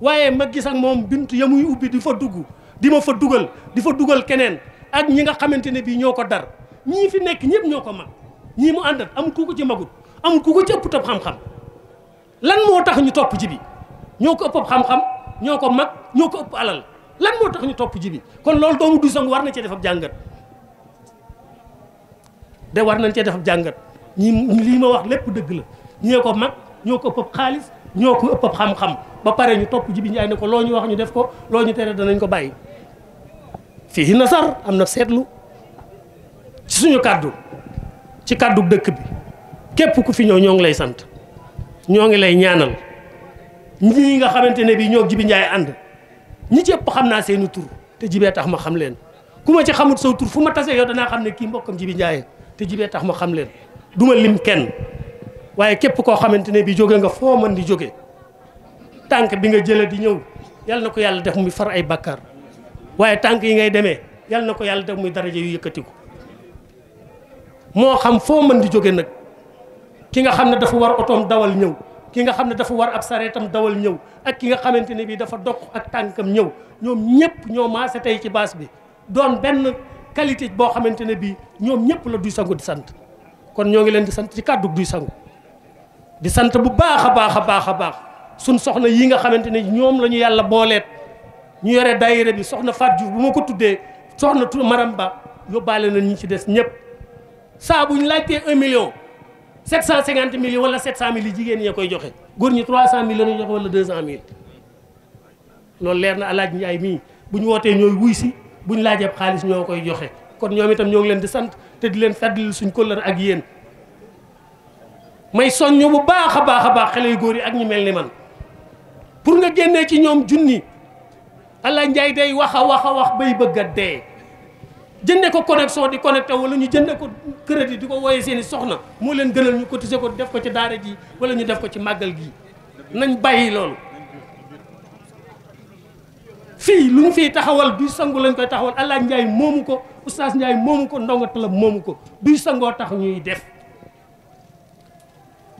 waaye ma gis ak moom bint ya muy ubbi di fa dugg di ma fa dugal di fa dugal keneen ak ñi nga xamante ne bii ñoo ko dar ñii fi nekk ñëpp ñoo ko mag ñi mu andat am kuku ci magut am ku ci ëpp tab xam-xam lan mo tax ñu top ji bi ñoo ëpp xam-xam ñoko mag ñoko alal lan mo tax ñu top ji bi kon lool doomu du sang war na da def ak jangat de war nañ ci def ak jangat ñi li ma wax lepp deug la ñee ko mag ñoko ëpp xaalis ñoo ëpp xam-xam ba pare ñu top ji bi njaay ne ko loo ñu wax ñu def ko loo ñu tere danañ ko bayyi fi hinasar am na ci suñu kaddu ci kàddu dëkk bi képp ku fi ñëw ñoo ngi lay sant ñoo ngi lay ñaanal ñii nga xamante ne bii ñoo Jibi Njaay ànd ñi ci xam naa seeni tur te jibee tax ma xam leen ku ma ci xamut saw tur fu ma tasee yow danaa xam ne kii mbokkam Jibi Njaay te jibee tax ma xam leen du ma lim kenn waaye képp koo xamante ne bii jóge nga foo mën di jóge tànk bi nga jëlee di ñëw yal na ko yàlla def muy far ay bàkkaar waaye tànk yi ngay demee yal na ko yàlla def muy daraja yu yëkkatiku moo xam foo mën di jóge nag ki nga xam ne dafa war otoom dawal ñëw ki nga xam ne dafa war ab sareetam dawal ñëw ak ki nga xamante ne bii dafa dox ak tànkam ñëw ñoom ñëpp ñoo maase tey ci baas bi doon benn qualité boo xamante ne bii ñoom ñëpp la duy sangu di sant kon ñoo ngi leen di sant ci kàddu duy sangu di sant bu baax a baax a baax a baax suñ soxna yi nga xamante ne ñoom la ñu yàlla booleet ñu yore daayira bi soxna Fatou Diouf bu ma ko tuddee soxna Maram Ba yóbbaale na ñi ci des ñëpp saa bu ñu laajtee un million sept cent cinquante mille wala sept cent mille yi jigéen ñee koy joxe góor ñi trois cent mille la ñuy joxe wala deux cent mille loolu leer na alaaj Njaay mii bu ñu wootee ñooy wuy si bu ñu laajee xaalis ñoo koy joxe kon ñoom itam ñoo ngi leen di sant te di leen fàttali suñ kóllëre ak yéen may soññu bu baax a baax a baax xale yu góor yi ak ñu mel ni man pour nga génnee ci ñoom junni alaaj Njaay day wax a wax a wax bay bëgg a jënde ko connexion di connecté wala ñu jënde ko crédit di ko wooyee seeni soxna moo leen gënal ñu cotiser ko def ko ci daara jii wala ñu def ko ci màggal gi nañ bàyyi loolu fii lu ñu fiy taxawal duy sangu lañ koy taxawal allah njaay moomu ko oustaz njaay moomu ko ndongo Talla moomu ko duy sangoo tax ñuy def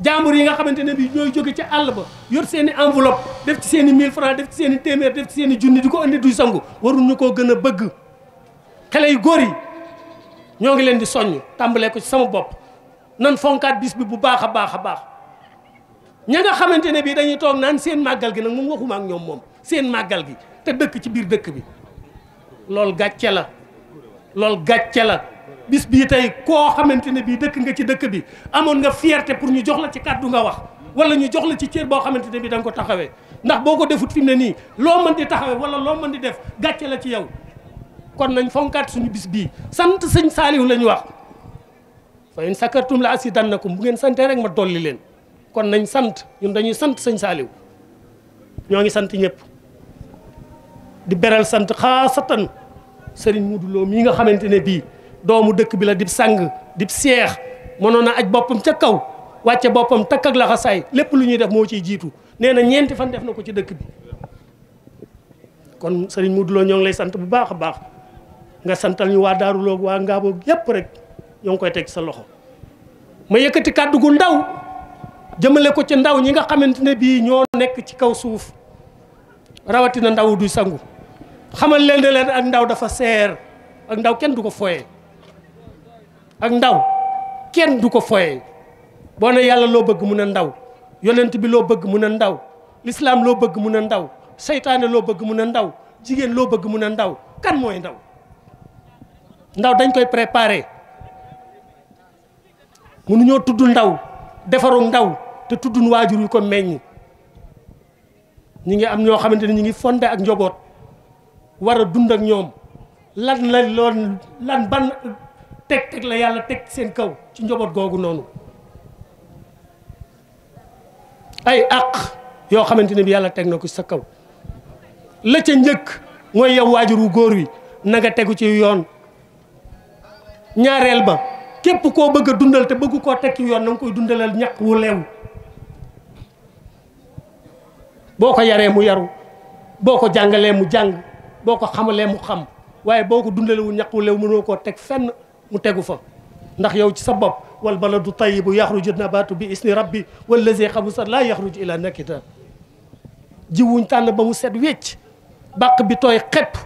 jaambur yi nga xamante ne bi ñooy jóge ci àll ba yor seen i enveloppe def ci seen i 1000 francs def ci seen i téeméer def ci seen i junni di ko andi duy sangu waruñu koo gën a bëgg xale yu góor yi ñoo ngi leen di soññ tàmbalee ko ci sama bopp nan fonkaat bis bi bu baax a baax a baax ña nga xamante ne dañuy toog naan seen màggal gi nag moom waxuma ak ñoom moom seen màggal gi te dëkk ci biir dëkk bi loolu gàcce la loolu gàcce la bis bi tey koo xamante ne bii dëkk nga ci dëkk bi amoon nga fierté pour ñu jox la ci kàddu nga wax wala ñu jox la ci cër boo xamante ne bii da nga ko taxawee ndax boo ko defut fi mu ne mën di taxawee wala loo mën di def gàcce la ci yow kon nañ fonkat suñu bis bi sant señ saalihu lañ wax fa in sakartum la asidannakum bu ngeen santé rek ma dolli len kon nañ sant ñun dañuy sant señ saalihu ñoo ngi sant ñepp di beral sant khasatan señ Mudu Lo mi nga xamantene bi doomu dekk bi la dip sang dip cheikh monona aj bopam ca kaw wacce bopam tak ak xay lepp lu ñuy def mo ci jitu neena fan def nako ci dekk bi kon sëriñ Mudu Lo ñong lay sant bu nga santal ñu waa Daaru Loog waa Ngaaboog yépp rek ñoo ngi koy teg sa loxo ma yëkkati kàddu gu ndaw jëmale ko ci ndaw ñi nga xamante ne bii ñoo nekk ci kaw suuf rawatina ndaw du sangu xamal leen ne ak ndaw dafa seer ak ndaw kenn du ko foye ak ndaw kenn du ko foye boo ne yàlla loo bëgg mun a ndaw yonent bi loo bëgg mun a ndaw lislaam loo bëgg mun a ndaw seytaane loo bëgg mun a ndaw jigéen loo bëgg mun a ndaw kan mooy ndaw ndaw dañ koy préparer mënuñoo tudd ndaw defaru ndaw te tuddun waajur yu ko meññ ñi ngi am ñoo xamante ne ñu ngi fonde ak njaboot war a dund ak ñoom lan la loon lan ban teg teg la yàlla teg seen kaw ci njaboot googu noonu ay àq yoo xamante ne bi yàlla teg na ko sa kaw la ca njëkk mooy yow waajur wu góor wi na tegu ci yoon ñaareel ba képp koo bëgg a dundal te bëggu koo tekki yoon na nga koy dundalal ñaq wu leew boo ko yaree mu yaru boo ko jàngalee mu jàng boo ko xamalee mu xam waaye boo ko dundalewul ñaq wu leew mënoo koo teg fenn mu tegu fa ndax yow ci sa bopp wal baladu tayibu yaxruju nabaatu bi rab bi isni see wallazi sa laa yaxruju ila nakita jiwuñ tànn ba mu set wecc bàq bi tooy xepp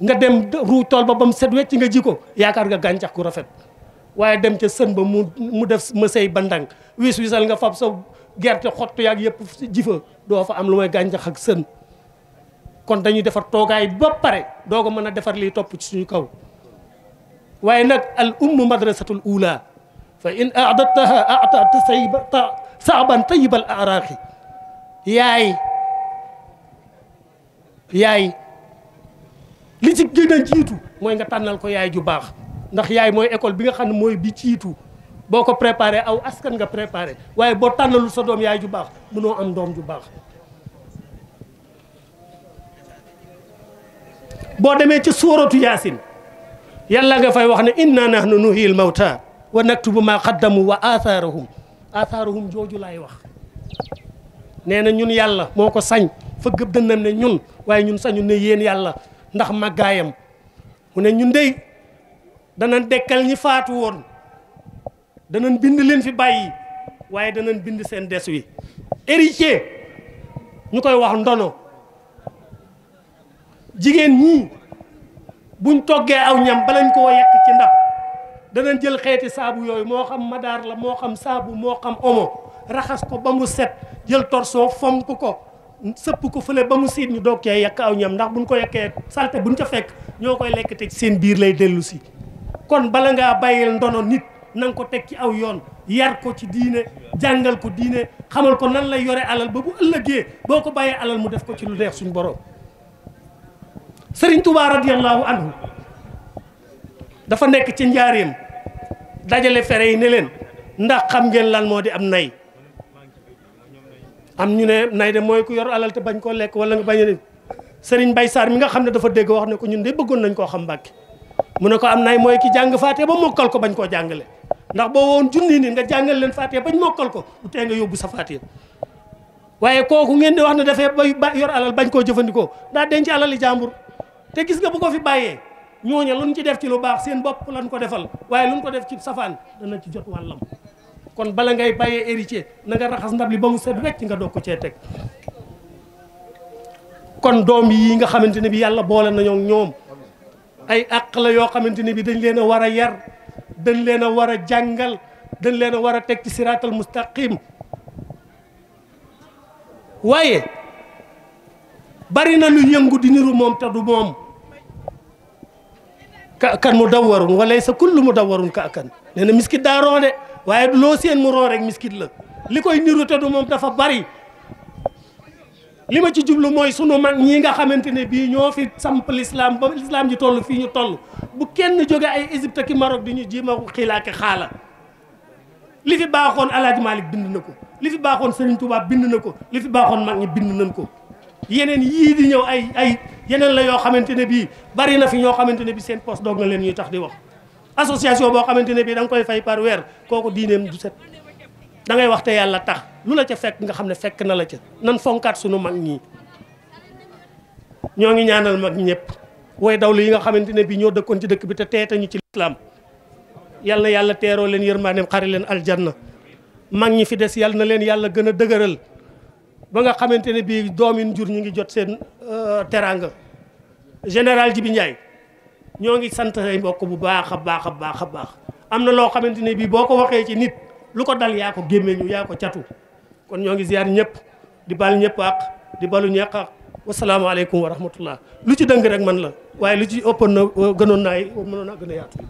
nga dem ruu tool ba ba mu set wecc nga ji ko yaakaar nga gàncax gu rafet waaye dem ca sën ba mu mu ma mësey ba ndànk wis wisal nga fab sa gerte xottu yaag yëpp ji doo fa am lu may gàncax ak sën kon dañuy defar toogaay ba pare doo ko mën a defar lii topp ci suñu kaw waaye nag al ummu madrasatul ula fa in aadataha atata sayba saaban tayibal araaqi yaay yaay li ci gën a jiitu mooy nga tànnal ko yaay ju baax ndax yaay mooy école bi nga xam ne mooy bi jiitu boo ko préparé aw askan nga préparé waaye boo tànnalul sa doom yaay ju baax mënoo am doom ju baax. boo demee ci suuratu yaasin yàlla nga fay wax ne inna nahnu nuhyil mawta wa naktubu ma qaddamu wa aathaarahum aathaarahum jooju lay wax nee na ñun yàlla moo ko sañ fa gëb ne ñun waaye ñun sañu ne yéen yàlla ndax màggaayam mu ne ñu dey danañ dekkal ñi faatu woon danañ bind leen fi bàyyi waaye danañ bind seen des wi héritier ñu koy wax ndono jigéen ñii buñ toggee aw ñam balañ koo yekk ci ndax danañ jël xeeti saabu yooyu moo xam madaar la moo xam saabu moo xam omo raxas ko ba mu set jël torso fomk ko sëpp ko fële ba mu siit ñu doog cee yàq aw ñam ndax buñ ko yàqee salte buñ ca fekk ñoo koy lekk te seen biir lay dellu kon bala ngaa bàyyil ndono nit na ko teg ci aw yoon yar ko ci diine jàngal ko diine xamal ko nan lay yore alal ba bu ëllëgee boo ko bàyyee alal mu def ko ci lu neex suñu borom sëriñ Tuubaa radiyallahu anhu dafa nekk ci njaareem dajale fere yi ne leen ndax xam ngeen lan moo di am nay am ñu ne nay de mooy ku yor alal te bañ koo lekk wala nga bañ a seriñ bay Saar mi nga xam ne dafa dégg wax ne ko ñun de bëggoon nañ koo xam Mbàkke mu ne ko am nay mooy ki jàng faatee ba mokkal ko bañ koo jàngale ndax boo woon junni ni nga jàngal leen faatee bañ mokkal ko du tee nga yóbbu sa faatee waaye kooku ngeen di wax ne dafay ba yor alal bañ koo jëfandikoo daa denc alali jàmbur te gis nga bu ko fi bàyyee lu luñ ci def ci lu baax seen bopp lañ ko defal waaye luñ ko def ci safaan dana ci jot wàllam kon bala ngay baye héritier na nga raxas ndab li ba mu set wecc nga doog ko cee teg kon dom yi nga xamanteni ne bi yàlla boole nañoo ñom ay àq la yoo bi dañ leena wara yar dañ leena wara jangal dañ leena wara tek ci siratal mustaqim waye bari na lu yëngu di niru mom ta du mom ka kan mu dawarun walay kullu mu ka kan nee miski daaroo de waaye loo seen mu rek miskit la li koy niru te du moom dafa bari li ma ci jublu mooy sunu mag ñii nga xamante ne bii ñoo fi samp lislaam ba lislaam ji toll fii ñu toll bu kenn jóge ay Égypte ki Maroc di ñu jéem a xaala li fi baaxoon Alaaji Malick bind na ko li fi baaxoon Serigne tubaab bind na ko li fi baaxoon mag ñi bind nañ ko yeneen yii di ñëw ay ay yeneen la yoo xamante ne bii bari na fi ñoo xamante ne bii seen poste doog na leen ñuy tax di association bo xamante bi dang koy fay par wer koku dinem du set da ngay wax te yalla tax lu la ca fek nga xamne fek na la ca nan fonkat sunu mag ñii ñoo ngi ñaanal mag ñepp way dawlu yi nga xamante bi ñoo dekkon ci dekk bi te teete ñu ci islam yalla yalla tero len yermane xari len aljanna mag ñi fi dess yalla na len yalla gëna degeural ba nga xamante bi doomin jur ñu ngi jot sen euh, teranga general Jibi Ndiaye ñoo ngi sant say mbokk bu baax a baax a baax a baax am na loo xamante ne bii boo ko waxee ci nit lu ko dal yaa ko gémmeñu yaa ko catu kon ñoo ngi ziar ñëpp di bal ñëpp ak di balu ñeq ak wasalaamaaleykum wa rahmatullah lu ci dëng rek man la waaye lu ci ëppoon na gënoon naay mënoon a gën a yaatu